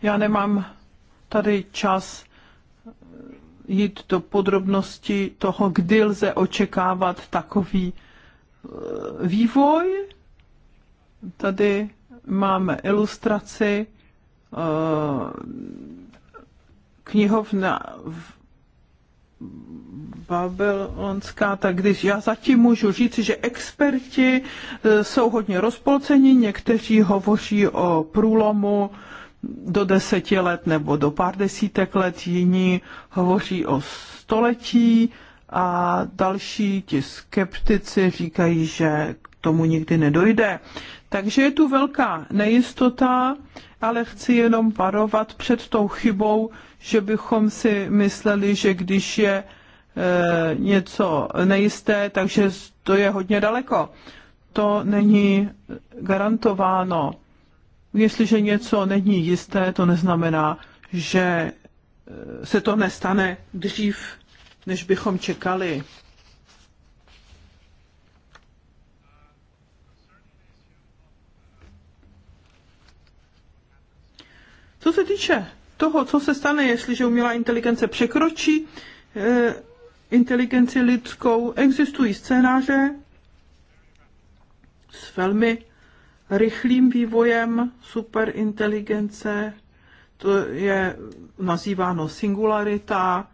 S3: Já nemám tady čas jít do podrobnosti toho, kdy lze očekávat takový eh, vývoj. Tady máme ilustraci eh, knihovna babylonská, tak když já zatím můžu říct, že experti eh, jsou hodně rozpolceni, někteří hovoří o průlomu do deseti let nebo do pár desítek let, jiní hovoří o století a další ti skeptici říkají, že k tomu nikdy nedojde. Takže je tu velká nejistota, ale chci jenom varovat před tou chybou, že bychom si mysleli, že když je e, něco nejisté, takže to je hodně daleko. To není garantováno. Jestliže něco není jisté, to neznamená, že eh, se to nestane dřív, než bychom čekali. Co se týče toho, co se stane, jestliže umělá inteligence překročí e, inteligenci lidskou, existují scénáře s velmi rychlým vývojem superinteligence, to je nazýváno singularita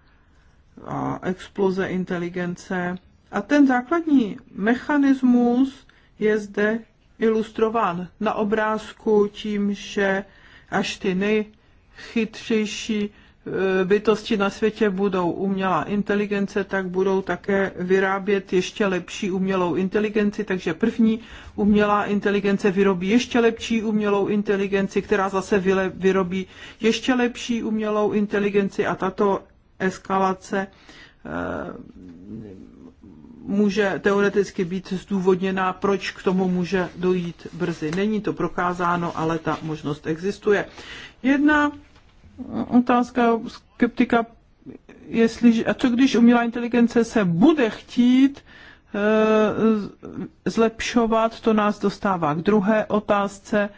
S3: a exploze inteligence. A ten základní mechanismus je zde ilustrován na obrázku tím, že až ty nejchytřejší Eh, bytosti na světě budou umělá inteligence, tak budou také vyrábět ještě lepší umělou inteligenci. Takže první umělá inteligence vyrobí ještě lepší umělou inteligenci, která zase vyrobí ještě lepší umělou inteligenci a tato eskalace eh, může teoreticky být zdůvodněná, proč k tomu může dojít brzy. Není to prokázáno, ale ta možnost existuje. Jedna otázka skeptika, jestli, a co když umělá inteligence se bude chtít eh, zlepšovat, to nás dostává k druhé otázce,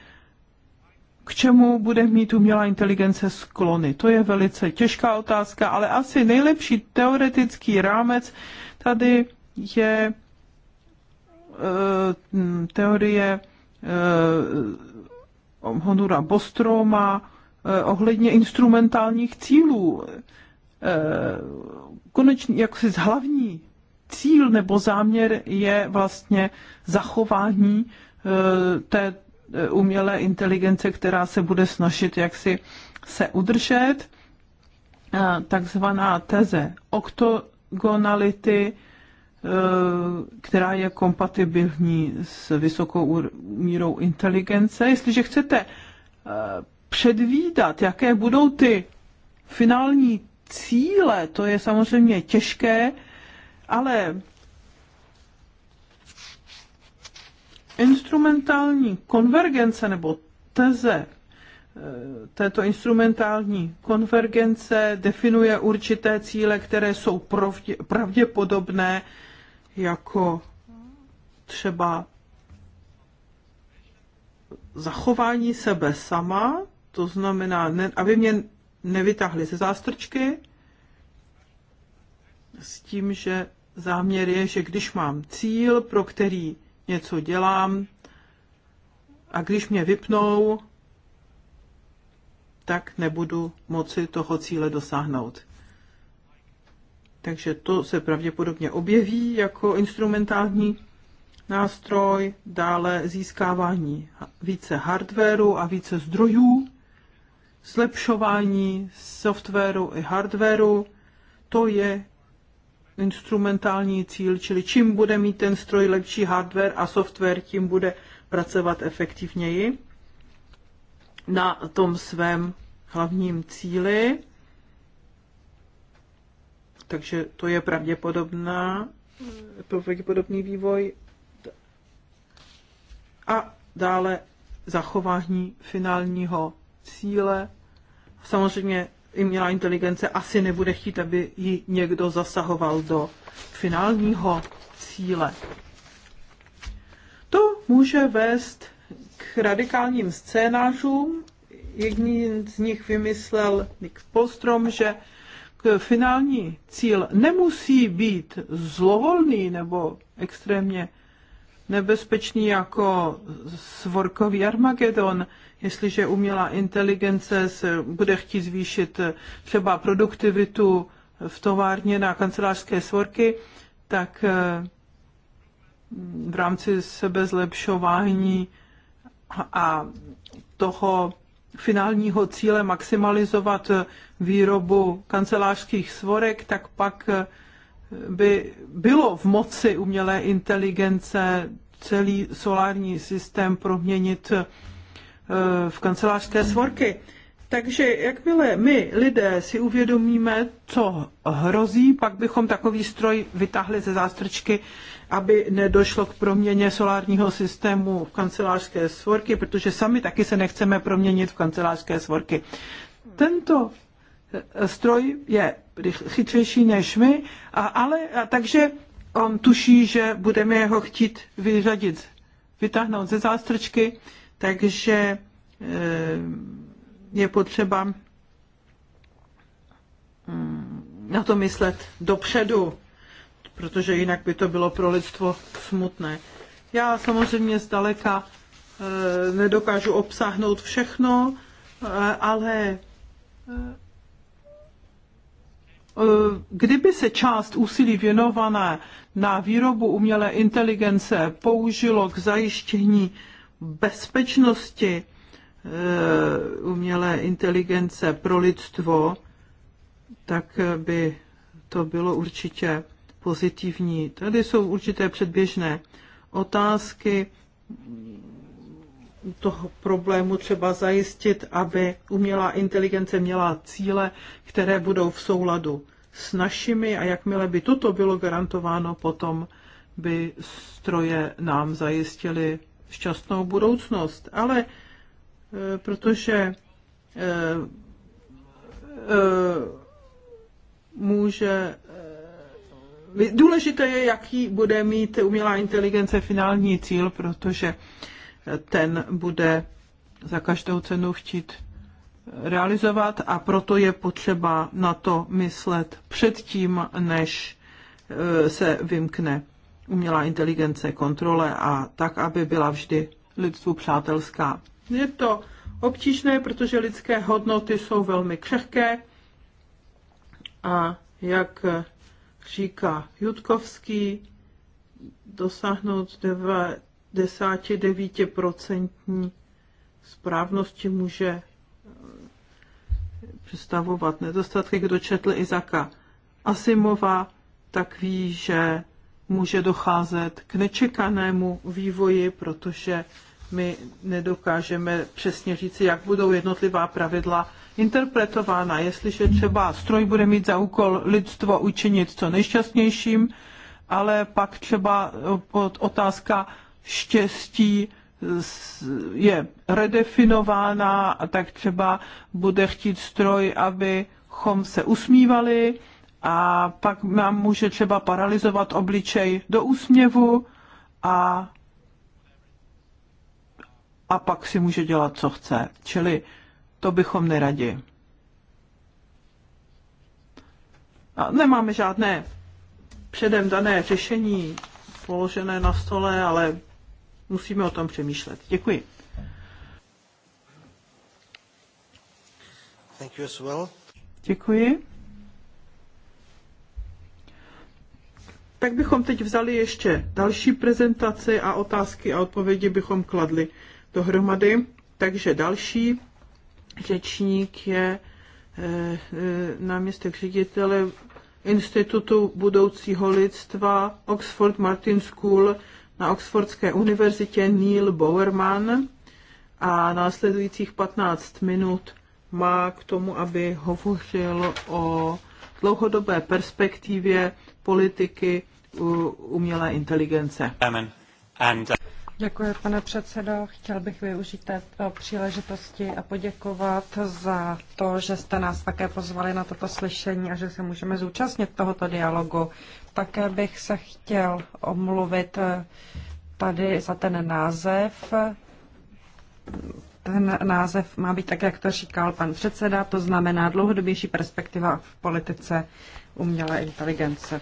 S3: k čemu bude mít umělá inteligence sklony. To je velice těžká otázka, ale asi nejlepší teoretický rámec tady je eh, teorie eh, Honura Bostroma, Eh, ohledně instrumentálních cílů. Eh, konečný, jaksi hlavní cíl nebo záměr je vlastně zachování eh, té umělé inteligence, která se bude snažit jaksi se udržet. Takzvaná teze oktogonality, která je kompatibilní s vysokou mírou inteligence. Jestliže chcete předvídat, jaké budou ty finální cíle, to je samozřejmě těžké, ale instrumentální konvergence nebo teze eh, této instrumentální konvergence definuje určité cíle, které jsou pravděpodobné, jako třeba zachování sebe sama, to znamená, ne, aby mě nevytáhli ze zástrčky s tím, že záměr je, že když mám cíl, pro který něco dělám, a když mě vypnou, tak nebudu moci toho cíle dosáhnout. Takže to se pravděpodobně objeví jako instrumentální nástroj, dále získávání více hardwareu a více zdrojů zlepšování softwaru i hardwaru. To je instrumentální cíl, čili čím bude mít ten stroj lepší hardware a software, tím bude pracovat efektivněji na tom svém hlavním cíli. Takže to je pravděpodobná, pravděpodobný vývoj. A dále zachování finálního cíle Samozřejmě umělá inteligence asi nebude chtít, aby ji někdo zasahoval do finálního cíle. To může vést k radikálním scénářům. Jedný z nich vymyslel Nick Polstrom, že k finální cíl nemusí být zlovolný nebo extrémně nebezpečný jako svorkový Armagedon, jestliže umělá inteligence se bude chtít zvýšit třeba produktivitu v továrně na kancelářské svorky, tak eh, v rámci sebezlepšování a toho finálního cíle maximalizovat výrobu kancelářských svorek, tak pak eh, by bylo v moci umělé inteligence celý solární systém proměnit eh, v kancelářské svorky. Takže jakmile my lidé si uvědomíme, co hrozí, pak bychom takový stroj vytáhli ze zástrčky, aby nedošlo k proměně solárního systému v kancelářské svorky, protože sami taky se nechceme proměnit v kancelářské svorky. Tento eh, stroj je chytřejší než my, a, ale, a takže on tuší, že budeme jeho chtít vyřadit, vytáhnout ze zástrčky, takže e, je potřeba mm, na to myslet dopředu, protože jinak by to bylo pro lidstvo smutné. Já samozřejmě zdaleka e, nedokážu obsáhnout všechno, e, ale Eh, kdyby se část úsilí věnované na výrobu umělé inteligence použilo k zajištění bezpečnosti eh, umělé inteligence pro lidstvo, tak by to bylo určitě pozitivní. Tady jsou určité předběžné otázky toho problému třeba zajistit, aby umělá inteligence měla cíle, které budou v souladu s našimi a jakmile by toto bylo garantováno, potom by stroje nám zajistili šťastnou budoucnost. Ale e, protože e, e, může Důležité je, jaký bude mít umělá inteligence finální cíl, protože ten bude za každou cenu chtít realizovat a proto je potřeba na to myslet předtím, než e, se vymkne umělá inteligence kontrole a tak, aby byla vždy lidstvu přátelská. Je to obtížné, protože lidské hodnoty jsou velmi křehké a jak říká Jutkovský, dosáhnout 99% správnosti může eh, představovat nedostatky. Kdo četl Izaka Asimova, tak ví, že může docházet k nečekanému vývoji, protože my nedokážeme přesně říci, jak budou jednotlivá pravidla interpretována. Jestliže třeba stroj bude mít za úkol lidstvo učinit co nejšťastnějším, ale pak třeba eh, otázka štěstí je redefinována a tak třeba bude chtít stroj, abychom se usmívali a pak nám může třeba paralizovat obličej do úsměvu a, a pak si může dělat, co chce. Čili to bychom neradi. A nemáme žádné předem dané řešení položené na stole, ale musíme o tom přemýšlet. Děkuji.
S2: Thank you as well.
S3: Děkuji. Tak bychom teď vzali ještě další prezentaci a otázky a odpovědi bychom kladli dohromady. Takže další řečník je eh, eh, náměstek ředitele Institutu budoucího lidstva Oxford Martin School na Oxfordské univerzitě Neil Bowerman a následujících 15 minut má k tomu, aby hovořil o dlouhodobé perspektivě politiky umělé inteligence.
S1: Uh, Děkuji, pane předsedo. Chtěl bych využít této eh, příležitosti a poděkovat za to, že jste nás také pozvali na toto slyšení a že se můžeme zúčastnit tohoto dialogu. Také bych se chtěl omluvit eh, tady za ten název. Ten název má být tak, jak to říkal pan předseda, to znamená dlouhodobější perspektiva v politice umělé inteligence.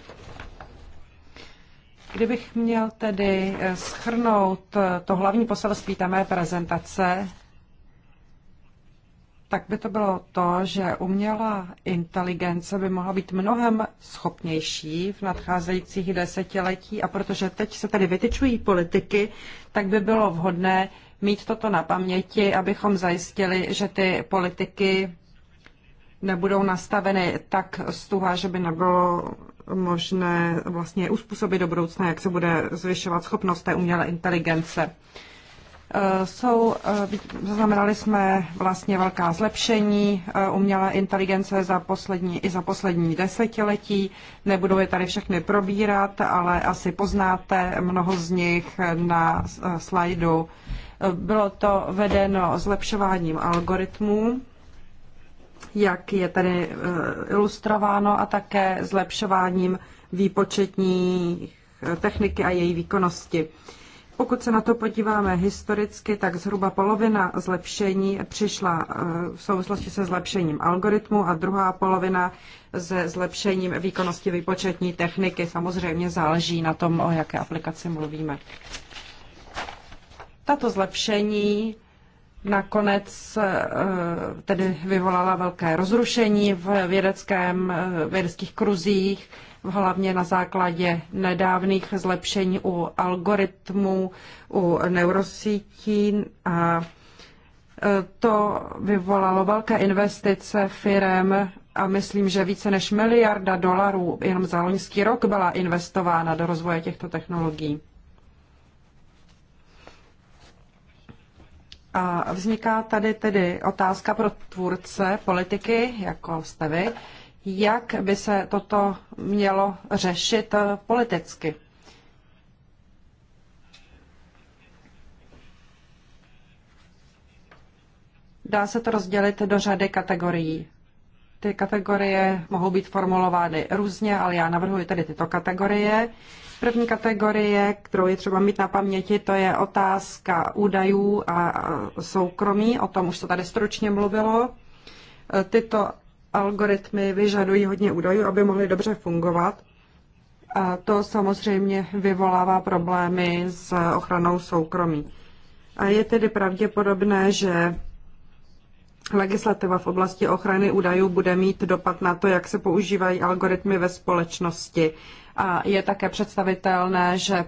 S1: Kdybych měl tedy eh, schrnout eh, to hlavní poselství té mé prezentace, tak by to bylo to, že umělá inteligence by mohla být mnohem schopnější v nadcházejících desetiletí a protože teď se tady vytyčují politiky, tak by bylo vhodné mít toto na paměti, abychom zajistili, že ty politiky nebudou nastaveny tak stuha, že by nebylo možné vlastně uspůsobit do budoucna, jak se bude zvyšovat schopnost té umělé inteligence. E, jsou, e, zaznamenali jsme vlastně velká zlepšení e, umělé inteligence za poslední, i za poslední desetiletí. Nebudu je tady všechny probírat, ale asi poznáte mnoho z nich na slajdu. Bylo to vedeno zlepšováním algoritmů, jak je tady eh, ilustrováno, a také zlepšováním výpočetní eh, techniky a její výkonnosti. Pokud se na to podíváme historicky, tak zhruba polovina zlepšení přišla eh, v souvislosti se zlepšením algoritmu a druhá polovina se zlepšením výkonnosti výpočetní techniky. Samozřejmě záleží na tom, o jaké aplikaci mluvíme. Tato zlepšení nakonec eh, tedy vyvolala velké rozrušení v vědeckém, eh, vědeckých kruzích, hlavně na základě nedávných zlepšení u algoritmů, u neurosítí a eh, to vyvolalo velké investice firem a myslím, že více než miliarda dolarů jenom za loňský rok byla investována do rozvoje těchto technologií. A vzniká tady tedy otázka pro tvůrce politiky, jako jste vy, jak by se toto mělo řešit politicky. Dá se to rozdělit do řady kategorií. Ty kategorie mohou být formulovány různě, ale já navrhuji tedy tyto kategorie. První kategorie, kterou je třeba mít na paměti, to je otázka údajů a soukromí. O tom už se tady stručně mluvilo. E, tyto algoritmy vyžadují hodně údajů, aby mohly dobře fungovat. A to samozřejmě vyvolává problémy s ochranou soukromí. A je tedy pravděpodobné, že legislativa v oblasti ochrany údajů bude mít dopad na to, jak se používají algoritmy ve společnosti a je také představitelné, že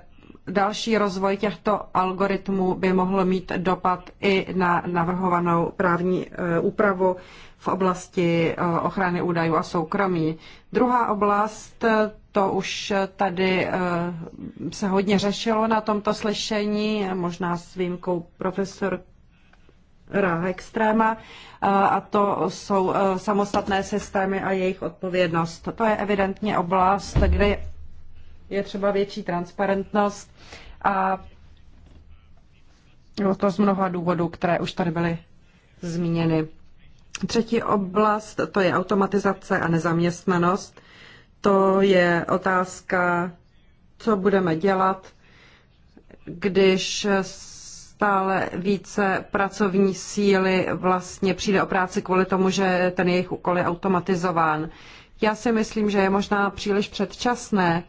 S1: další rozvoj těchto algoritmů by mohl mít dopad i na navrhovanou právní e, úpravu v oblasti e, ochrany údajů a soukromí. Druhá oblast, e, to už tady se hodně řešilo na tomto slyšení, možná s výjimkou profesor extréma a to jsou samostatné systémy a jejich odpovědnost. To je evidentně oblast, kde je třeba větší transparentnost a no to z mnoha důvodů, které už tady byly zmíněny. Třetí oblast to je automatizace a nezaměstnanost. To je otázka, co budeme dělat, když stále více pracovní síly vlastně přijde o práci kvůli tomu, že ten jejich úkol je automatizován. Já si myslím, že je možná příliš předčasné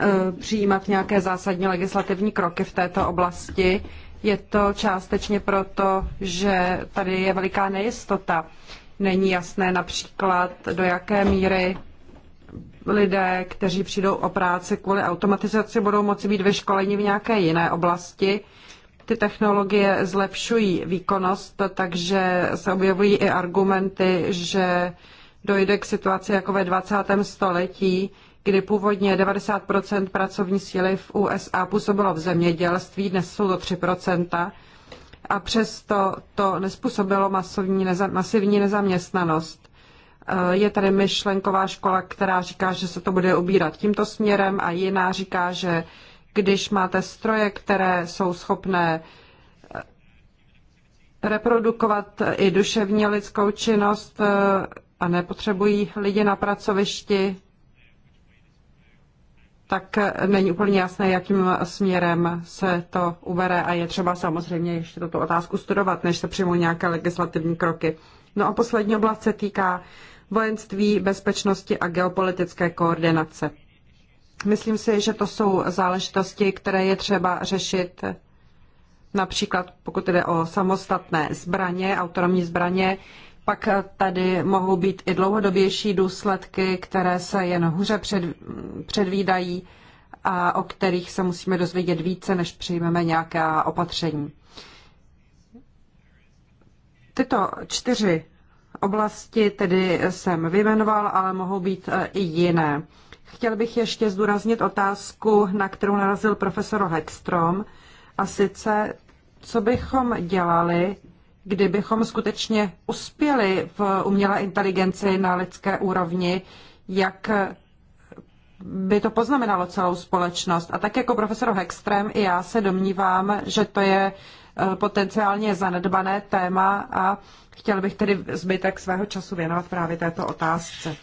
S1: Eh, přijímat nějaké zásadní legislativní kroky v této oblasti. Je to částečně proto, že tady je veliká nejistota. Není jasné například, do jaké míry lidé, kteří přijdou o práci kvůli automatizaci, budou moci být vyškoleni v nějaké jiné oblasti. Ty technologie zlepšují výkonnost, takže se objevují i argumenty, že dojde k situaci jako ve 20. století, kdy původně 90 pracovní síly v USA působilo v zemědělství, dnes jsou to 3 a přesto to nespůsobilo masovní, masivní nezaměstnanost. Eh, je tady myšlenková škola, která říká, že se to bude ubírat tímto směrem a jiná říká, že když máte stroje, které jsou schopné eh, reprodukovat i duševní lidskou činnost, eh, a nepotřebují lidi na pracovišti, tak není úplně jasné, jakým směrem se to ubere a je třeba samozřejmě ještě tuto otázku studovat, než se přijmou nějaké legislativní kroky. No a poslední oblast se týká vojenství, bezpečnosti a geopolitické koordinace. Myslím si, že to jsou záležitosti, které je třeba řešit například pokud jde o samostatné zbraně, autonomní zbraně, pak tady mohou být i dlouhodobější důsledky, které se jen hůře před, předvídají a o kterých se musíme dozvědět více, než přijmeme nějaká opatření. Tyto čtyři oblasti tedy jsem vyjmenoval, ale mohou být e, i jiné. Chtěl bych ještě zdůraznit otázku, na kterou narazil profesor Hedstrom, a sice, co bychom dělali, kdybychom skutečně uspěli v umělé inteligenci na lidské úrovni, jak by to poznamenalo celou společnost. A tak jako profesor Hextrem i já se domnívám, že to je eh, potenciálně zanedbané téma a chtěl bych tedy zbytek svého času věnovat právě této otázce.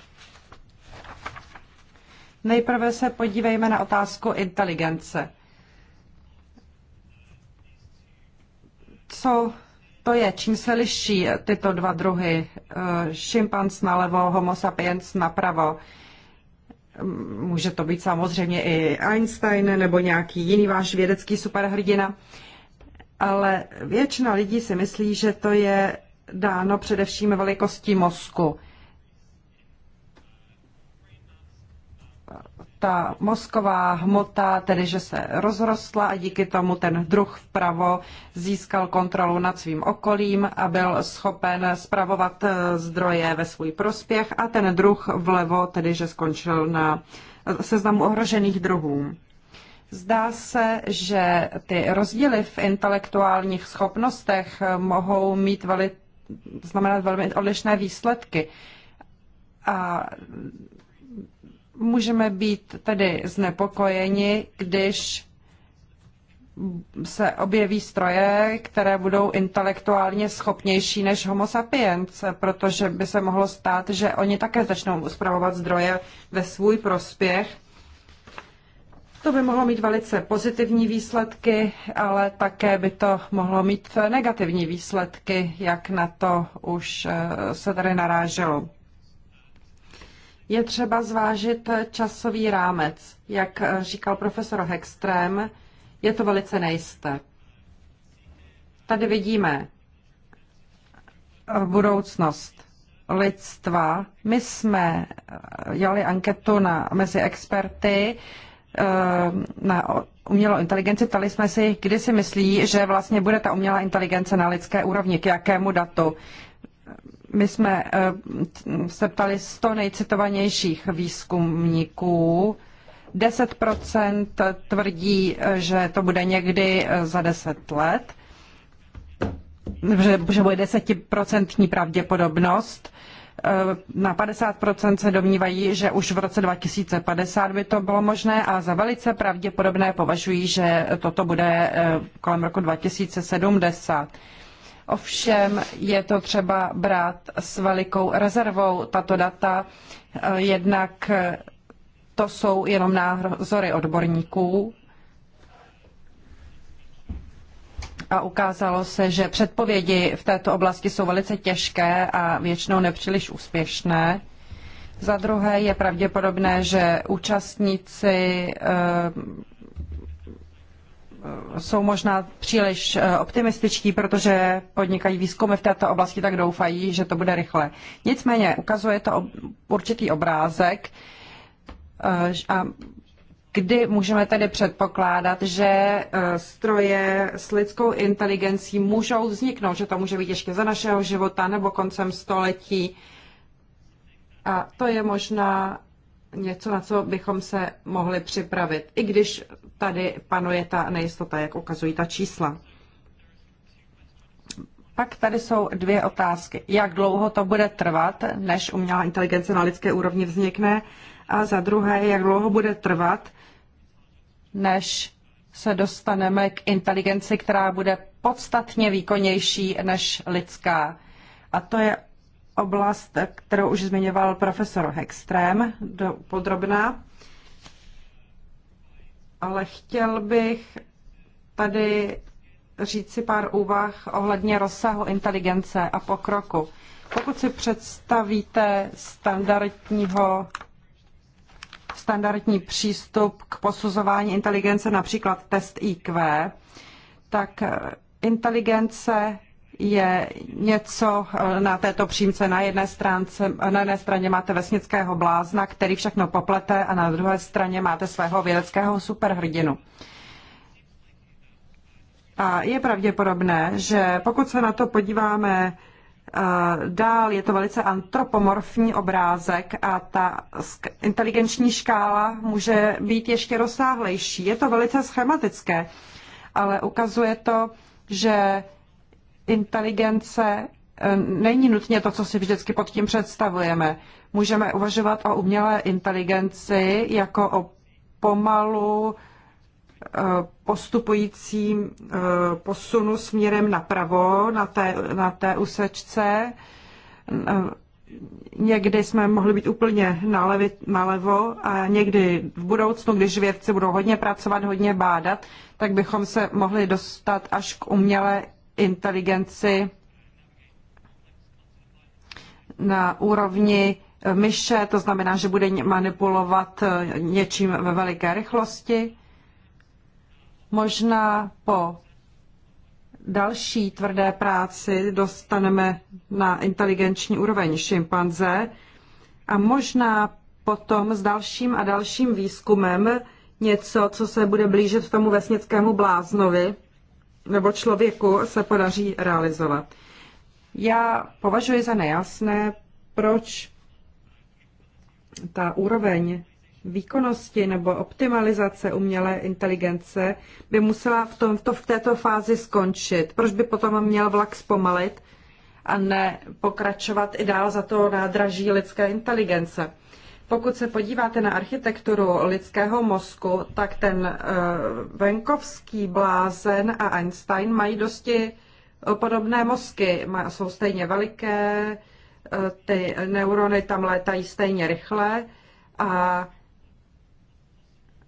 S1: Nejprve se podívejme na otázku inteligence. Co to je, čím se liší tyto dva druhy, eh, šimpanz nalevo, homo sapiens napravo. Může to být samozřejmě i Einstein nebo nějaký jiný váš vědecký superhrdina, ale většina lidí si myslí, že to je dáno především velikostí mozku. ta mozková hmota, tedy že se rozrostla a díky tomu ten druh vpravo získal kontrolu nad svým okolím a byl schopen spravovat eh, zdroje ve svůj prospěch a ten druh vlevo, tedy že skončil na seznamu ohrožených druhů. Zdá se, že ty rozdíly v intelektuálních schopnostech mohou mít veli, znamenat velmi odlišné výsledky. A můžeme být tedy znepokojeni, když se objeví stroje, které budou intelektuálně schopnější než Homo sapiens, protože by se mohlo stát, že oni také začnou uspravovat zdroje ve svůj prospěch. To by mohlo mít velice pozitivní výsledky, ale také by to mohlo mít negativní výsledky, jak na to už eh, se tady naráželo je třeba zvážit časový rámec. Jak eh, říkal profesor Hextrém, je to velice nejisté. Tady vidíme eh, budoucnost lidstva. My jsme eh, dělali anketu na, mezi experty na umělou inteligenci. Ptali jsme si, kdy si myslí, že vlastně bude ta umělá inteligence na lidské úrovni, k jakému datu. My jsme eh, se ptali 100 nejcitovanějších výzkumníků. 10 tvrdí, že to bude někdy eh, za 10 let, že, že bude desetiprocentní pravděpodobnost. Eh, na 50 se domnívají, že už v roce 2050 by to bylo možné a za velice pravděpodobné považují, že toto bude kolem roku 2070. Ovšem je to třeba brát s velikou rezervou tato data, eh, jednak eh, to jsou jenom názory odborníků. A ukázalo se, že předpovědi v této oblasti jsou velice těžké a většinou nepříliš úspěšné. Za druhé je pravděpodobné, že účastníci eh, jsou možná příliš eh, optimističtí, protože podnikají výzkumy v této oblasti, tak doufají, že to bude rychle. Nicméně ukazuje to určitý obrázek eh, a kdy můžeme tedy předpokládat, že eh, stroje s lidskou inteligencí můžou vzniknout, že to může být ještě za našeho života nebo koncem století. A to je možná něco, na co bychom se mohli připravit, i když tady panuje ta nejistota, jak ukazují ta čísla. Pak tady jsou dvě otázky. Jak dlouho to bude trvat, než umělá inteligence na lidské úrovni vznikne? A za druhé, jak dlouho bude trvat, než se dostaneme k inteligenci, která bude podstatně výkonnější než lidská. A to je oblast, kterou už zmiňoval profesor Hextrém do podrobná, ale chtěl bych tady říct si pár úvah ohledně rozsahu inteligence a pokroku. Pokud si představíte standardního standardní přístup k posuzování inteligence, například test IQ, tak inteligence je něco eh, na této přímce. Na jedné, stránce, na jedné straně máte vesnického blázna, který všechno poplete a na druhé straně máte svého vědeckého superhrdinu. A je pravděpodobné, že pokud se na to podíváme eh, dál, je to velice antropomorfní obrázek a ta inteligenční škála může být ještě rozsáhlejší. Je to velice schematické, ale ukazuje to, že inteligence eh, není nutně to, co si vždycky pod tím představujeme. Můžeme uvažovat o umělé inteligenci jako o pomalu eh, postupujícím eh, posunu směrem napravo na té, na té úsečce. Někdy jsme mohli být úplně nalevit, nalevo a někdy v budoucnu, když vědci budou hodně pracovat, hodně bádat, tak bychom se mohli dostat až k umělé inteligenci na úrovni myše, to znamená, že bude manipulovat eh, něčím ve veliké rychlosti. Možná po další tvrdé práci dostaneme na inteligenční úroveň šimpanze a možná potom s dalším a dalším výzkumem něco, co se bude blížit tomu vesnickému bláznovi, nebo člověku se podaří realizovat. Já považuji za nejasné, proč ta úroveň výkonnosti nebo optimalizace umělé inteligence by musela v, tom, to, v této fázi skončit. Proč by potom měl vlak zpomalit a ne pokračovat i dál za to nádraží lidské inteligence? Pokud se podíváte na architekturu lidského mozku, tak ten eh, venkovský blázen a Einstein mají dosti eh, podobné mozky. Jsou stejně veliké, eh, ty neurony tam létají stejně rychle a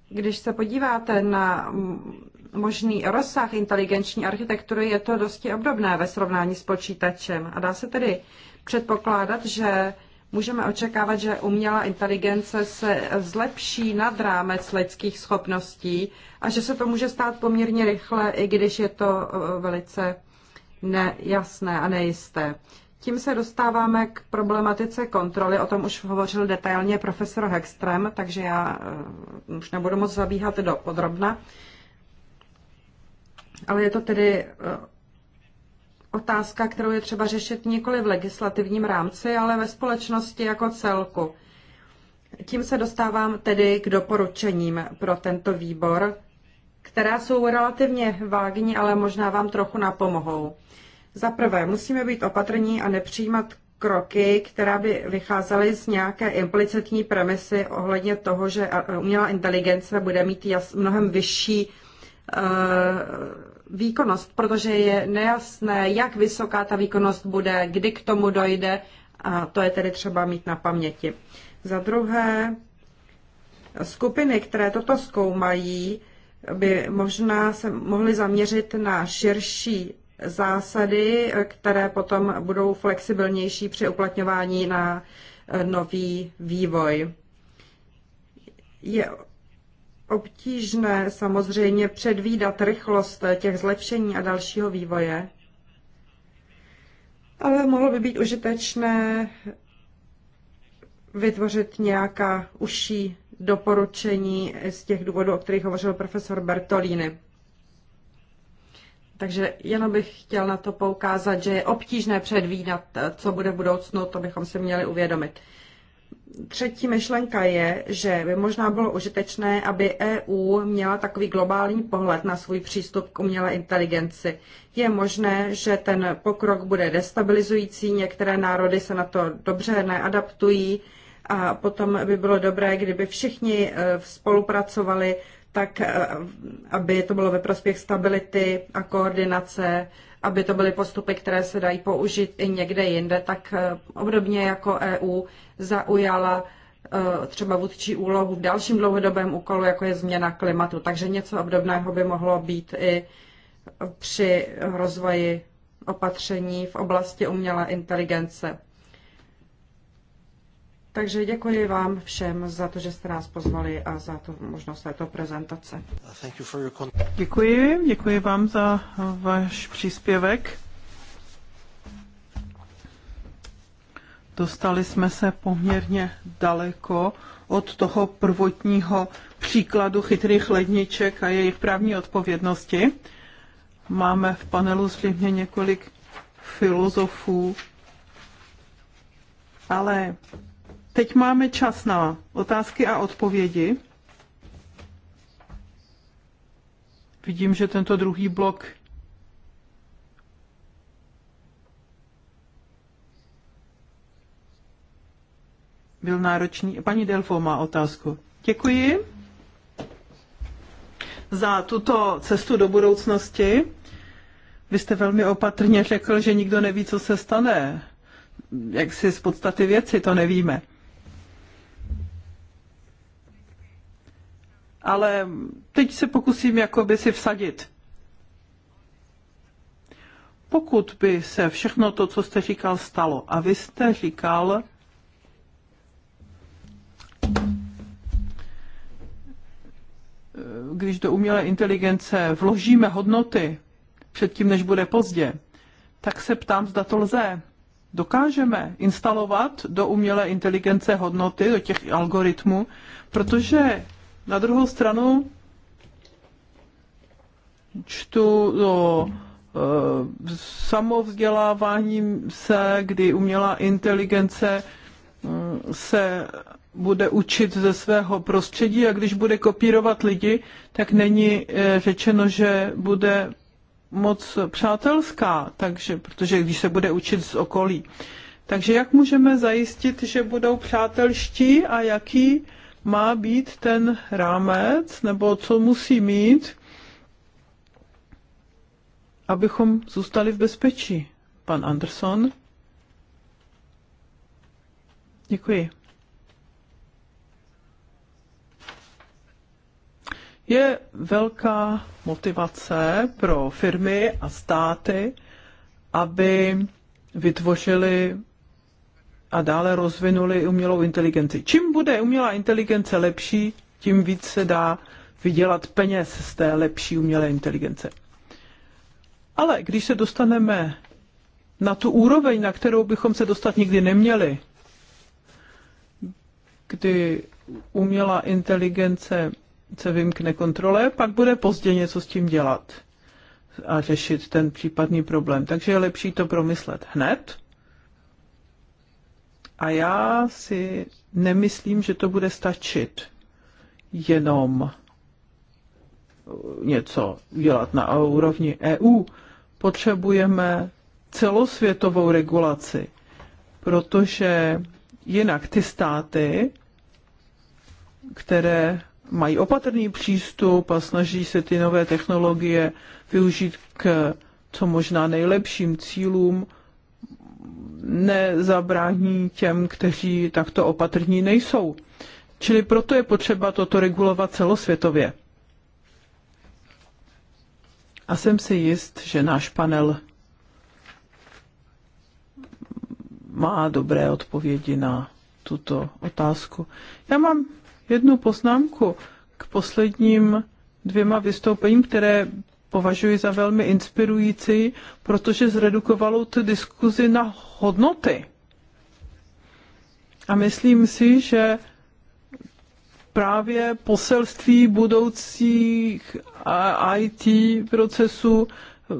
S1: když se podíváte na možný rozsah inteligenční architektury, je to dosti obdobné ve srovnání s počítačem. A dá se tedy předpokládat, že Můžeme očekávat, že umělá inteligence se zlepší nad rámec lidských schopností a že se to může stát poměrně rychle, i když je to eh, velice nejasné a nejisté. Tím se dostáváme k problematice kontroly, o tom už hovořil detailně profesor Hextrem, takže já eh, už nebudu moc zabíhat do podrobna. Ale je to tedy eh, otázka, kterou je třeba řešit nikoli v legislativním rámci, ale ve společnosti jako celku. Tím se dostávám tedy k doporučením pro tento výbor, která jsou relativně vágní, ale možná vám trochu napomohou. Za prvé, musíme být opatrní a nepřijímat kroky, která by vycházely z nějaké implicitní premisy ohledně toho, že umělá inteligence bude mít jas, mnohem vyšší uh, výkonnost, protože je nejasné, jak vysoká ta výkonnost bude, kdy k tomu dojde a to je tedy třeba mít na paměti. Za druhé, skupiny, které toto zkoumají, by možná se mohly zaměřit na širší zásady, které potom budou flexibilnější při uplatňování na nový vývoj. Je obtížné samozřejmě předvídat rychlost těch zlepšení a dalšího vývoje, ale mohlo by být užitečné vytvořit nějaká užší doporučení z těch důvodů, o kterých hovořil profesor Bertolini. Takže jenom bych chtěl na to poukázat, že je obtížné předvídat, co bude v budoucnu, to bychom si měli uvědomit. Třetí myšlenka je, že by možná bylo užitečné, aby EU měla takový globální pohled na svůj přístup k umělé inteligenci. Je možné, že ten pokrok bude destabilizující, některé národy se na to dobře neadaptují a potom by bylo dobré, kdyby všichni e, spolupracovali tak, e, aby to bylo ve prospěch stability a koordinace aby to byly postupy, které se dají použít i někde jinde, tak eh, obdobně jako EU zaujala eh, třeba vůdčí úlohu v dalším dlouhodobém úkolu, jako je změna klimatu. Takže něco obdobného by mohlo být i při rozvoji opatření v oblasti umělé inteligence. Takže děkuji vám všem za to, že jste nás
S3: pozvali a za to možnost této prezentace. Děkuji, děkuji vám za váš příspěvek. Dostali jsme se poměrně daleko od toho prvotního příkladu chytrých ledniček a jejich právní odpovědnosti. Máme v panelu zřejmě několik filozofů, ale Teď máme čas na otázky a odpovědi. Vidím, že tento druhý blok byl náročný. Paní Delfo má otázku. Děkuji za tuto cestu do budoucnosti. Vy jste velmi opatrně řekl, že nikdo neví, co se stane. Jak si z podstaty věci to nevíme. ale teď se pokusím jakoby si vsadit. Pokud by se všechno to, co jste říkal, stalo a vy jste říkal, když do umělé inteligence vložíme hodnoty předtím, než bude pozdě, tak se ptám, zda to lze. Dokážeme instalovat do umělé inteligence hodnoty, do těch algoritmů, protože na druhou stranu čtu no, samovzdělávání se, kdy umělá inteligence e, se bude učit ze svého prostředí a když bude kopírovat lidi, tak není e, řečeno, že bude moc přátelská, takže, protože když se bude učit z okolí. Takže jak můžeme zajistit, že budou přátelští a jaký má být ten rámec, nebo co musí mít, abychom zůstali v bezpečí. Pan Anderson. Děkuji. Je velká motivace pro firmy a státy, aby vytvořili a dále rozvinuli umělou inteligenci. Čím bude umělá inteligence lepší, tím víc se dá vydělat peněz z té lepší umělé inteligence. Ale když se dostaneme na tu úroveň, na kterou bychom se dostat nikdy neměli, kdy umělá inteligence se vymkne kontrole, pak bude pozdě něco s tím dělat a řešit ten případný problém. Takže je lepší to promyslet hned, a já si nemyslím, že to bude stačit jenom uh, něco dělat na úrovni EU. Potřebujeme celosvětovou regulaci, protože jinak ty státy, které mají opatrný přístup a snaží se ty nové technologie využít k co možná nejlepším cílům, nezabrání těm, kteří takto opatrní nejsou. Čili proto je potřeba toto regulovat celosvětově. A jsem si jist, že náš panel má dobré odpovědi na tuto otázku. Já mám jednu poznámku k posledním dvěma vystoupením, které považuji za velmi inspirující, protože zredukovalo tu diskuzi na hodnoty. A myslím si, že právě poselství budoucích IT procesů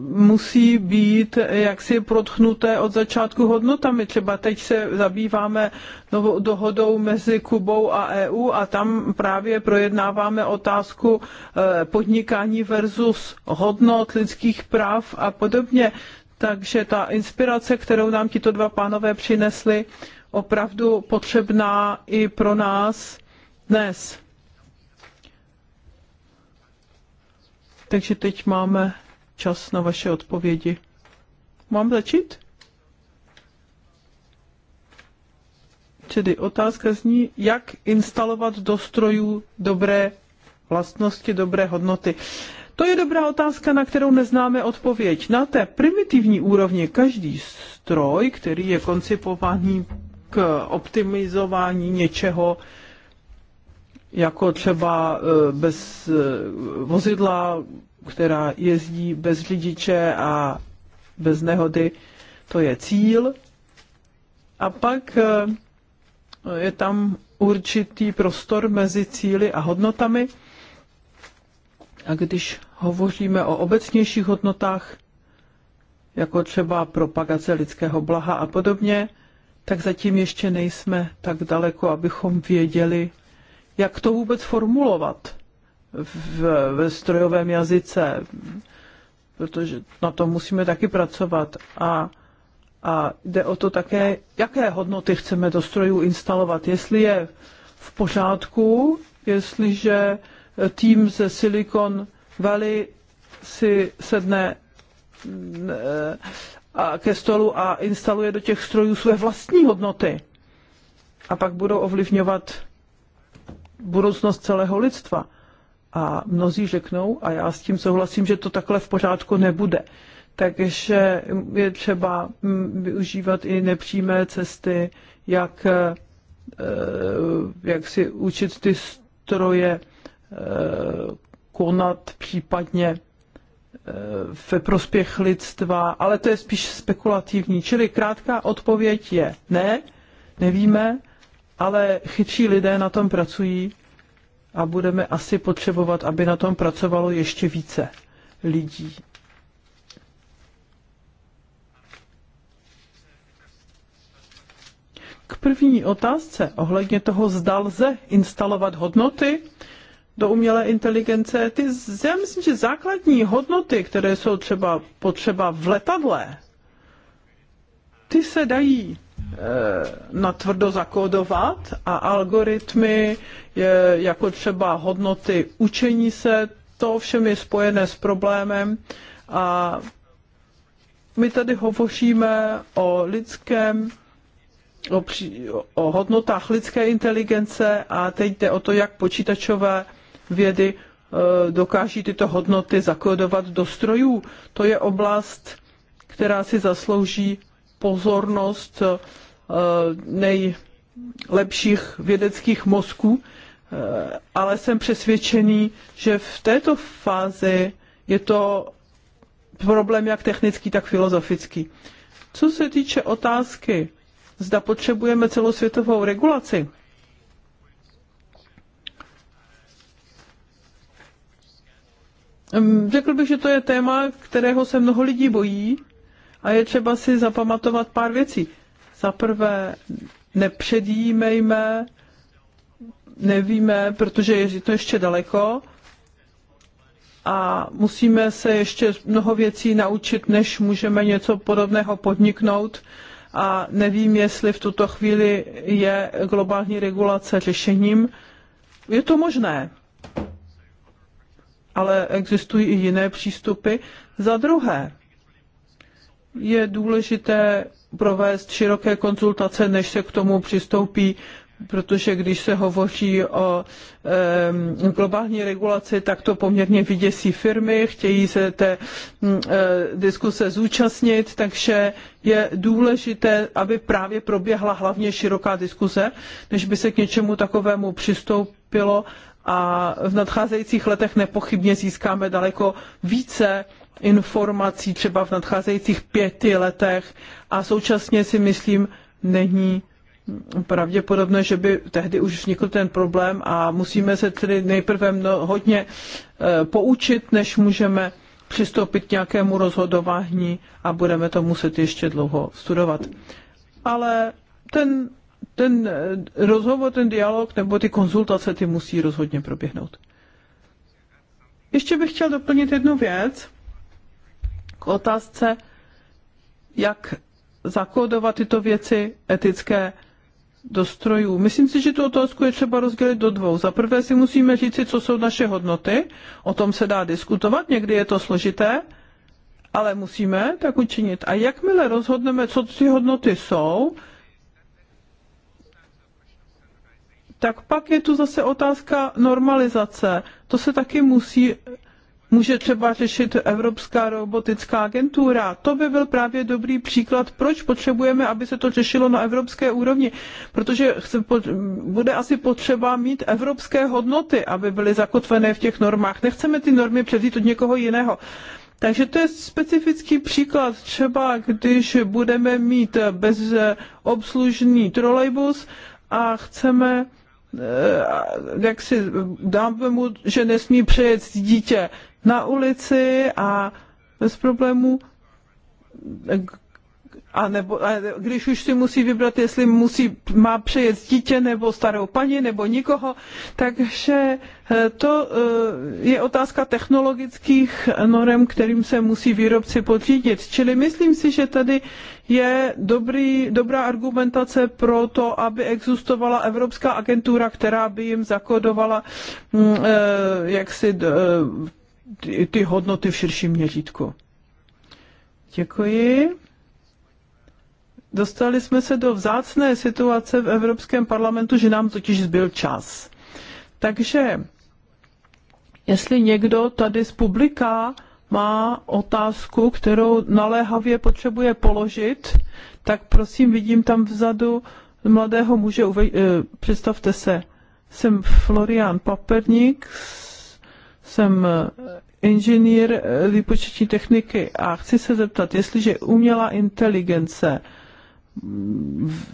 S3: musí být jaksi protchnuté od začátku hodnotami. Třeba teď se zabýváme novou dohodou mezi Kubou a EU a tam právě projednáváme otázku eh, podnikání versus hodnot lidských práv a podobně. Takže ta inspirace, kterou nám tito dva pánové přinesli, opravdu potřebná i pro nás dnes. Takže teď máme čas na vaše odpovědi. Mám začít? Tedy otázka zní, jak instalovat do strojů dobré vlastnosti, dobré hodnoty. To je dobrá otázka, na kterou neznáme odpověď. Na té primitivní úrovni každý stroj, který je koncipovaný k optimizování něčeho, jako třeba eh, bez eh, vozidla, která jezdí bez řidiče a bez nehody, to je cíl. A pak eh, je tam určitý prostor mezi cíly a hodnotami. A když hovoříme o obecnějších hodnotách, jako třeba propagace lidského blaha a podobně, tak zatím ještě nejsme tak daleko, abychom věděli, jak to vůbec formulovat v, ve strojovém jazyce, protože na tom musíme taky pracovat. A, a jde o to také, jaké hodnoty chceme do strojů instalovat. Jestli je v pořádku, jestliže tým ze Silicon Valley si sedne mm, eh, a ke stolu a instaluje do těch strojů své vlastní hodnoty. A pak budou ovlivňovat budoucnost celého lidstva. A mnozí řeknou, a já s tím souhlasím, že to takhle v pořádku nebude. Takže je třeba mm, využívat i nepřímé cesty, jak, eh, jak si učit ty stroje eh, konat případně eh, ve prospěch lidstva, ale to je spíš spekulativní. Čili krátká odpověď je ne, nevíme, ale chytří lidé na tom pracují a budeme asi potřebovat, aby na tom pracovalo ještě více lidí. K první otázce ohledně toho, zda lze instalovat hodnoty do umělé inteligence, ty, já myslím, že základní hodnoty, které jsou třeba potřeba v letadle, ty se dají Eh, natvrdo zakódovat a algoritmy, je, jako třeba hodnoty učení se, to všem je spojené s problémem a my tady hovoříme o lidském, o, při, o hodnotách lidské inteligence a teď jde o to, jak počítačové vědy eh, dokáží tyto hodnoty zakódovat do strojů. To je oblast, která si zaslouží pozornost eh, nejlepších vědeckých mozků, eh, ale jsem přesvědčený, že v této fázi je to problém jak technický, tak filozofický. Co se týče otázky, zda potřebujeme celosvětovou regulaci, Řekl bych, že to je téma, kterého se mnoho lidí bojí, a je třeba si zapamatovat pár věcí. Za prvé, nepředjímejme, nevíme, protože je to ještě daleko a musíme se ještě mnoho věcí naučit, než můžeme něco podobného podniknout a nevím, jestli v tuto chvíli je globální regulace řešením. Je to možné, ale existují i jiné přístupy. Za druhé, je důležité provést široké konzultace, než se k tomu přistoupí, protože když se hovoří o e, globální regulaci, tak to poměrně vyděsí firmy, chtějí se té mm, e, diskuse zúčastnit, takže je důležité, aby právě proběhla hlavně široká diskuse, než by se k něčemu takovému přistoupilo a v nadcházejících letech nepochybně získáme daleko více informací třeba v nadcházejících pěti letech a současně si myslím, není pravděpodobné, že by tehdy už vznikl ten problém a musíme se tedy nejprve hodně eh, poučit, než můžeme přistoupit k nějakému rozhodování a budeme to muset ještě dlouho studovat. Ale ten, ten eh, rozhovor, ten dialog nebo ty konzultace, ty musí rozhodně proběhnout. Ještě bych chtěl doplnit jednu věc otázce, jak zakódovat tyto věci etické do strojů. Myslím si, že tu otázku je třeba rozdělit do dvou. Za prvé si musíme říci, co jsou naše hodnoty, o tom se dá diskutovat, někdy je to složité, ale musíme tak učinit. A jakmile rozhodneme, co ty hodnoty jsou, tak pak je tu zase otázka normalizace. To se taky musí může třeba řešit Evropská robotická agentura. To by byl právě dobrý příklad, proč potřebujeme, aby se to řešilo na evropské úrovni, protože bude asi potřeba mít evropské hodnoty, aby byly zakotvené v těch normách. Nechceme ty normy převzít od někoho jiného. Takže to je specifický příklad. Třeba když budeme mít bezobslužný trolejbus a chceme eh, jak si dáme mu, že nesmí přejet dítě na ulici a bez problémů a nebo a když už si musí vybrat, jestli musí, má přejet dítě nebo starou paní nebo nikoho, takže eh, to eh, je otázka technologických norem, kterým se musí výrobci podřídit. Čili myslím si, že tady je dobrý, dobrá argumentace pro to, aby existovala evropská agentura, která by jim zakodovala mm, eh, jaksi ty hodnoty v širším měřítku. Děkuji. Dostali jsme se do vzácné situace v Evropském parlamentu, že nám totiž zbyl čas. Takže jestli někdo tady z publika má otázku, kterou naléhavě potřebuje položit, tak prosím, vidím tam vzadu mladého muže, eh, představte se, jsem Florian Paperník z jsem eh, inženýr výpočetní eh, techniky a chci se zeptat, jestliže umělá inteligence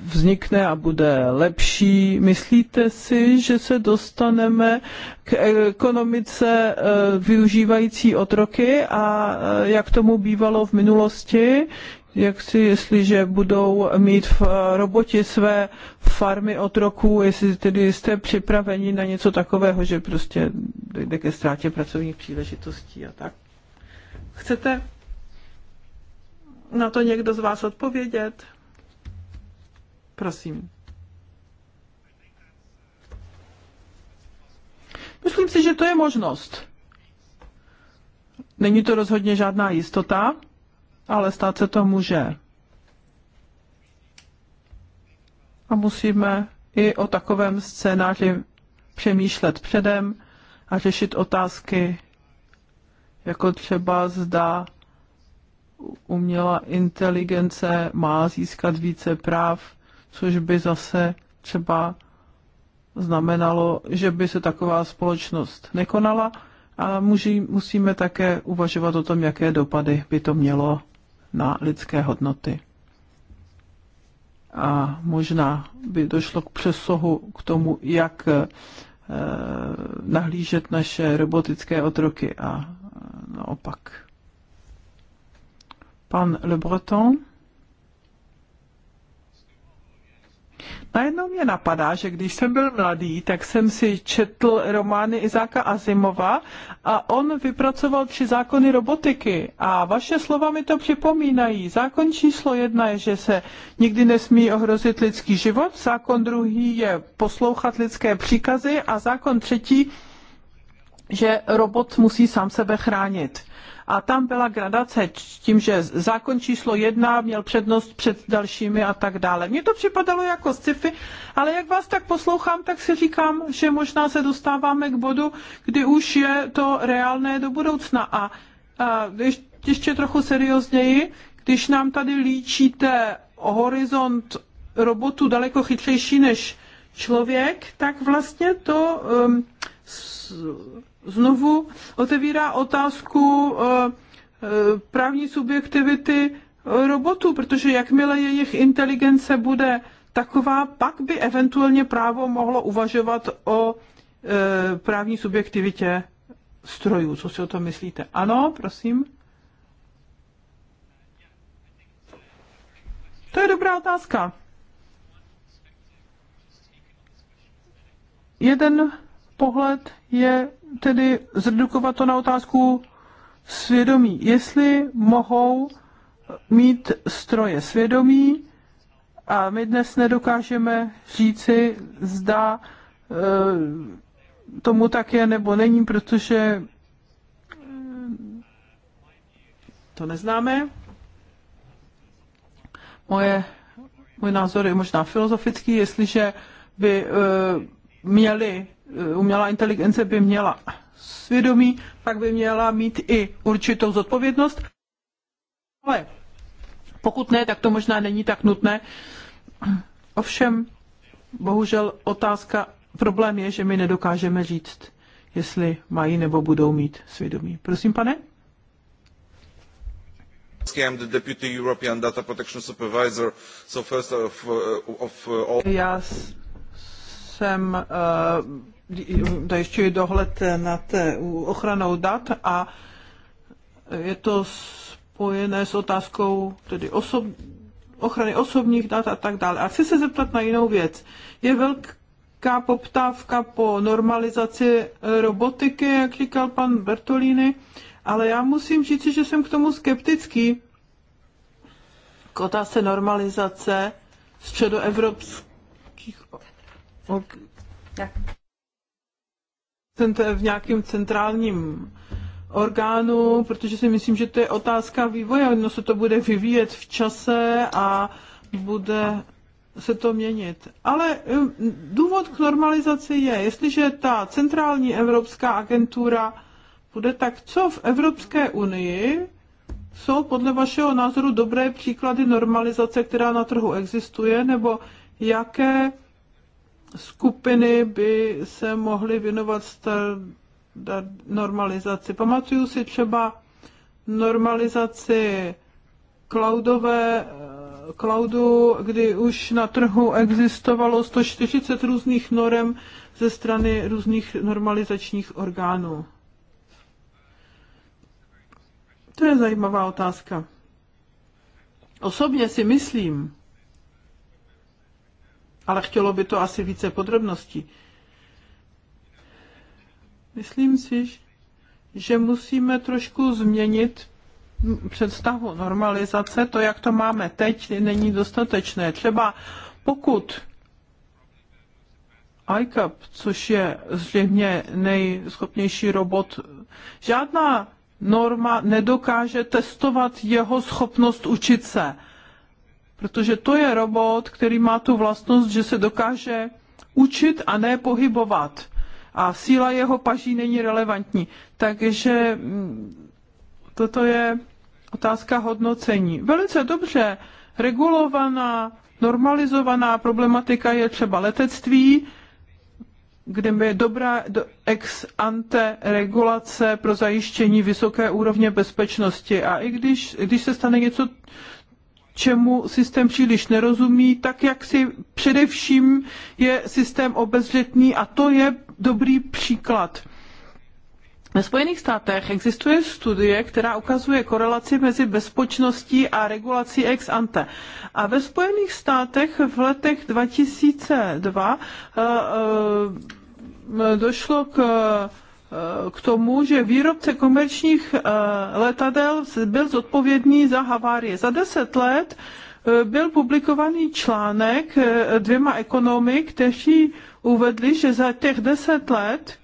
S3: vznikne a bude lepší. Myslíte si, že se dostaneme k ekonomice eh, využívající otroky a jak tomu bývalo v minulosti, jak si, jestliže budou mít v eh, roboti své farmy otroků, jestli tedy jste připraveni na něco takového, že prostě dojde ke ztrátě pracovních příležitostí a tak. Chcete na to někdo z vás odpovědět? Prosím. Myslím si, že to je možnost. Není to rozhodně žádná jistota ale stát se to může. A musíme i o takovém scénáři přemýšlet předem a řešit otázky, jako třeba zda umělá inteligence má získat více práv, což by zase třeba znamenalo, že by se taková společnost nekonala a musí, musíme také uvažovat o tom, jaké dopady by to mělo na lidské hodnoty. A možná by došlo k přesohu k tomu, jak eh, nahlížet naše robotické otroky a eh, naopak. Pan Le Breton. Najednou mě napadá, že když jsem byl mladý, tak jsem si četl romány Izáka Azimova a on vypracoval tři zákony robotiky a vaše slova mi to připomínají. Zákon číslo jedna je, že se nikdy nesmí ohrozit lidský život, zákon druhý je poslouchat lidské příkazy a zákon třetí, že robot musí sám sebe chránit a tam byla gradace tím, že zákon číslo jedna měl přednost před dalšími a tak dále. Mně to připadalo jako sci-fi, ale jak vás tak poslouchám, tak si říkám, že možná se dostáváme k bodu, kdy už je to reálné do budoucna. A, a ještě trochu seriózněji, když nám tady líčíte horizont robotu daleko chytřejší než člověk, tak vlastně to um, znovu otevírá otázku eh, eh, právní subjektivity robotů, protože jakmile jejich inteligence bude taková, pak by eventuálně právo mohlo uvažovat o eh, právní subjektivitě strojů. Co si o tom myslíte? Ano, prosím. To je dobrá otázka. Jeden pohled je tedy zredukovat to na otázku svědomí. Jestli mohou mít stroje svědomí a my dnes nedokážeme říci, zda e, tomu tak je nebo není, protože eh, to neznáme. Moje, můj názor je možná filozofický, jestliže by e, měli Eh, umělá inteligence by měla svědomí, pak by měla mít i určitou zodpovědnost. Ale pokud ne, tak to možná není tak nutné. Ovšem, bohužel otázka, problém je, že my nedokážeme říct, jestli mají nebo budou mít svědomí. Prosím, pane? Eh, Já jsem uh, zajišťují dohled nad eh, ochranou dat a je to spojené s otázkou tedy osob, ochrany osobních dat a tak dále. A chci se zeptat na jinou věc. Je velká poptávka po normalizaci robotiky, jak říkal pan Bertolini, ale já musím říct, že jsem k tomu skeptický. K otázce normalizace středoevropských... Ok. Tak v nějakém centrálním orgánu, protože si myslím, že to je otázka vývoje, ono se to bude vyvíjet v čase a bude se to měnit. Ale hm, důvod k normalizaci je, jestliže ta centrální evropská agentura bude tak, co v Evropské unii jsou podle vašeho názoru dobré příklady normalizace, která na trhu existuje, nebo jaké skupiny by se mohly věnovat standard, normalizaci. Pamatuju si třeba normalizaci cloudové, eh, cloudu, kdy už na trhu existovalo 140 různých norem ze strany různých normalizačních orgánů. To je zajímavá otázka. Osobně si myslím, ale chtělo by to asi více podrobností. Myslím si, že musíme trošku změnit představu normalizace. To, jak to máme teď, není dostatečné. Třeba pokud ICAP, což je zřejmě nejschopnější robot, žádná norma nedokáže testovat jeho schopnost učit se protože to je robot, který má tu vlastnost, že se dokáže učit a ne pohybovat. A síla jeho paží není relevantní. Takže mm, toto je otázka hodnocení. Velice dobře regulovaná, normalizovaná problematika je třeba letectví, kde je dobrá ex ante regulace pro zajištění vysoké úrovně bezpečnosti. A i když, když se stane něco, čemu systém příliš nerozumí, tak jak si především je systém obezřetný a to je dobrý příklad. Ve Spojených státech existuje studie, která ukazuje korelaci mezi bezpečností a regulací ex ante. A ve Spojených státech v letech 2002 eh, eh, došlo k k tomu, že výrobce komerčních eh, letadel byl zodpovědný za havárie. Za deset let eh, byl publikovaný článek eh, dvěma ekonomy, kteří uvedli, že za těch deset let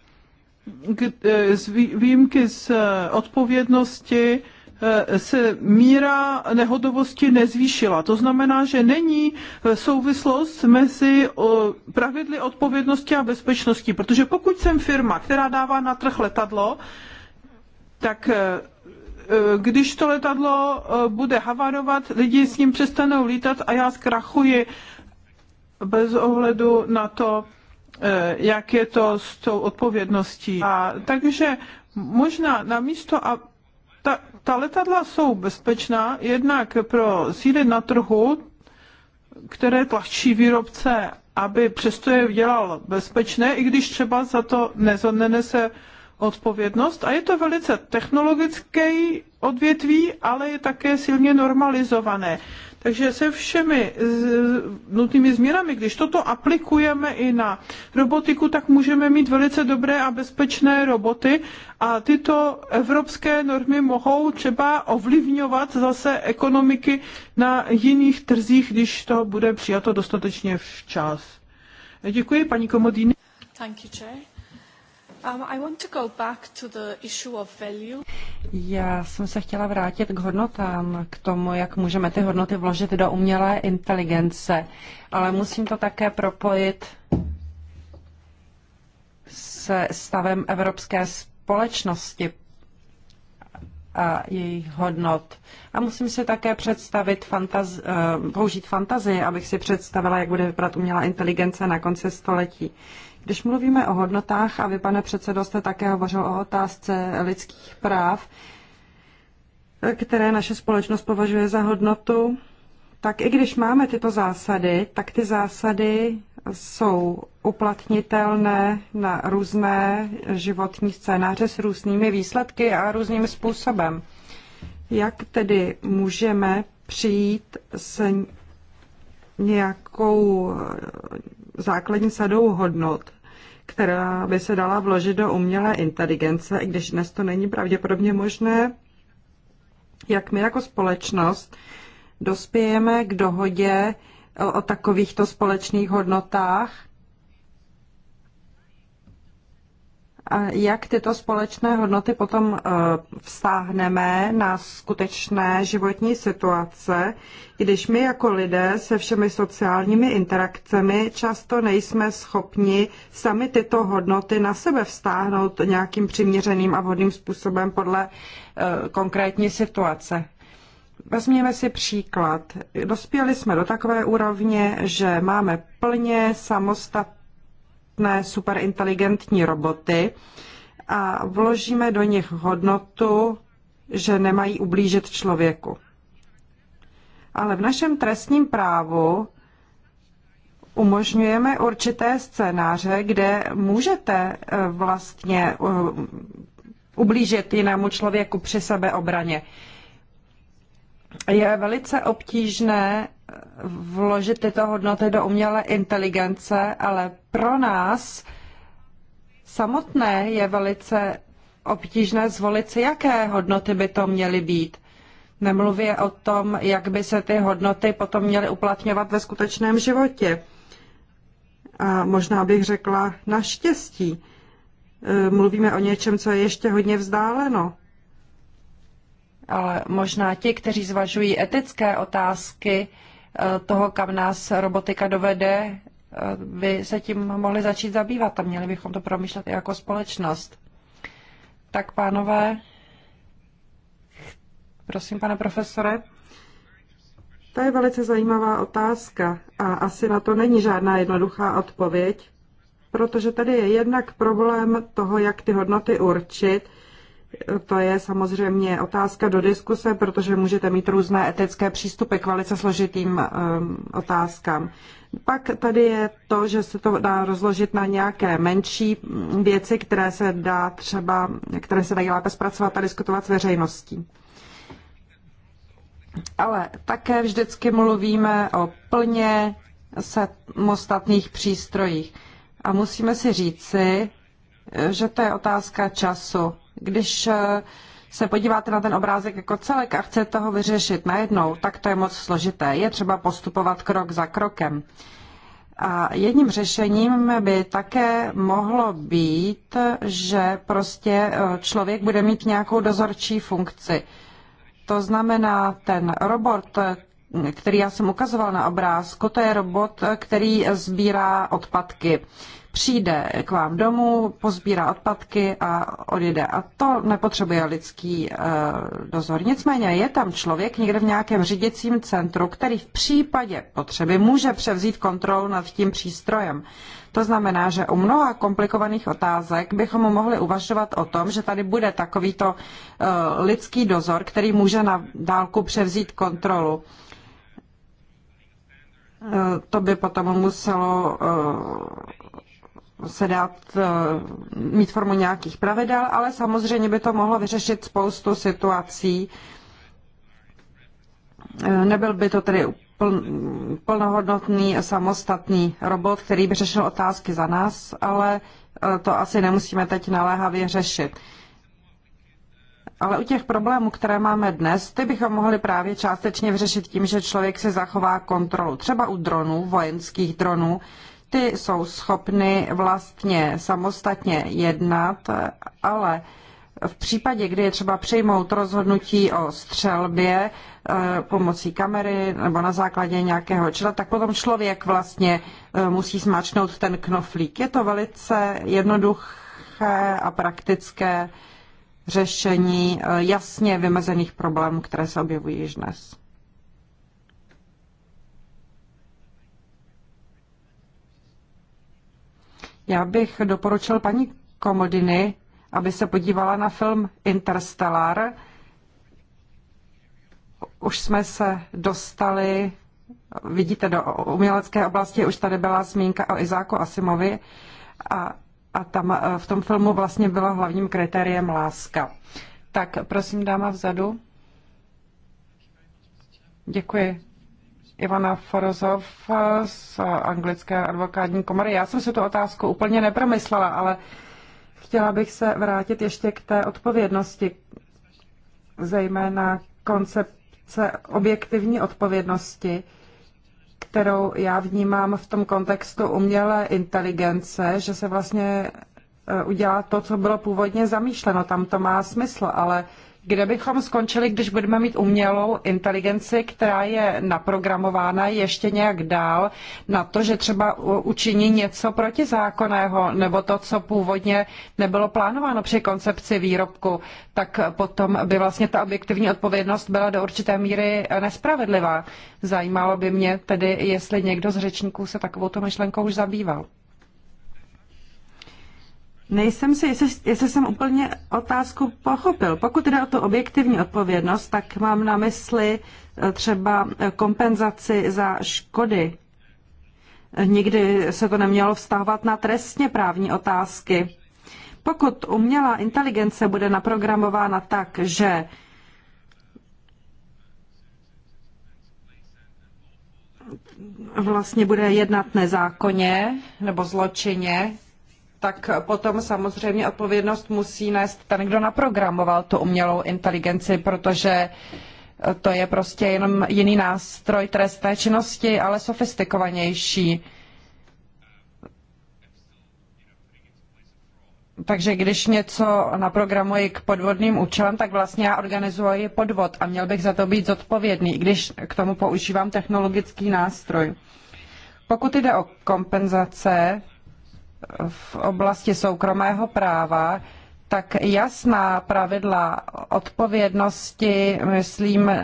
S3: z výjimky z odpovědnosti Eh, se míra nehodovosti nezvýšila. To znamená, že není eh, souvislost mezi pravidly odpovědnosti a bezpečnosti, protože pokud jsem firma, která dává na trh letadlo, tak eh, když to letadlo bude havarovat, lidi s ním přestanou lítat a já zkrachuji bez ohledu na to, jak je to s tou odpovědností. A takže možná na místo a ta, ta letadla jsou bezpečná jednak pro síly na trhu, které tlačí výrobce, aby přesto je dělal bezpečné, i když třeba za to nenese odpovědnost. A je to velice technologické odvětví, ale je také silně normalizované. Takže se všemi nutnými změnami, když toto aplikujeme i na robotiku, tak můžeme mít velice dobré a bezpečné roboty a tyto evropské normy mohou třeba ovlivňovat zase ekonomiky na jiných trzích, když to bude přijato dostatečně včas. Děkuji, paní Komodýny.
S1: Thank you, Um, I
S2: want to go back to the issue of value.
S1: Já jsem se chtěla vrátit k hodnotám, k tomu, jak můžeme ty hodnoty vložit do umělé inteligence, ale musím to také propojit se stavem evropské společnosti a jejich hodnot. A musím si také představit fantaz, eh, použít fantazii, abych si představila, jak bude vypadat umělá inteligence na konci století. Když mluvíme o hodnotách, a vy, pane předsedo, jste také hovořil o otázce lidských práv, které naše společnost považuje za hodnotu, tak i když máme tyto zásady, tak ty zásady jsou uplatnitelné na různé životní scénáře s různými výsledky a různým způsobem. Jak tedy můžeme přijít s nějakou základní sadou hodnot, která by se dala vložit do umělé inteligence, i když dnes to není pravděpodobně možné, jak my jako společnost dospějeme k dohodě o, o takovýchto společných hodnotách – jak tyto společné hodnoty potom eh, vztáhneme na skutečné životní situace, když my jako lidé se všemi sociálními interakcemi často nejsme schopni sami tyto hodnoty na sebe vztáhnout nějakým přiměřeným a vhodným způsobem podle eh, konkrétní situace. Vezměme si příklad. Dospěli jsme do takové úrovně, že máme plně samostatné samotné superinteligentní roboty a vložíme do nich hodnotu, že nemají ublížit člověku. Ale v našem trestním právu umožňujeme určité scénáře, kde můžete eh, vlastně eh, ublížit jinému člověku při sebeobraně je velice obtížné eh, vložit tyto hodnoty do umělé inteligence, ale pro nás samotné je velice obtížné zvolit si, jaké hodnoty by to měly být. Nemluvě o tom, jak by se ty hodnoty potom měly uplatňovat ve skutečném životě. A možná bych řekla naštěstí. Eh, mluvíme o něčem, co je ještě hodně vzdáleno ale možná ti, kteří zvažují etické otázky eh, toho, kam nás robotika dovede, eh, by se tím mohli začít zabývat a měli bychom to promýšlet i jako společnost. Tak, pánové, prosím, pane profesore. To je velice zajímavá otázka a asi na to není žádná jednoduchá odpověď, protože tady je jednak problém toho, jak ty hodnoty určit, to je samozřejmě otázka do diskuse, protože můžete mít různé etické přístupy k velice složitým um, otázkám. Pak tady je to, že se to dá rozložit na nějaké menší věci, které se dá třeba, které se dají lépe zpracovat a diskutovat s veřejností. Ale také vždycky mluvíme o plně samostatných přístrojích. A musíme si říci, že to je otázka času. Když eh, se podíváte na ten obrázek jako celek a chcete toho vyřešit najednou, tak to je moc složité. Je třeba postupovat krok za krokem. A jedním řešením by také mohlo být, že prostě eh, člověk bude mít nějakou dozorčí funkci. To znamená, ten robot, který já jsem ukazoval na obrázku, to je robot, který sbírá odpadky přijde k vám domů, pozbírá odpadky a odjede. A to nepotřebuje lidský eh, dozor. Nicméně je tam člověk někde v nějakém řídicím centru, který v případě potřeby může převzít kontrolu nad tím přístrojem. To znamená, že u mnoha komplikovaných otázek bychom mohli uvažovat o tom, že tady bude takovýto eh, lidský dozor, který může na dálku převzít kontrolu. Eh, to by potom muselo se dát eh, mít formu nějakých pravidel, ale samozřejmě by to mohlo vyřešit spoustu situací. Eh, nebyl by to tedy plnohodnotný samostatný robot, který by řešil otázky za nás, ale eh, to asi nemusíme teď naléhavě řešit. Ale u těch problémů, které máme dnes, ty bychom mohli právě částečně vyřešit tím, že člověk si zachová kontrolu. Třeba u dronů, vojenských dronů, ty jsou schopny vlastně samostatně jednat, ale v případě, kdy je třeba přijmout rozhodnutí o střelbě eh, pomocí kamery nebo na základě nějakého čela, tak potom člověk vlastně eh, musí smáčknout ten knoflík. Je to velice jednoduché a praktické řešení eh, jasně vymezených problémů, které se objevují již dnes. Já bych doporučil paní Komodiny, aby se podívala na film Interstellar. Už jsme se dostali, vidíte, do umělecké oblasti, už tady byla zmínka o Izáku Asimovi a, a tam eh, v tom filmu vlastně bylo hlavním kritériem láska. Tak prosím, dáma vzadu. Děkuji, Ivana Forozov z anglické advokátní komory. Já jsem si tu otázku úplně nepromyslela, ale chtěla bych se vrátit ještě k té odpovědnosti, zejména koncepce objektivní odpovědnosti, kterou já vnímám v tom kontextu umělé inteligence, že se vlastně eh, udělá to, co bylo původně zamýšleno. Tam to má smysl, ale kde bychom skončili, když budeme mít umělou inteligenci, která je naprogramována ještě nějak dál na to, že třeba učiní něco protizákonného nebo to, co původně nebylo plánováno při koncepci výrobku, tak potom by vlastně ta objektivní odpovědnost byla do určité míry nespravedlivá. Zajímalo by mě tedy, jestli někdo z řečníků se takovouto myšlenkou už zabýval. Nejsem si, jestli, jestli jsem úplně otázku pochopil. Pokud jde o tu objektivní odpovědnost, tak mám na mysli eh, třeba eh, kompenzaci za škody. Nikdy se to nemělo vztahovat na trestně právní otázky. Pokud umělá inteligence bude naprogramována tak, že vlastně bude jednat nezákonně nebo zločině, tak potom samozřejmě odpovědnost musí nést ten, kdo naprogramoval tu umělou inteligenci, protože to je prostě jenom jiný nástroj trestné činnosti, ale sofistikovanější. Takže když něco naprogramuji k podvodným účelem, tak vlastně já organizuji podvod a měl bych za to být zodpovědný, i když k tomu používám technologický nástroj. Pokud jde o kompenzace, v oblasti soukromého práva, tak jasná pravidla odpovědnosti, myslím, eh,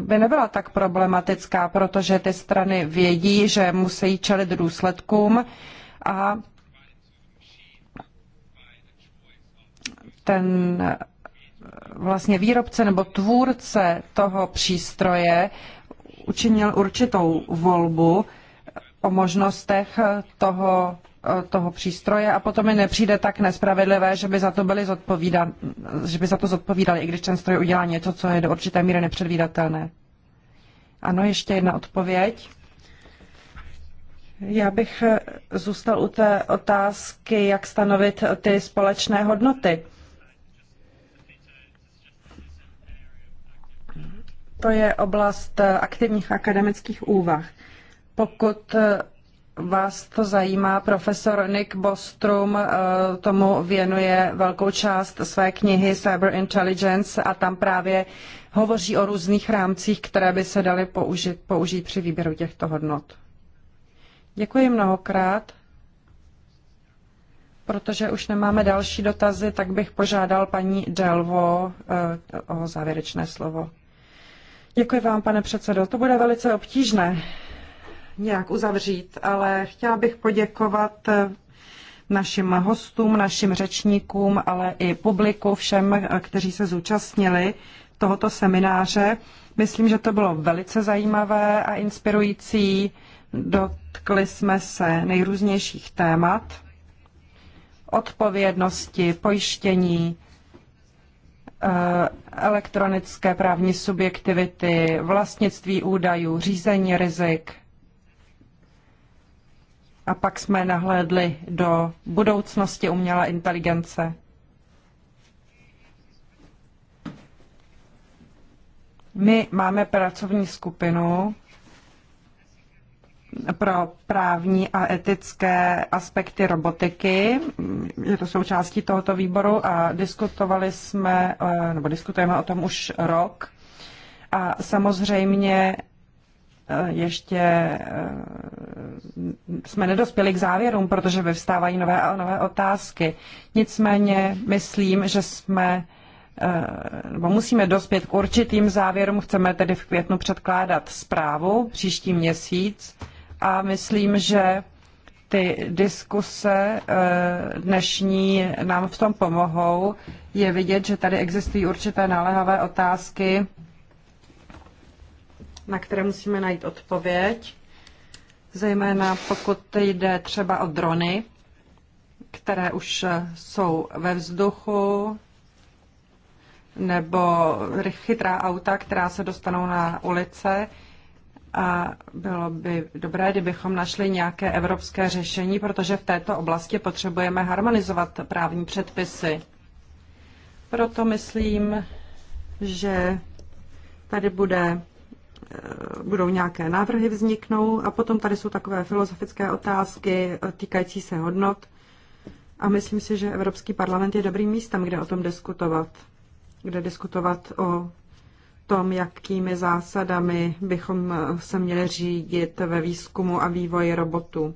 S1: by nebyla tak problematická, protože ty strany vědí, že musí čelit důsledkům a ten eh, vlastně výrobce nebo tvůrce toho přístroje učinil určitou volbu o možnostech toho Eh, toho přístroje a potom mi nepřijde tak nespravedlivé, že by za to byli zodpovída, že by za to zodpovídali, i když ten stroj udělá něco, co je do určité míry nepředvídatelné. Ano, ještě jedna odpověď. Já bych eh, zůstal u té otázky, jak stanovit ty společné hodnoty. To je oblast eh, aktivních akademických úvah. Pokud vás to zajímá, profesor Nick Bostrom eh, tomu věnuje velkou část své knihy Cyber Intelligence a tam právě hovoří o různých rámcích, které by se daly použít, použít při výběru těchto hodnot. Děkuji mnohokrát. Protože už nemáme další dotazy, tak bych požádal paní Delvo eh, o závěrečné slovo. Děkuji vám, pane předsedo. To bude velice obtížné nějak uzavřít, ale chtěla bych poděkovat eh, našim hostům, našim řečníkům, ale i publiku, všem, eh, kteří se zúčastnili tohoto semináře. Myslím, že to bylo velice zajímavé a inspirující. Dotkli jsme se nejrůznějších témat, odpovědnosti, pojištění, eh, elektronické právní subjektivity, vlastnictví údajů, řízení rizik, a pak jsme nahlédli do budoucnosti umělé inteligence. My máme pracovní skupinu pro právní a etické aspekty robotiky. Je to součástí tohoto výboru a diskutovali jsme, eh, nebo diskutujeme o tom už rok. A samozřejmě Eh, ještě eh, jsme nedospěli k závěrům, protože vyvstávají nové a nové otázky. Nicméně myslím, že jsme eh, nebo musíme dospět k určitým závěrům. Chceme tedy v květnu předkládat zprávu příští měsíc a myslím, že ty diskuse dnešní nám v tom pomohou. Je vidět, že tady existují určité naléhavé otázky, na které musíme najít odpověď, zejména pokud jde třeba o drony, které už jsou ve vzduchu, nebo chytrá auta, která se dostanou na ulice. A bylo by dobré, kdybychom našli nějaké evropské řešení, protože v této oblasti potřebujeme harmonizovat právní předpisy. Proto myslím, že tady bude Eh, budou nějaké návrhy vzniknou a potom tady jsou takové filozofické otázky týkající se hodnot a myslím si, že Evropský parlament je dobrým místem, kde o tom diskutovat, kde diskutovat o tom, jakými zásadami bychom se měli řídit ve výzkumu a vývoji robotů.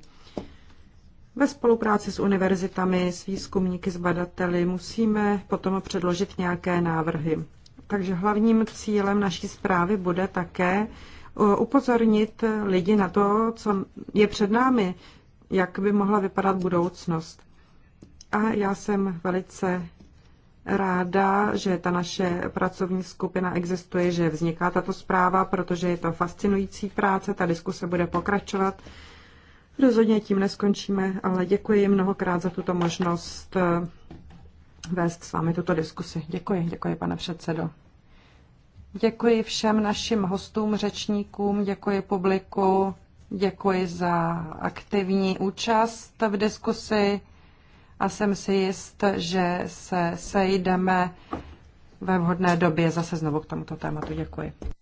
S1: Ve spolupráci s univerzitami, s výzkumníky, s badateli musíme potom předložit nějaké návrhy. Takže hlavním cílem naší zprávy bude také eh, upozornit lidi na to, co je před námi, jak by mohla vypadat budoucnost. A já jsem velice ráda, že ta naše pracovní skupina existuje, že vzniká tato zpráva, protože je to fascinující práce, ta diskuse bude pokračovat. Rozhodně tím neskončíme, ale děkuji mnohokrát za tuto možnost eh, vést s vámi tuto diskusi. Děkuji, děkuji, pane předsedo. Děkuji všem našim hostům, řečníkům, děkuji publiku, děkuji za aktivní účast v diskusi a jsem si jist, že se sejdeme ve vhodné době zase znovu k tomuto tématu. Děkuji.